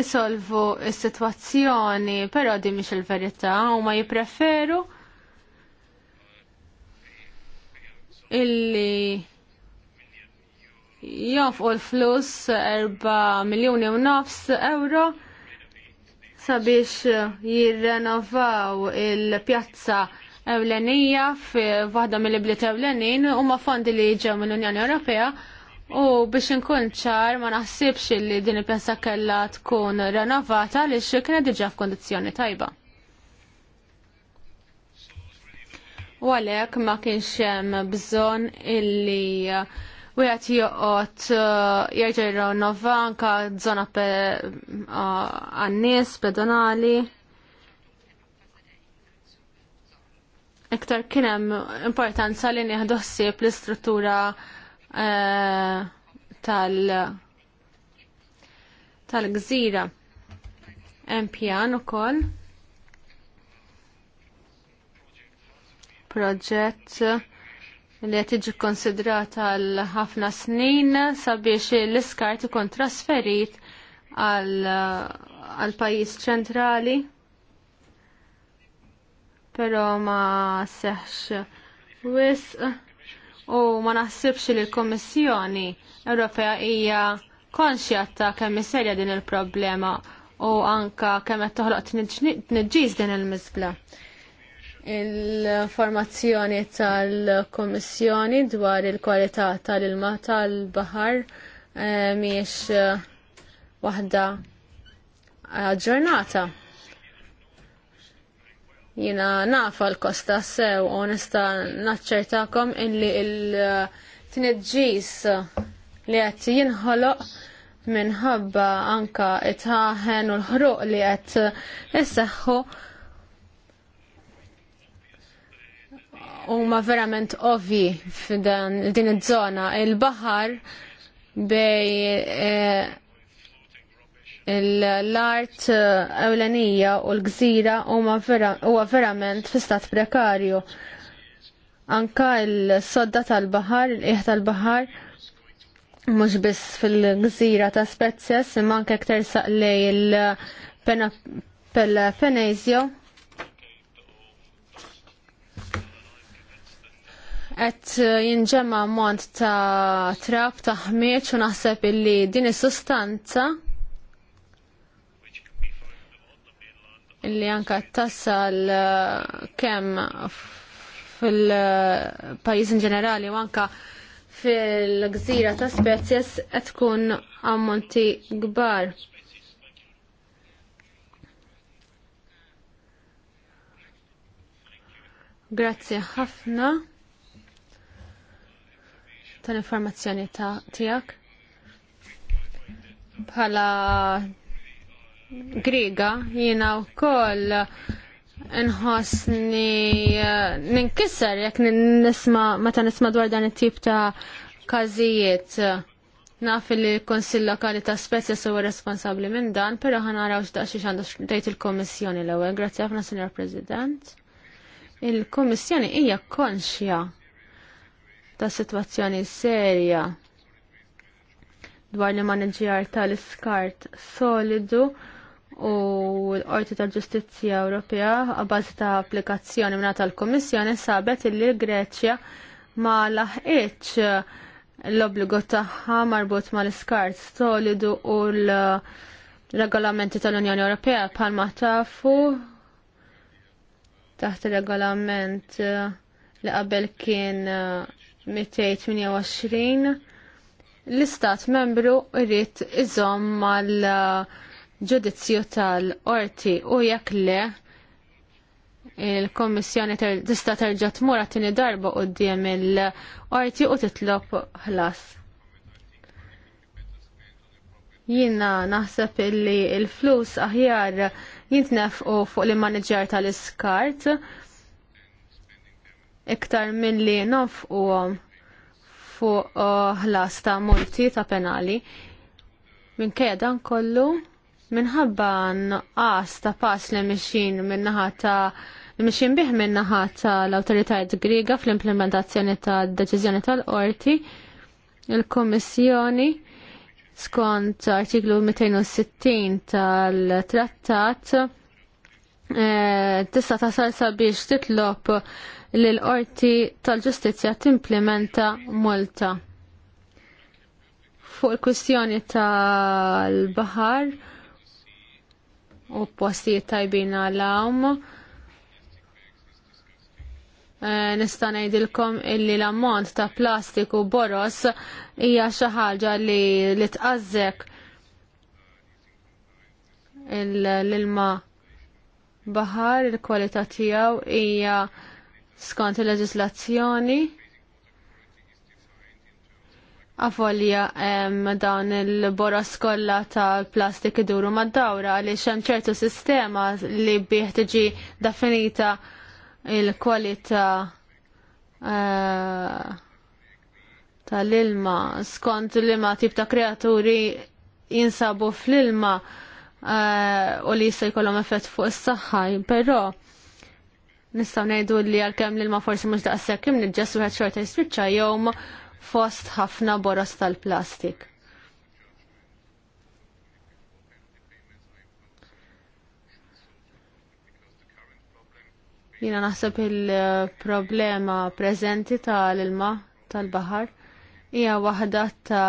isolvu s-sitwazzjoni, però di mhix il-verità huma jippreferu illi jonfqu l-flus 4 miljuni u nofs euro sabiex jirrenovaw il-pjazza ewlenija waħda mill-ibliet ewlenin huma fondi li ġew mill-Unjoni Ewropea u biex inkun ċar ma naħsibx li din il-pensa kellha tkun renovata li kienet diġà f'kondizzjoni tajba. U għalhekk ma kienx hemm bżonn illi wieħed joqgħod uh, jerġa' jirrenova anke żona uh, għan-nies pedonali. iktar kien hemm importanza li nieħdu ħsieb l-istruttura eh, tal tal-gżira. Hemm pjan ukoll. Proġett li qed tiġi konsidrata għal ħafna snin sabiex l-iskart ikun trasferit għal pajjiż ċentrali pero ma seħx wisq u ma naħsibx li l-Kommissjoni Ewropea hija konxja ta' kemm serja din il-problema u anka kemm qed toħloq tniġġis din il-miżbla. Il-formazzjoni tal-Kommissjoni dwar il-kwalità tal-ilma tal-baħar eh, miex eh, waħda ġurnata. Jina nafa l-kosta sew, onesta naċċertakom illi il tnedġis li għat jinħoloq minħabba anka itħaħen u l-ħruq li għat jisseħħu u ma verament ovvi f'din iż-żona. Il-bahar bej eh, l-art eh, ewlenija u l-gżira huwa verament fi stat prekarju. Anka l-sodda tal-bahar, l iħ tal-bahar, mhux biss fil-gżira ta' Spezzes, imma anke kter saqlej il-Penezio. Et eh, jinġemma mont ta' trab ta' ħmieċ u naħseb illi din is-sustanza li anka tassal uh, kemm fil-pajjiż in ġenerali u anka fil-gżira ta' spezies qed tkun ammonti kbar. Grazzi ħafna tal-informazzjoni ta' tiegħek bħala Griga jiena wkoll nħossni eh, ninkisser jekk nisma meta nisma dwar dan it-tip ta' każijiet. Naf li l-Konsill Lokali ta' Spezja sewa responsabbli minn dan, però ħa naraw x'daqs xi għandu tgħid il kommissjoni l-ewwel. Grazzi ħafna Sinjor President. Il-Kummissjoni hija konxja ta' sitwazzjoni serja dwar li manager tal-iskart solidu u l-Qorti tal-Ġustizzja Ewropea għabbażi ta' applikazzjoni minna tal-Kommissjoni sabet illi l-Greċja ma laħqitx l-obbligo tagħha marbut mal-iskart solidu u l-regolamenti tal-Unjoni Ewropea bħalma tafu taħt il-regolament eh, li qabel kien 228 eh, l-istat membru irrit iżomm mal uh, ġudizzju tal-qorti u jekk le il-Kommissjoni tista' terġa' tmur għatini darba quddiem il-qorti u titlob ħlas. Jiena naħseb illi il-flus aħjar jintnefqu fuq li manager tal-iskart iktar minn li nonfquhom fuq uh, ħlas ta' multi ta' penali. Minkejja dan kollu minħabba nuqqas ta' pass li mixin minnaħa ta' mixin bih minnaħa ta' l-autoritajiet Griga fl-implementazzjoni ta' deċiżjoni tal-qorti, il-Kommissjoni skont artiklu 260 tal-trattat eh, tista' tasal sabiex titlob l qorti tal-ġustizzja timplementa multa. Fuq il-kwistjoni tal-bahar, u postijiet tajbin għal-għawm. Eh, nista' ngħidilkom illi l-ammont ta' plastiku boros hija xi ħaġa li li tqażżek l-ilma baħar, il-kwalità tiegħu hija skont il-leġislazzjoni. Avolja dan il-boros kollha tal-plastik iduru mad-dawra li hemm ċertu sistema li bih tiġi definita il-kwalità eh, tal-ilma skont li ma tip ta' kreaturi jinsabu fl-ilma eh, u li jisaj jkollhom effett fuq s saħħa però nistgħu ngħidu li għalkemm l-ilma forsi mhux daqshekk imniġġes wieħed xorta jispiċċa fost ħafna boros tal-plastik. Jina naħseb il-problema preżenti tal-ilma tal-bahar hija waħda ta'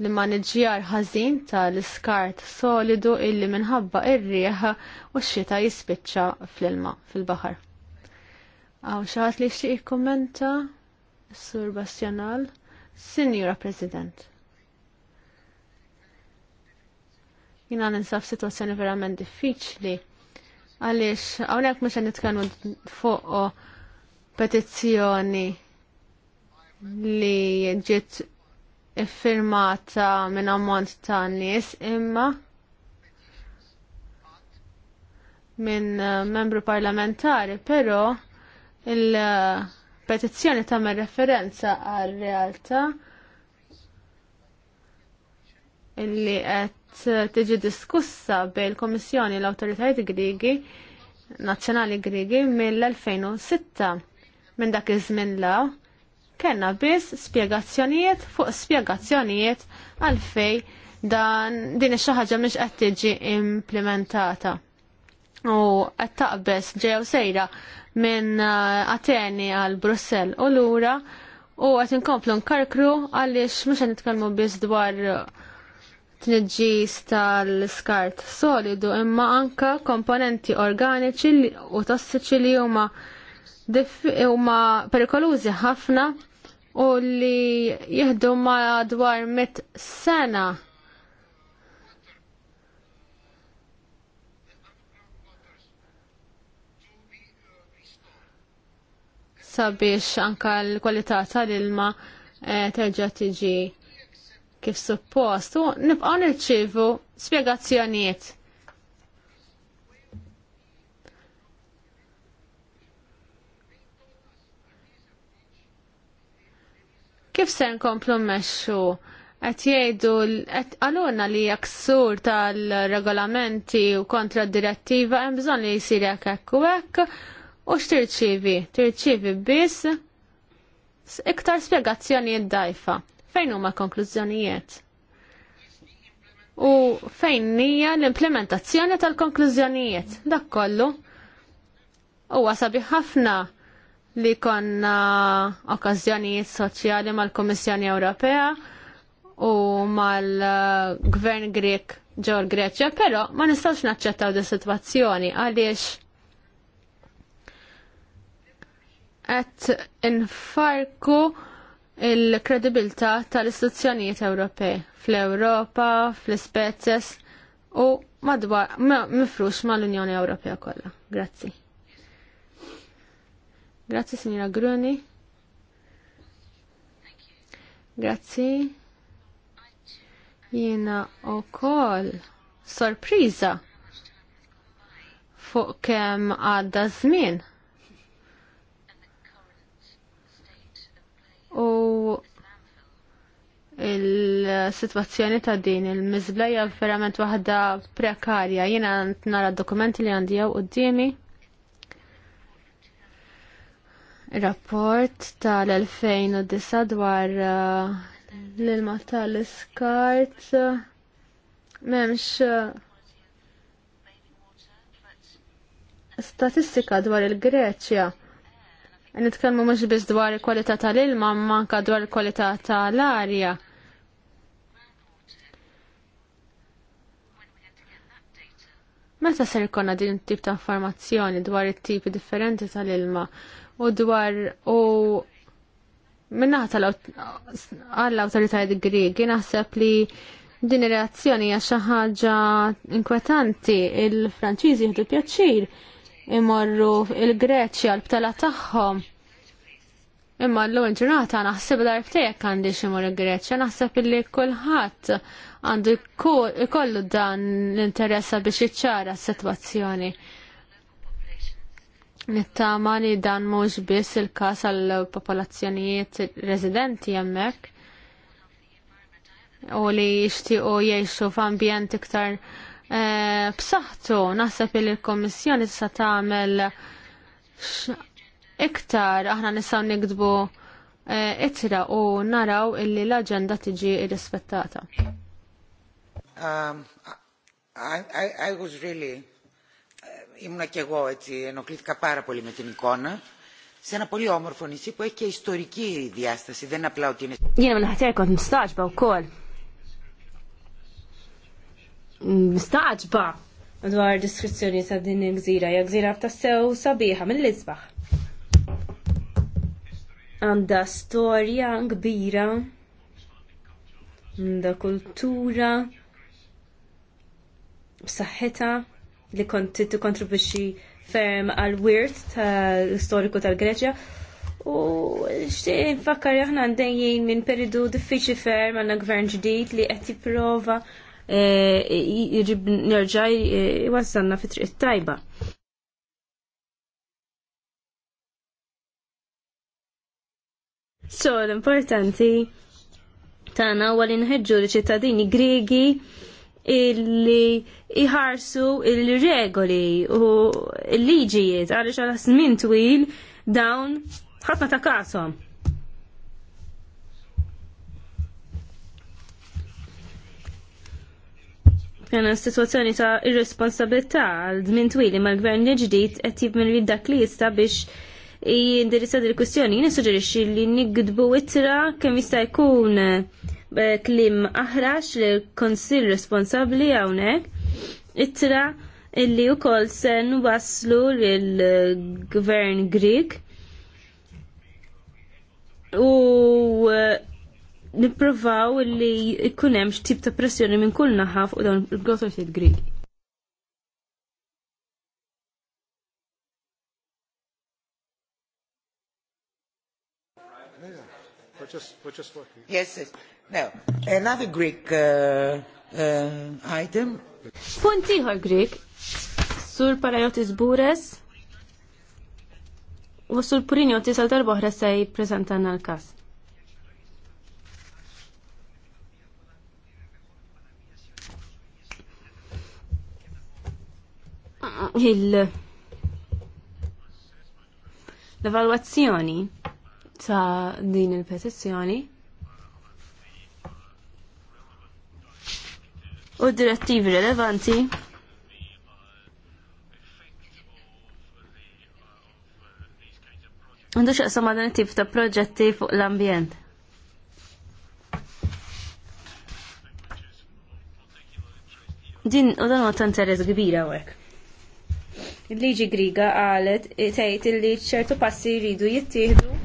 l-maniġjar ħażin tal-iskart solidu illi minħabba ir-rieħ u x-xita jispiċċa fl-ilma fil-baħar. Għaw xaħat li xie kommenta? Sur Bastianal, Sinjura President. Jina ninsaf situazzjoni verament diffiċli għaliex għawnek mux nitkanu fuq petizzjoni li ġiet iffirmata minn ammont ta' nies imma minn membru parlamentari, pero il- petizzjoni tagħmel referenza għal realtà illi qed tiġi diskussa bejn l komissjoni l-Awtoritajiet Grigi Nazzjonali Grigi mill-2006. Minn dak iż-żmien la kellna biss spjegazzjonijiet fuq spjegazzjonijiet fej dan din ix ħaġa mhix qed tiġi implementata. U qed taqbes ġew sejra minn uh, Ateni għal Brussel u lura u għat inkomplu nkarkru għaliex mux għan nitkalmu biss dwar uh, tniġġis tal-skart solidu imma anka komponenti organiċi u tossiċi li huma huma perikolużi ħafna u li jihdu ma dwar mit sena sabiex anka l-kwalità tal-ilma eh, terġa' tiġi kif suppost u nibqgħu nirċievu spjegazzjonijiet. Kif se nkomplu mmexxu? Qed jgħidu qed għaluna li jaksur tal-regolamenti u kontra d-direttiva hemm bżonn li jsir hekk hekk u hekk u xtirċivi, Tirċievi biss iktar spjegazzjonijiet dajfa. Fejn huma konklużjonijiet? U fejn hija l-implementazzjoni tal-konklużjonijiet? Dak kollu. Huwa sabiħ ħafna li konna okkażjonijiet soċjali mal-Kummissjoni Ewropea u mal-Gvern Grek ġew Greċja, però ma nistax naċċettaw di sitwazzjoni għaliex qed infarku il-kredibilità tal-istituzzjonijiet Ewropej fl-Ewropa, fl-Spezzes u madwar ma, mifrux mal-Unjoni Ewropea kollha. Grazzi. Grazzi signora Gruni. Grazzi. Jiena u koll sorpriza fuq kem għadda żmien u il-situazzjoni ta' din il-mizblajja verament waħda prekarja. jina nara dokumenti li għandi jew qoddimi. Rapport tal-2009 dwar uh, l-ilma tal-iskart. Memx uh, statistika dwar il-Greċja. Nitkellmu mhux biss dwar il-kwalità tal-ilma, manka dwar il-kwalità tal-arja. Meta ser ikonna din tip ta' informazzjoni dwar it-tipi differenti tal-ilma u dwar u minna tal-autoritajiet Griegi naħseb li din ir-reazzjoni hija xi ħaġa inkwetanti il-Franċiżi jieħdu pjaċir imorru il-Greċja l-btala tagħhom. Imma l-lum ġurnata naħseb darbtejek għandi ximur il-Greċja, naħseb illi kulħadd għandu kollu dan l-interessa biex iċċara s-sitwazzjoni. Nittama li dan mhux biss il-każ għall popolazzjonijiet residenti hemmhekk u li jixtiequ jgħixu f'ambjent iktar Eh, b'saħħtu naħseb li l-Kommissjoni tista' tagħmel iktar aħna nistgħu nikdbu eh, itra u naraw illi l-aġenda tiġi rispettata. Um, I, was really eh, ήμουνα και εγώ έτσι, ενοχλήθηκα πάρα πολύ με την εικόνα. Σε ένα πολύ όμορφο νησί που έχει και ιστορική διάσταση, δεν είναι απλά ότι είναι... Γίνεται να χτιάκω την στάσπα, κόλ mistaġba dwar diskrizzjoni ta' din il-gżira, ja' gżira ta' sew sabiħa mill-isbaħ. Għanda storja kbira, għanda kultura, b'saħħitha li kont tikkontribwixxi ferm għal wirt tal-istoriku tal-Greċja. U xtieq nfakkar aħna għandejjin minn periodu diffiċli ferm għandna gvern ġdid li qed jipprova Eh, jirġib nerġaj jwassalna eh, fi triq tajba. So l-importanti tagħna huwa li ħedġu li ċittadini gregi illi iħarsu il-regoli u l-liġijiet għaliex għal smin twil dawn ħafna ta' kasom. kena situazzjoni ta' irresponsabilità għal dmin twili ma' l-gvern li ġdid qed jibmir dak li jista' biex jindirissa il kustjoni Jina suġġerixxi li nigdbu ittra kemm jista' jkun eh, klim aħrax li konsil responsabbli hawnhekk ittra illi kol sen waslu lill-gvern Grieg u eh, nipprovaw li jkun hemm tip ta' pressjoni minn kull naħa fuq dawn il-autoritajiet Griegi. Yes, yes. Now, another Greek uh, uh, item. Punti ieħor Greek. Sur Parajotis Bures. U sur Purinjotis għal darba oħra se jippreżentana l-każ. il- l-evalwazzjoni ta' din il-petizzjoni u direttivi rilevanti Għandu xaqsa ma dan tip ta' proġetti fuq l-ambjent. Din u dan ma ta' interess kbira għek. Il-liġi griga qalet tgħid illi ċertu passi jridu jittieħdu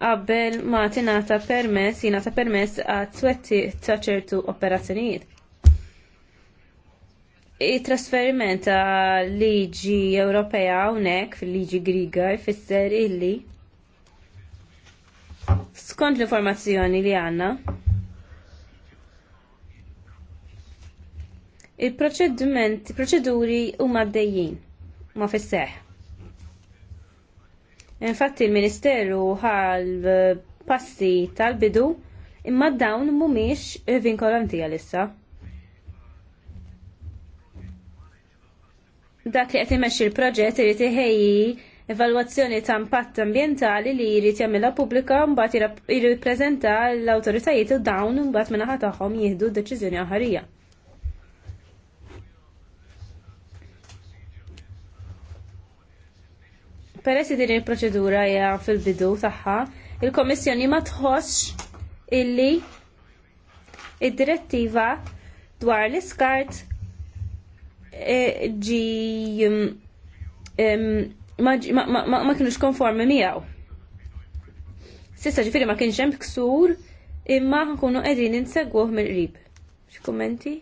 qabel ma tingħata permess jingħata permess għat-twetti ta' ċertu operazzjonijiet. Il-trasferiment ta' liġi Ewropea hawnhekk fil-liġi griga jfisser illi skont l-informazzjoni li għandna il-proċedimenti, proċeduri huma għaddejjin ma fisseħ. Infatti il-Ministeru ħal passi tal-bidu imma dawn mhumiex vinkolanti għalissa. Dak li qed imexxi l-proġett irid iħejji evalwazzjoni ta' impatt ambjentali li jrid jagħmilha pubblika mbagħad jirrappreżenta l-awtoritajiet u dawn mbagħad minaħa tagħhom jieħdu deċiżjoni aħarija. peress din il-proċedura hija fil-bidu tagħha, il-Kommissjoni ma tħoss illi id-direttiva dwar l-iskart eh, ġi mm, ma kienux konformi miegħu. Sissa ġifieri ma kienx hemm ksur imma nkunu qegħdin insegwuh mill-qrib. X'kummenti?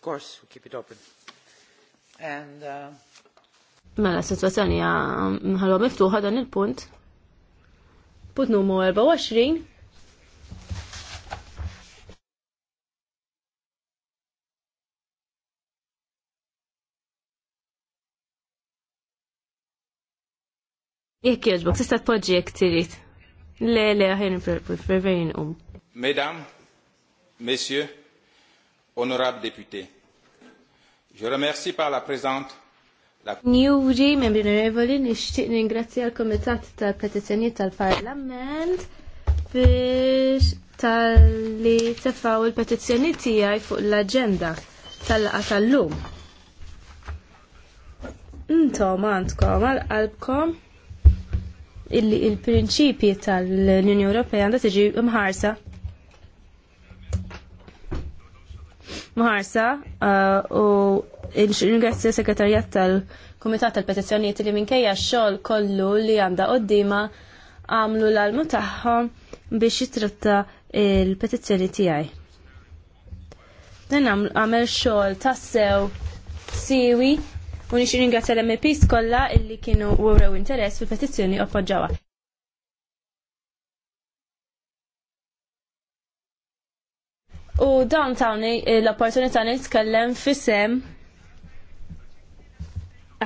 course, we keep it open. And, uh... Mela, situazzjoni ħalwa miftuħa dan il-punt. Punt numru 24. Jekk jogħġbok, tista' tpoġġi jekk trid. Le, le, ħajn preferin um. Mesdames, Messieurs, honorables députés. Je remercie par la présente Njuri, membri onorevoli, nixtieq ningrazzja l-Komitat tal-Petizzjonijiet tal-Parlament biex tal-li tefaw il-petizzjoni tiegħi fuq l-aġenda tal-laqa tal-lum. Intom għandkom għal-qalbkom il-prinċipji tal-Unjoni Ewropea għandha tiġi mħarsa maħarsa uh, u ringrazzja sekretarjat tal-Kumitat tal-Petizzjonijiet li minkejja x-xogħol kollu li għandha qoddima għamlu l-almu taħħom biex jitratta il-petizzjoni tiegħi. Dan għamel xogħol tassew siwi u nixi ringrazzja l-MPs kollha illi kienu wrew interess fil-petizzjoni appoġġawha. U dawn tawni eh, l-opportunità nitkellem fisem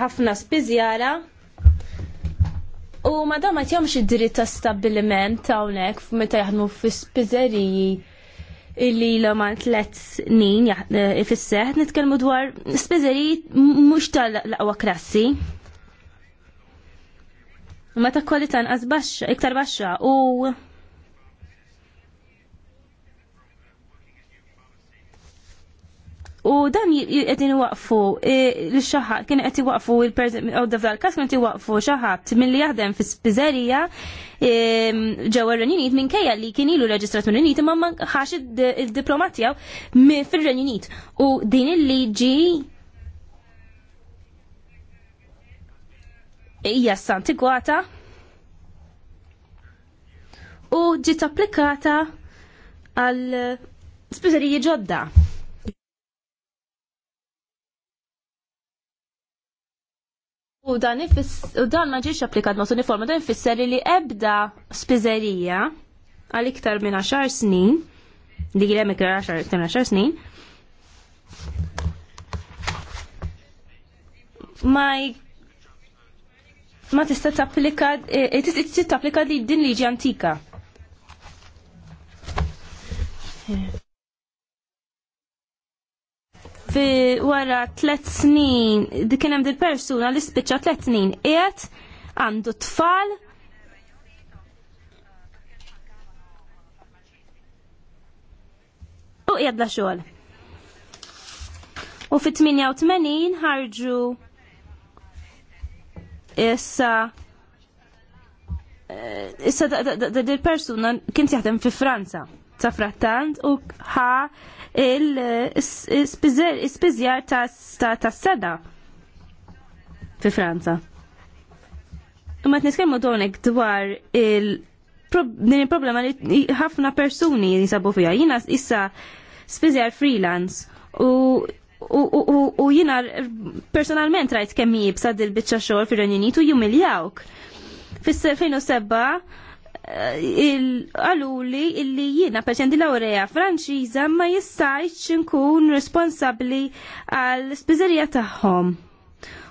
ħafna spiżjara u madam ma jomx id-dritt ta' stabbiliment hawnhekk meta jaħdmu fi spiżeriji illi l man tlet snin eh, fisseħ, nitkellmu dwar spezzeri mux tal-laqwa klassi. Meta kwalitan tanqas baxxa, iktar baxxa u U dan qegħdin waqfu l-xaħat kien qed president l-għodda f'dal-każ kien qed iwaqfu xaħat milli jaħdem fi spizzerija ġewwa r-Renjunit minkejja li kien ilu reġistrat r renjunit imma ma ħax id-diploma tiegħu fir-Renjunit. U din il-liġi hija santigwata u ġiet applikata għal spizzerija ġodda. U dan u dan ma ġiex applikat mod uniformi, dan ifisser li ebda spizzerija għal iktar minn 10 snin, li għilem iktar 10 snin, ma ma tista tapplika e, e, tista tapplika li din liġi antika fi wara tlet snin, di kienem di persuna li spiċa tlet snin, iet għandu tfal. U qiegħed bla xogħol. U fit 88 ħarġu issa eh, issa dil persuna kien jaħdem fi Franza ta' frattant u ha il-spizjar ta' s-seda fi Franza. Ma t-niskelmu donek dwar il- din il-problema li ħafna persuni jisabu fija. Jina issa spizjar freelance u u jina personalment rajt kemm jibsa dil-bicċa xogħol fir-Renju Unitu jumiljawk. Fis-2007 għaluli illi jina perċenti laurea franċiża ma jistajċ nkun responsabli għal spizzerija tagħhom.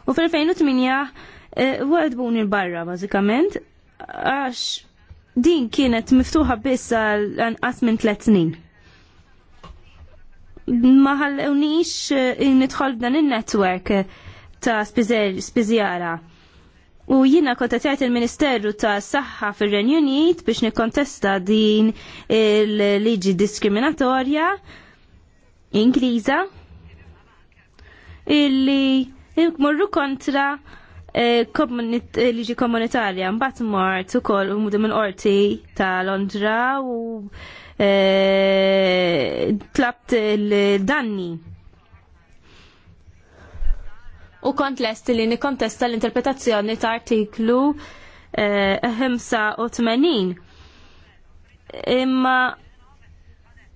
U fil-2008 eh, waħdbuni barra bażikament għax din kienet miftuħa biss għal anqas minn tliet snin. Ma ħallewniex eh, nidħol f'dan in-netwerk ta' spiżjara. U jina kontatjajt il-Ministeru ta' Saħħa fir renju Unit biex nikkontesta din il-liġi diskriminatorja Ingliża illi morru kontra eh, eh, liġi komunitarja mbagħad mort ukoll u minn qorti ta' Londra u eh, tlabt il-danni u kont lest li nikontesta l-interpretazzjoni ta' artiklu 85. Eh, Imma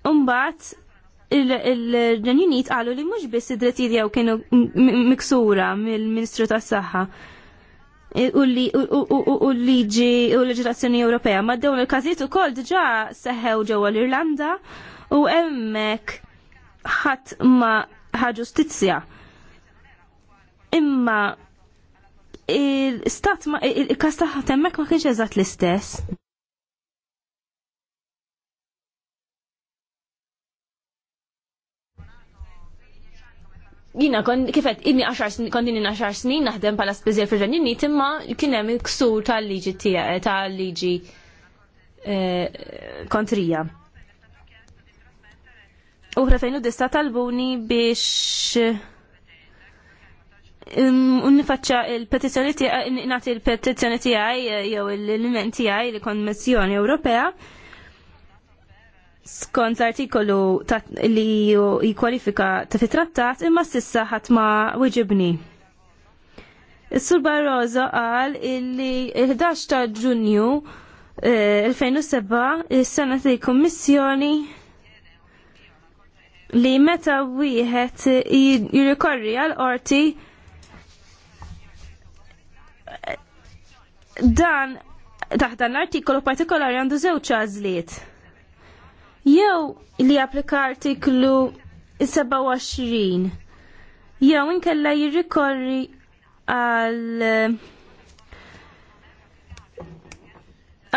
Umbat il-Renjunit għalu li mux biss id-drittijiet jew kienu miksura mill-Ministru tas-Saħħa u l-liġi u l-leġislazzjoni Ewropea. Ma dawn il-każijiet ukoll diġà seħħew ġewwa l-Irlanda u hemmhekk ħadd ma ħa ġustizzja. Imma il-stat ma il kastaħa taħt hemmhekk ma kienx eżatt l-istess. jina kon kifet inni 10 snin kon 10 snin naħdem pala speżjal fir-renjini timma kien hemm il-ksur tal-liġi tiegħek eh, tal-liġi eh, kontrija. U ħrafejn u tal talbuni biex Unnifaċċa il-petizjoni tiegħi nagħti eh, il petizzjoni tiegħi jew l-ilment tiegħi li Kommissjoni Ewropea skont l-artikolu li jikwalifika ta' fit-trattat imma s'issa ħadd ma wieġibni. Is-Sur Barroso qal il-11 ta' Ġunju 2007 il sena ta' Kummissjoni li meta wieħed jirrikorri għal qorti dan taħt dan l-artikolu partikolari għandu żewġ għażliet. Jew li applika artiklu 27 jew inkella jirrikorri għal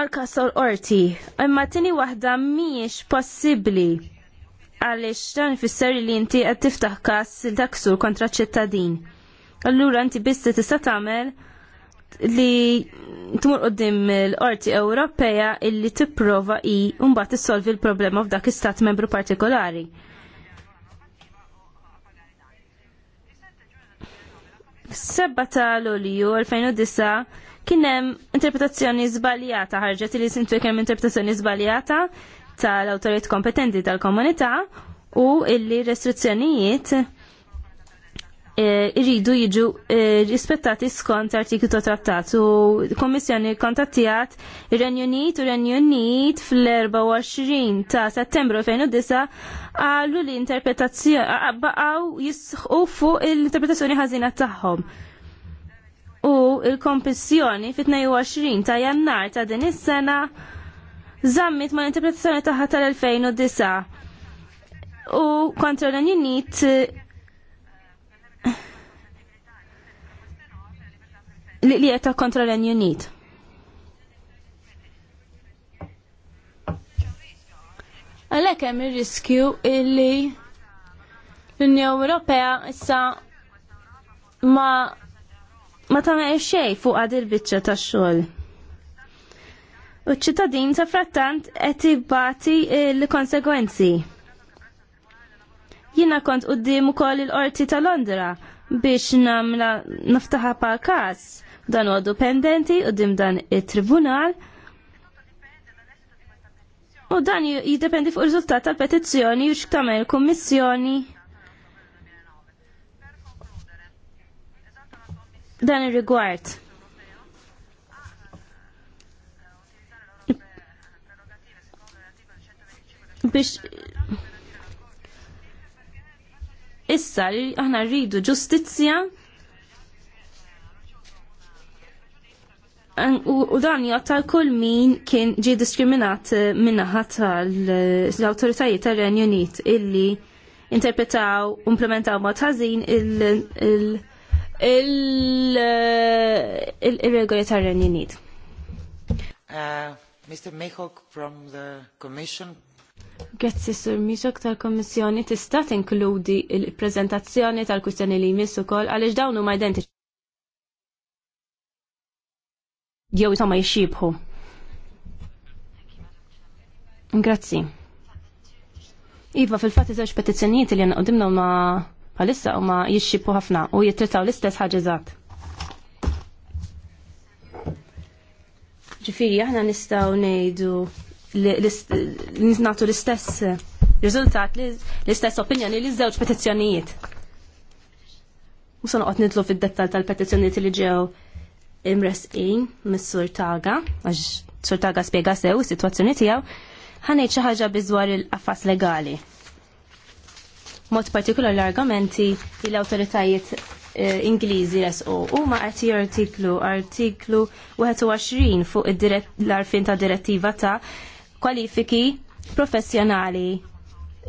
Arkasol l-orti. Imma tini wahda miex possibli għalix dan fisser li inti għed tiftaħ kas il-taksur kontra ċittadin. Allura inti bisti tista' tagħmel li tmur qoddim l-Qorti Ewropea illi tipprova i mbagħad issolvi l-problema f'dak istat membru partikolari. Sebba ta' Lulju 2009 kien hemm interpretazzjoni żbaljata ħarġet li sintu kemm interpretazzjoni żbaljata tal-awtorijiet kompetenti tal-komunità u illi restrizzjonijiet Eh, irridu jiġu eh, rispettati skont artiklu ta' trattat u kommissjoni kontattijat ir-Renju Unit u Renju Unit fl-24 ta' settembru 2009 għallu l interpretazzjoni għabbaqaw jisħu fuq l-interpretazzjoni ħażina tagħhom. U il-kompissjoni fit-22 ta' jannar ta' din is-sena zammit ma' l-interpretazzjoni taħħa tal-2009 u kontra l-Unit li li jeta kontra l-Unit. Għalek hemm ir-riskju illi l-Unja Ewropea issa ma ma tagħmel xejn fuq għad il-biċċa tax-xogħol. U ċ-ċittadin sa frattant qed jibbati l-konsegwenzi. Jiena kont quddiem ukoll il-qorti ta' Londra biex namla naftaħa pa' każ dan u għaddu pendenti u dim dan il-tribunal u dan jidependi fuq il-rizultat tal-petizzjoni u x'tamel il kommissjoni dan il rigward biex issa aħna rridu ġustizja. U dan tal kull min kien ġi diskriminat eh, minnaħa tal-autoritajiet eh, tal-Renju Unit illi interpretaw, implementaw mod ħażin il-regoli eh, tal ren Unit. Uh, Mr. Mehok from the Commission. Grazzi Sur Mishok tal-Kommissjoni tista' tinkludi il prezentazzjoni tal kustjoni li jmiss ukoll għaliex dawn huma identiċi. jew ta' ma Grazzi. Iva, fil-fat iżewġ petizzjonijiet li għanqodimna ma palissa u ma jixxibu ħafna u jittritaw l-istess ħagġizat. Ġifiri, aħna nistaw nejdu nisnatu l-istess riżultat, l-istess opinjoni li żewġ petizzjonijiet. U sa noqgħod nidlu fid-dettal tal-petizzjonijiet li ġew imresqin mis-sur Taga, għax sur Taga spiega sew is-sitwazzjoni tiegħu, ħanejt xi ħaġa biżwar il-qafas legali. Mod partikolari l-argumenti li l-awtoritajiet eh, Ingliżi resqu huma qed artiklu artiklu 21 fuq l-arfin ta' direttiva ta' kwalifiki professjonali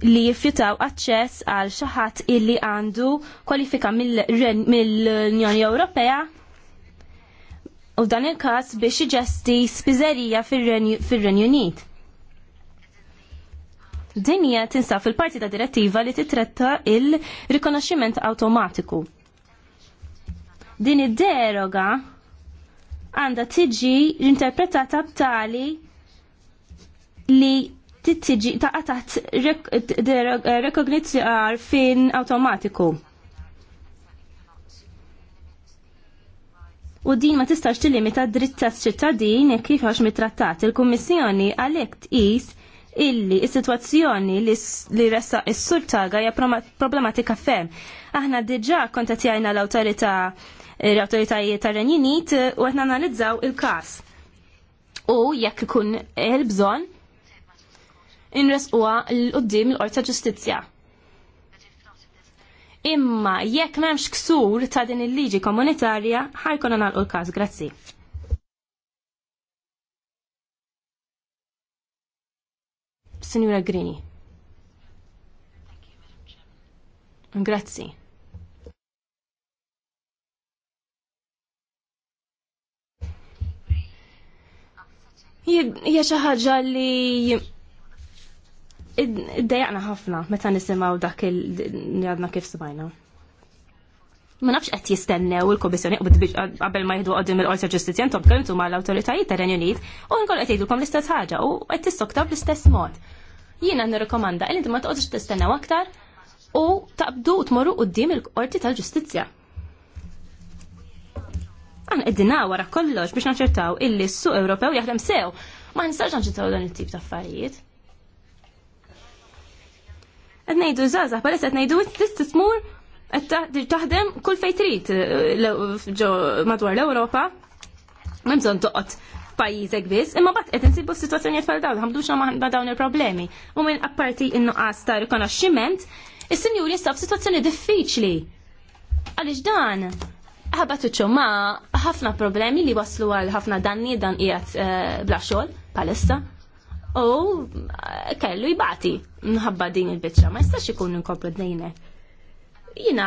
li jiffjutaw aċċess għal xi ħadd illi għandu kwalifika mill-Unjoni Ewropea u dan il-każ biex iġesti spiżerija fir-Renju Unit. Din hija tinsab fil-parti ta' direttiva li titretta il-rikonoxximent awtomatiku. Din id-deroga għandha tiġi interpretata b'tali li tittiġi ta' għatat rekognizzjar fin awtomatiku. u din ma tistax tillimita dritt tas-ċittadin jekk kif għax mitrattat. Il-Kummissjoni għalhekk tqis illi is-sitwazzjoni li ressa is-sur taga hija problematika ferm. Aħna diġà kontattjajna l-awtorità l-awtoritajiet tar-Renju Unit u qed nanalizzaw il-każ. U jekk ikun il-bżonn inresquha l-qudiem l-Qorta Ġustizzja. Imma jekk m'hemmx ksur ta' din il-liġi komunitarja, ħajkun nagħlqu l-każ. Grazzi. Signora Grini. Grazzi. Jie xi ħaġa li id-dajqna ħafna meta nisimgħu dak il-għadna kif smajna. Ma nafx qed jistennew il-Komissjoni qabel ma jieħdu qoddim il-Qorti Ġustizzja intom tkellimtu mal-awtoritajiet tar-Renju Unit u nkoll qed jgħidulkom l-istess ħaġa u qed tissoktaw bl-istess mod. Jiena nirrikomanda li inti ma toqgħodx tistennew aktar u taqbdu u tmorru qudiem il-Qorti tal-Ġustizzja. Għan id-dina wara kollox biex naċertaw illi s-suq Ewropew jaħdem sew ma nistax naċertaw dan it-tip ta' affarijiet qed ngħidu żgħażagħ palissa t ngħidu tista' tmur taħdem kull fejtrit trid madwar l-Ewropa. memżon toqot toqgħod pajjiżek biss, imma bat qed insibu s-sitwazzjonijiet bħal dawn, ħamdux ma dawn il-problemi. U minn apparti innu nuqqas ta' rikonoxximent, is jistaw jinsab diffiċli. Għaliex dan, ħabatuċu ma ħafna problemi li waslu għal ħafna danni dan qiegħed eh, bla xogħol palissa u eh, kellu jibati nħabba din il-bicċa, ma jistax ikun inkomplu d-nejne. Jina,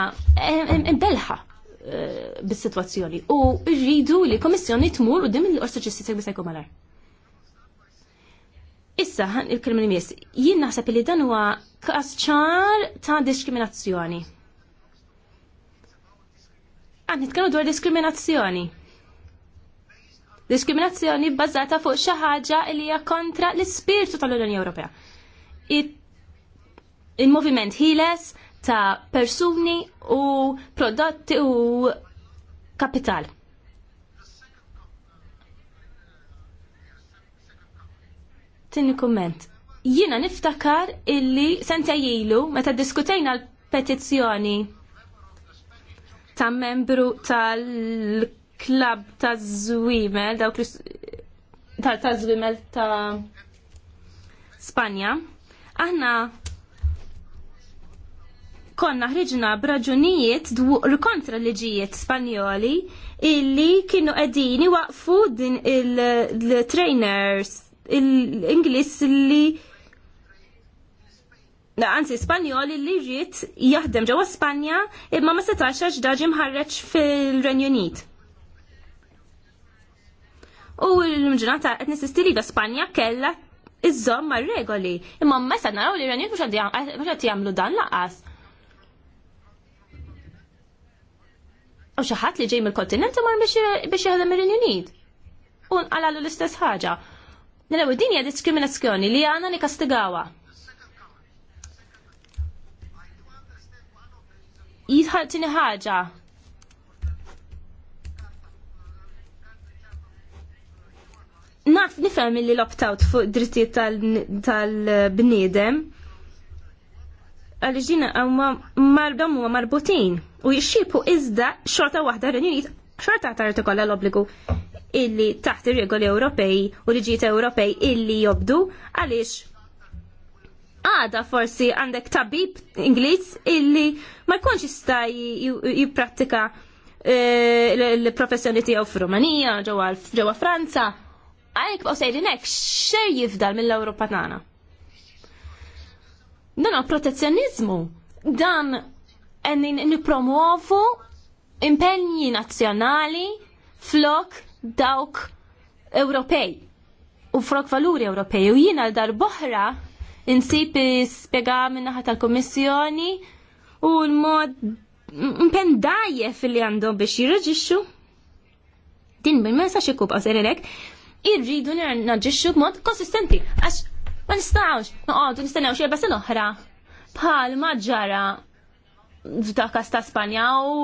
imbelħa eh, bis-situazzjoni u rridu li komissjoni tmur u dim il-qorsa ġistisek bisajku malar. Issa, il-krimini mis, jina naħseb li dan huwa ċar ta' diskriminazzjoni. Għan nitkellmu dwar diskriminazzjoni. Diskriminazzjoni bbażata fuq xi ħaġa li hija kontra l-ispirtu tal-Unjoni Ewropea. Il-moviment ħiles ta' persuni u prodotti u kapital. Tinni komment. Jina niftakar illi jilu meta diskutejna l-petizzjoni ta' membru tal klab ta' zwimel, dawk ta' ta' zwimel ta' Spanja, aħna konna ħriġna braġunijiet kontra liġijiet Spanjoli illi kienu qegħdin waqfu din il-trainers l-Inglis li Anzi, Spanjoli li ġiet jaħdem ġewwa Spanja imma ma setax għax daġi mħarreġ fil-Renju Unit u l ġurnata qed nisisti li Spanja kella iż-żom ma regoli Imma messa naraw li Iranjek mux qed jagħmlu dan laqas. U xaħat li ġej mill-kontinent imur biex jaħdem ir-Renju Un għalalu l-istess ħagġa. Nilew din hija diskriminazzjoni li għana għandna kastigawa. Jitħaltini ħagġa. naf nifhem li l-opt-out fuq drittijiet tal-bniedem għaliex din marbdom huma marbutin u jixxipu iżda xorta waħda r-Unit xorta tartu kollha l obligu illi taħt ir-regoli Ewropej u liġijiet Ewropej illi jobdu għaliex għada forsi għandek tabib Ingliż illi ma jkunx jista' jipprattika eh, l-professjoni tiegħu f'Rumanija, ġewwa Franza għajk b'għaw sejrinek xej jifdal mill-Europa tagħna. Dan protezzjonizmu, dan għennin nipromovu impenji nazzjonali flok dawk Ewropej u flok valuri Ewropej u jina l-darboħra insipi spiega minnaħa tal-Komissjoni u l-mod impendajje fil-li għandhom biex jirreġixxu din bil-mesa xikub għasirinek irridu naġġixxu b'mod konsistenti għax ma nistgħux noqogħdu nistennew xi besa oħra bħal ma ġara f'dakas ta' Spanja u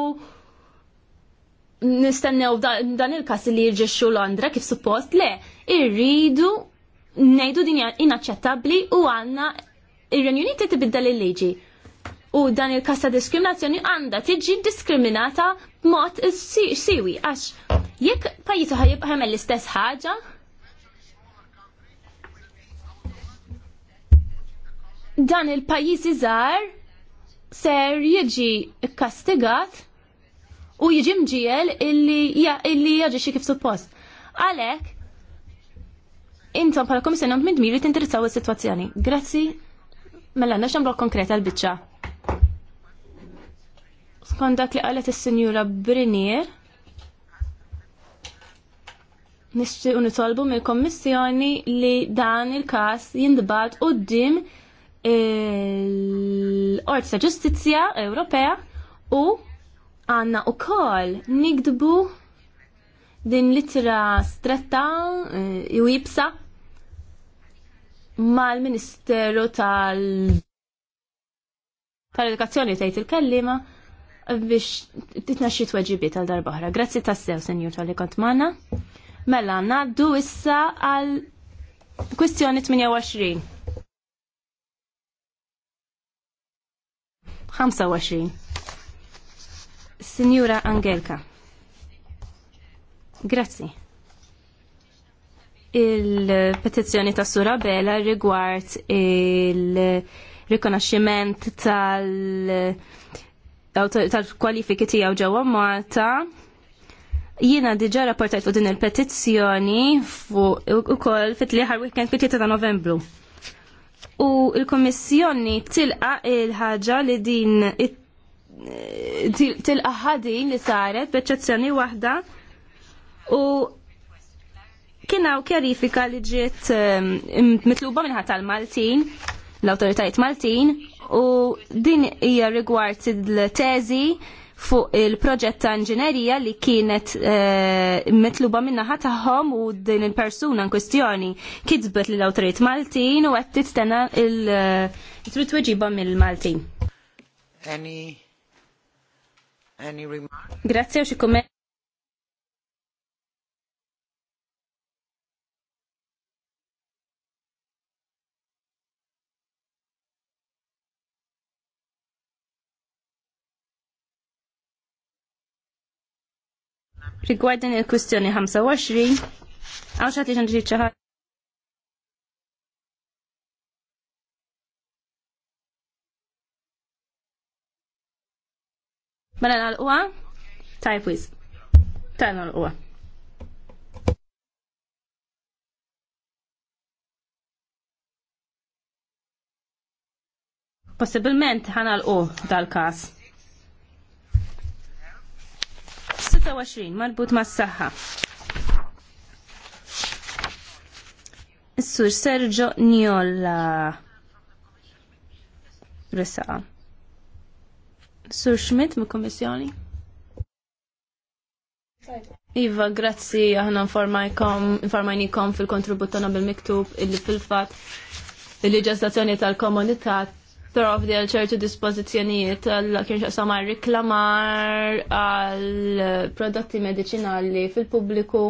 nistennew dan il-kas li jirġixxu Londra kif suppost le irridu ngħidu din inaċċettabbli u għandna ir-Renju Unit li tibiddel il-liġi u dan il każ ta' diskriminazzjoni għandha tiġi diskriminata b'mod siwi għax jekk pajjiżu ħajibqa' l-istess ħaġa dan il pajjiżi żgħar ser jiġi kastigat u jiġi mġiel illi jaġixi kif suppost. Għalek, intom pala komissjoni għand mid-miri tindirizzaw il-situazzjoni. Grazzi, mela għanna xambrok konkreta l-bicċa. Skont dak li għalet il-senjura Brinier, nixtiequ nitolbu mill-Kommissjoni li dan il-każ jindbagħat quddiem il-Qorti ta' Ġustizzja Ewropea u għanna u kol nikdbu din litra stretta eh, u jibsa mal-Ministeru tal tal-edukazzjoni tgħid il-kellima biex titnaxxi tweġibi tal-darbaħra. Grazzi tassew, senjur tal-li kont manna. Mela, naddu issa għal kwistjoni 28. 25. Signora Angelka. Grazzi. Il-petizzjoni ta' Sura Bela rigward il-rikonaxximent tal-kwalifiki tal tiegħu ġewwa Malta jiena diġa rapportajt fuq din il-petizzjoni fuq ukoll fit-tliħar weekend fit-3 ta' Novembru u l-Kommissjoni tilqa il-ħaġa li din tilqa ħadin li saret b'eċċezzjoni waħda u kienaw kjarifika li ġiet ehm, mitluba minnħat tal-Maltin, l-autoritajiet Maltin, u din hija rigward il-teżi fuq il-proġett ta' inġinerija li kienet eh, mitluba minnaħa tagħhom u din il-persuna in kwestjoni kitbet l awtorit Maltin u qed tena il-trid eh, weġiba mill-Maltin. Any... Any Grazie u xi Rigwardin il kustjoni 25, għaw xati ġan ġiċaħat. Mela nal-qwa? Tajb wiz. Tajb nal-qwa. Possibilment ħanal-qu dal-kas. 25 marbut mas s-saha. sur Sergio Niola Resa. Sur Schmidt mill kommissjoni Iva, grazzi, aħna informajnikom fil-kontribut tagħna bil-miktub illi fil fat il-leġislazzjoni tal komunitat Torof di ċertu dispozizjonijiet għal kien xaqsam għal riklamar għal prodotti medicinali fil-pubbliku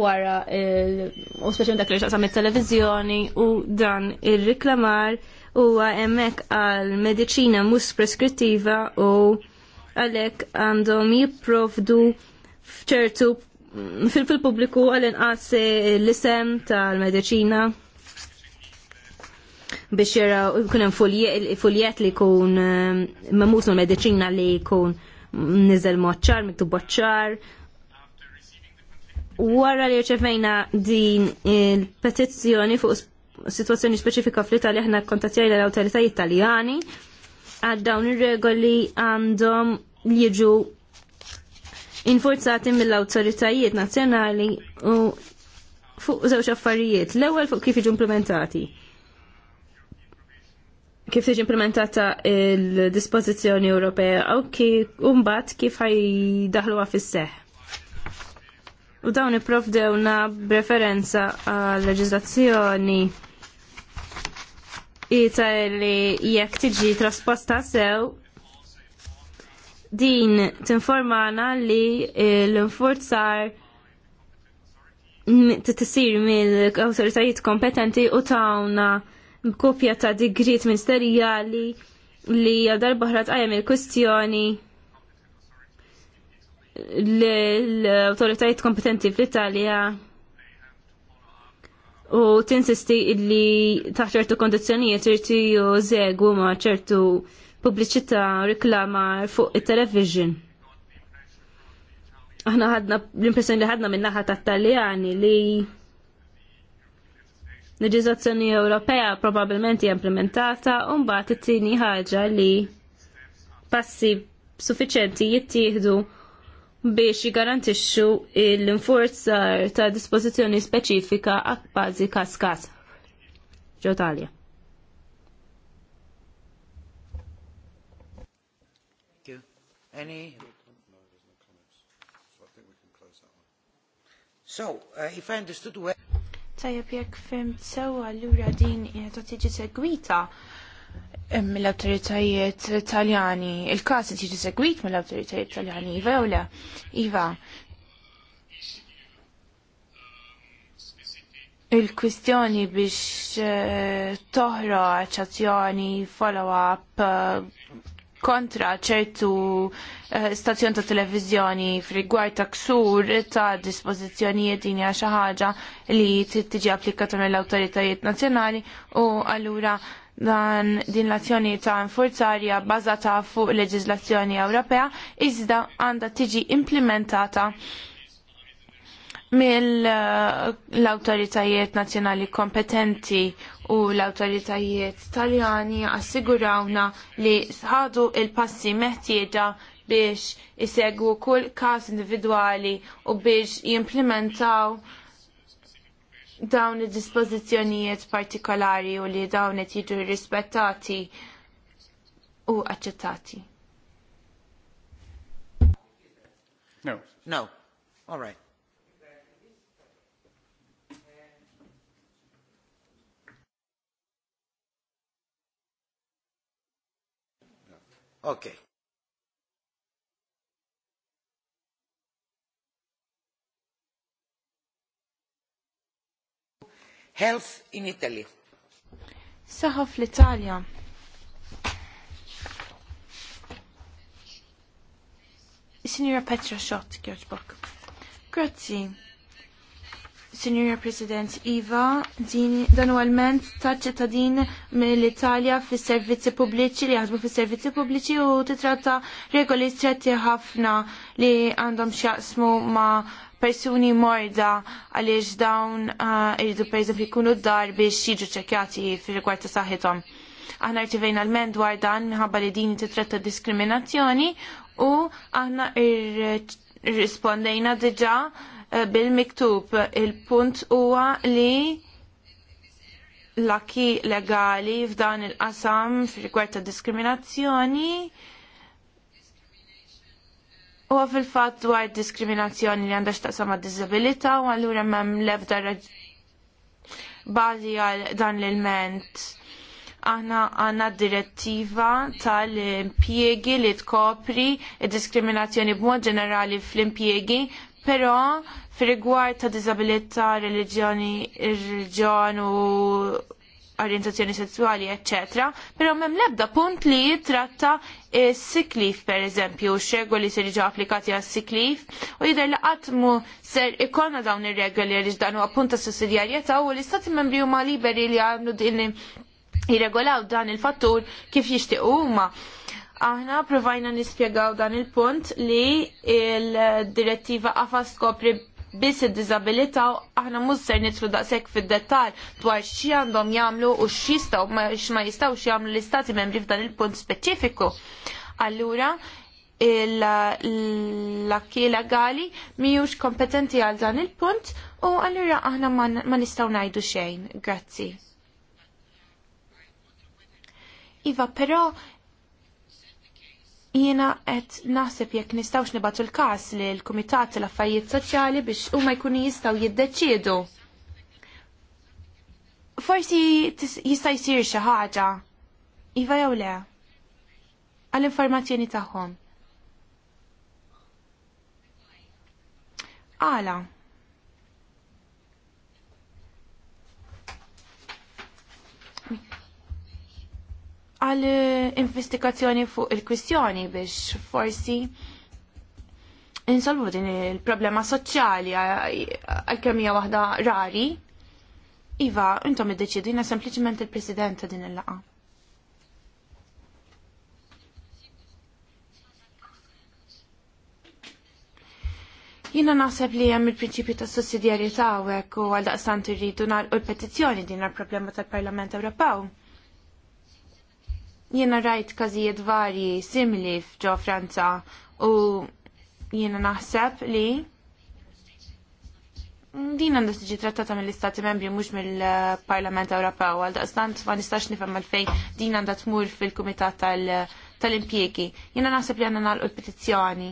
wara u speċjalment dak li xaqsam il-televizjoni u dan il-riklamar u hemmhekk għal mediċina mhux preskrittiva u għalhekk għandhom jipprovdu fċertu fil-pubbliku għal inqas l-isem tal-mediċina biex jaraw kunem hemm li jkun ehm, memus mill-mediċina li jkun niżel moċċar, miktub boċċar. Wara li rċevejna din il-petizzjoni fuq situazzjoni speċifika fl-Italja ħna kontattjajna l-awtoritajiet Italjani għad dawn ir-regoli għandhom li jiġu infurzati mill-awtoritajiet nazzjonali u fuq żewġ affarijiet. L-ewwel fuq kif jġu implementati kif tiġi implementata il-dispożizzjoni Ewropea u kif umbat kif ħajdaħluha fis-seħ. U dawn iprovdewna b'referenza għal leġiżlazzjoni ita li jekk tiġi trasposta sew din tinformana li l-infurzar t-tissir mill-autoritajiet kompetenti u tawna kopja ta' digrit ministerjali li darbaħra għajem il-kustjoni l autoritajt kompetenti fl-Italja u tinsisti illi taħt ċertu kondizjonijiet irti zegu ma ċertu pubbliċità riklama fuq it-television. Aħna ħadna l-impressjoni li ħadna minnaħat tat-Taljani li leġiżlazzjoni Ewropea probabbilment hija implementata u mbagħad it-tieni ħaġa li passi suffiċenti jittieħdu biex jgarantixxu l-infurzar ta' dispożizzjoni speċifika għakbażi kas-kas ġotalja. Any? So, uh, if I understood well... Tajab jekk fim sewa allura din jeta tiġi segwita eh, mill-autoritajiet Taljani. Il-kas tiġi segwit mill-autoritajiet Taljani, Iva u le? Iva. Il-kwistjoni biex eh, toħra ċazzjoni follow-up eh, kontra ċertu eh, stazzjon ta' televizjoni f'rigward ta' ksur ta' dispożizzjonijiet din hija xi ħaġa li tiġi applikata mill-awtoritajiet nazzjonali u allura dan din l-azzjoni ta' infurzarja bbażata fuq leġiżlazzjoni Ewropea iżda għandha tiġi implementata mill-autoritajiet nazjonali kompetenti u l-autoritajiet taljani assigurawna li ħadu il-passi meħtieġa biex isegwu kull każ individwali u biex jimplementaw dawn id-dispożizzjonijiet partikolari u li dawn qed jiġu rispettati u aċċettati. No. No. All right. Ok. Health in Italy. Saħa fl-Italja. Signora Petra Schott, Gjoġbok. Grazie. Senior President Iva, din dan u għalment ta' ċittadin mill-Italja fis servizzi pubbliċi li jaħdmu fis servizzi pubbliċi u titratta regoli stretti ħafna li għandhom xjaqsmu ma' persuni morda għaliex dawn ah, irridu per eżempju kunu d-dar biex jiġu ċekjati fi rigward ta' saħħithom. Aħna rċivejna l dwar dan minħabba li din titratta diskriminazzjoni u aħna irrispondejna diġa' Eh, bil-miktub il-punt huwa li l-aki legali f'dan il-qasam f'rigward ta' diskriminazzjoni U fil fatt dwar diskriminazzjoni li għandax taqsam għad disabilita u għallura mem lebda bazi għal dan l-ilment. Aħna għanna direttiva tal-impiegi li tkopri diskriminazzjoni b'mod ġenerali fl-impiegi, Però fi rigward ta' diżabilità, reliġjoni, ir u orientazzjoni sessuali, etc. Però mem lebda punt li jitratta siklif per eżempju, x li se ġa applikati għas siklif u jider li għatmu ser ikonna dawn ir-regoli li ġdanu s sussidjarjeta u l-istati membri huma liberi li għamlu din jirregolaw dan il-fattur kif jixtiequ huma. Aħna provajna nispjegaw dan il-punt li il-direttiva għafa skopri biss id-dizabilita u aħna mhux ser nitlu daqshekk fid-dettall dwar xie għandhom jagħmlu u x'jistgħu jistaw jistgħux jagħmlu l-istati membri f'dan il-punt speċifiku. Allura, l-akki legali miħux kompetenti għal dan il-punt u allura aħna ma nistaw najdu xejn. Grazzi. Iva, pero Jiena qed naħseb jekk nistgħux nibatu l-każ li l-Kumitat l-Affarijiet Soċjali biex huma jkunu jistgħu jiddeċiedu. Forsi jista' jsir xi ħaġa. Iva jew le? Għall-informazzjoni tagħhom. Għala. għal investigazzjoni fuq il-kwistjoni biex forsi insolvu din il-problema soċjali għal-kemm hija waħda rari. Iva, intom id jina sempliciment il-president ta' din il-laqa. Jina naħseb li hemm il-prinċipju ta' sussidjarieta' u hekk u għal daqstant irridu nagħlqu l-petizzjoni din il-problema tal-Parlament Ewropew. Jiena rajt każijiet varji simili fġo Franza u jiena naħseb li din għandha tiġi trattata mill-Istati Membri mhux mill-Parlament Ewropew għal daqstant ma nistax nifhem għalfejn din għandha tmur fil-Kumitat tal-Impjegi. Jiena naħseb li għandna nagħlqu l-petizzjoni.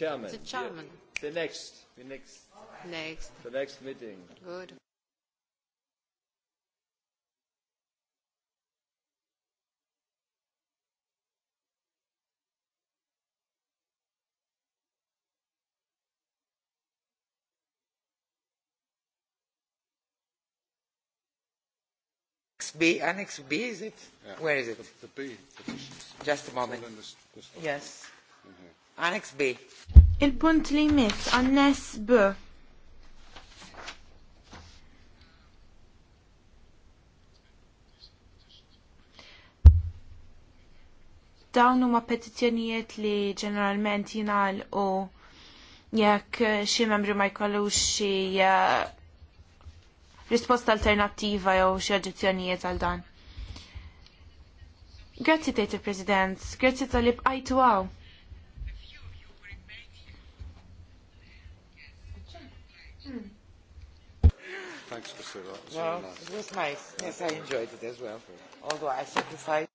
chairman. The chairman. Yeah. the next. The next. Next. The next meeting. Good. B, Annex B, is it? Yeah. Where is it? The, the B. Just a moment. Yes. Mm -hmm. Annex B. Il-punt li jmiss, annex B. Dawn huma petizzjonijiet li ġeneralment jingħalqu jekk xi membri ma jkollux xi eh, risposta alternattiva jew xi oġġezzjonijiet għal dan. Grazzi tgħid il-President, grazzi tal-li bqajtu għaw. thanks, for Priscilla. Well, it was nice. Yes, I enjoyed it as well. Although I sacrificed.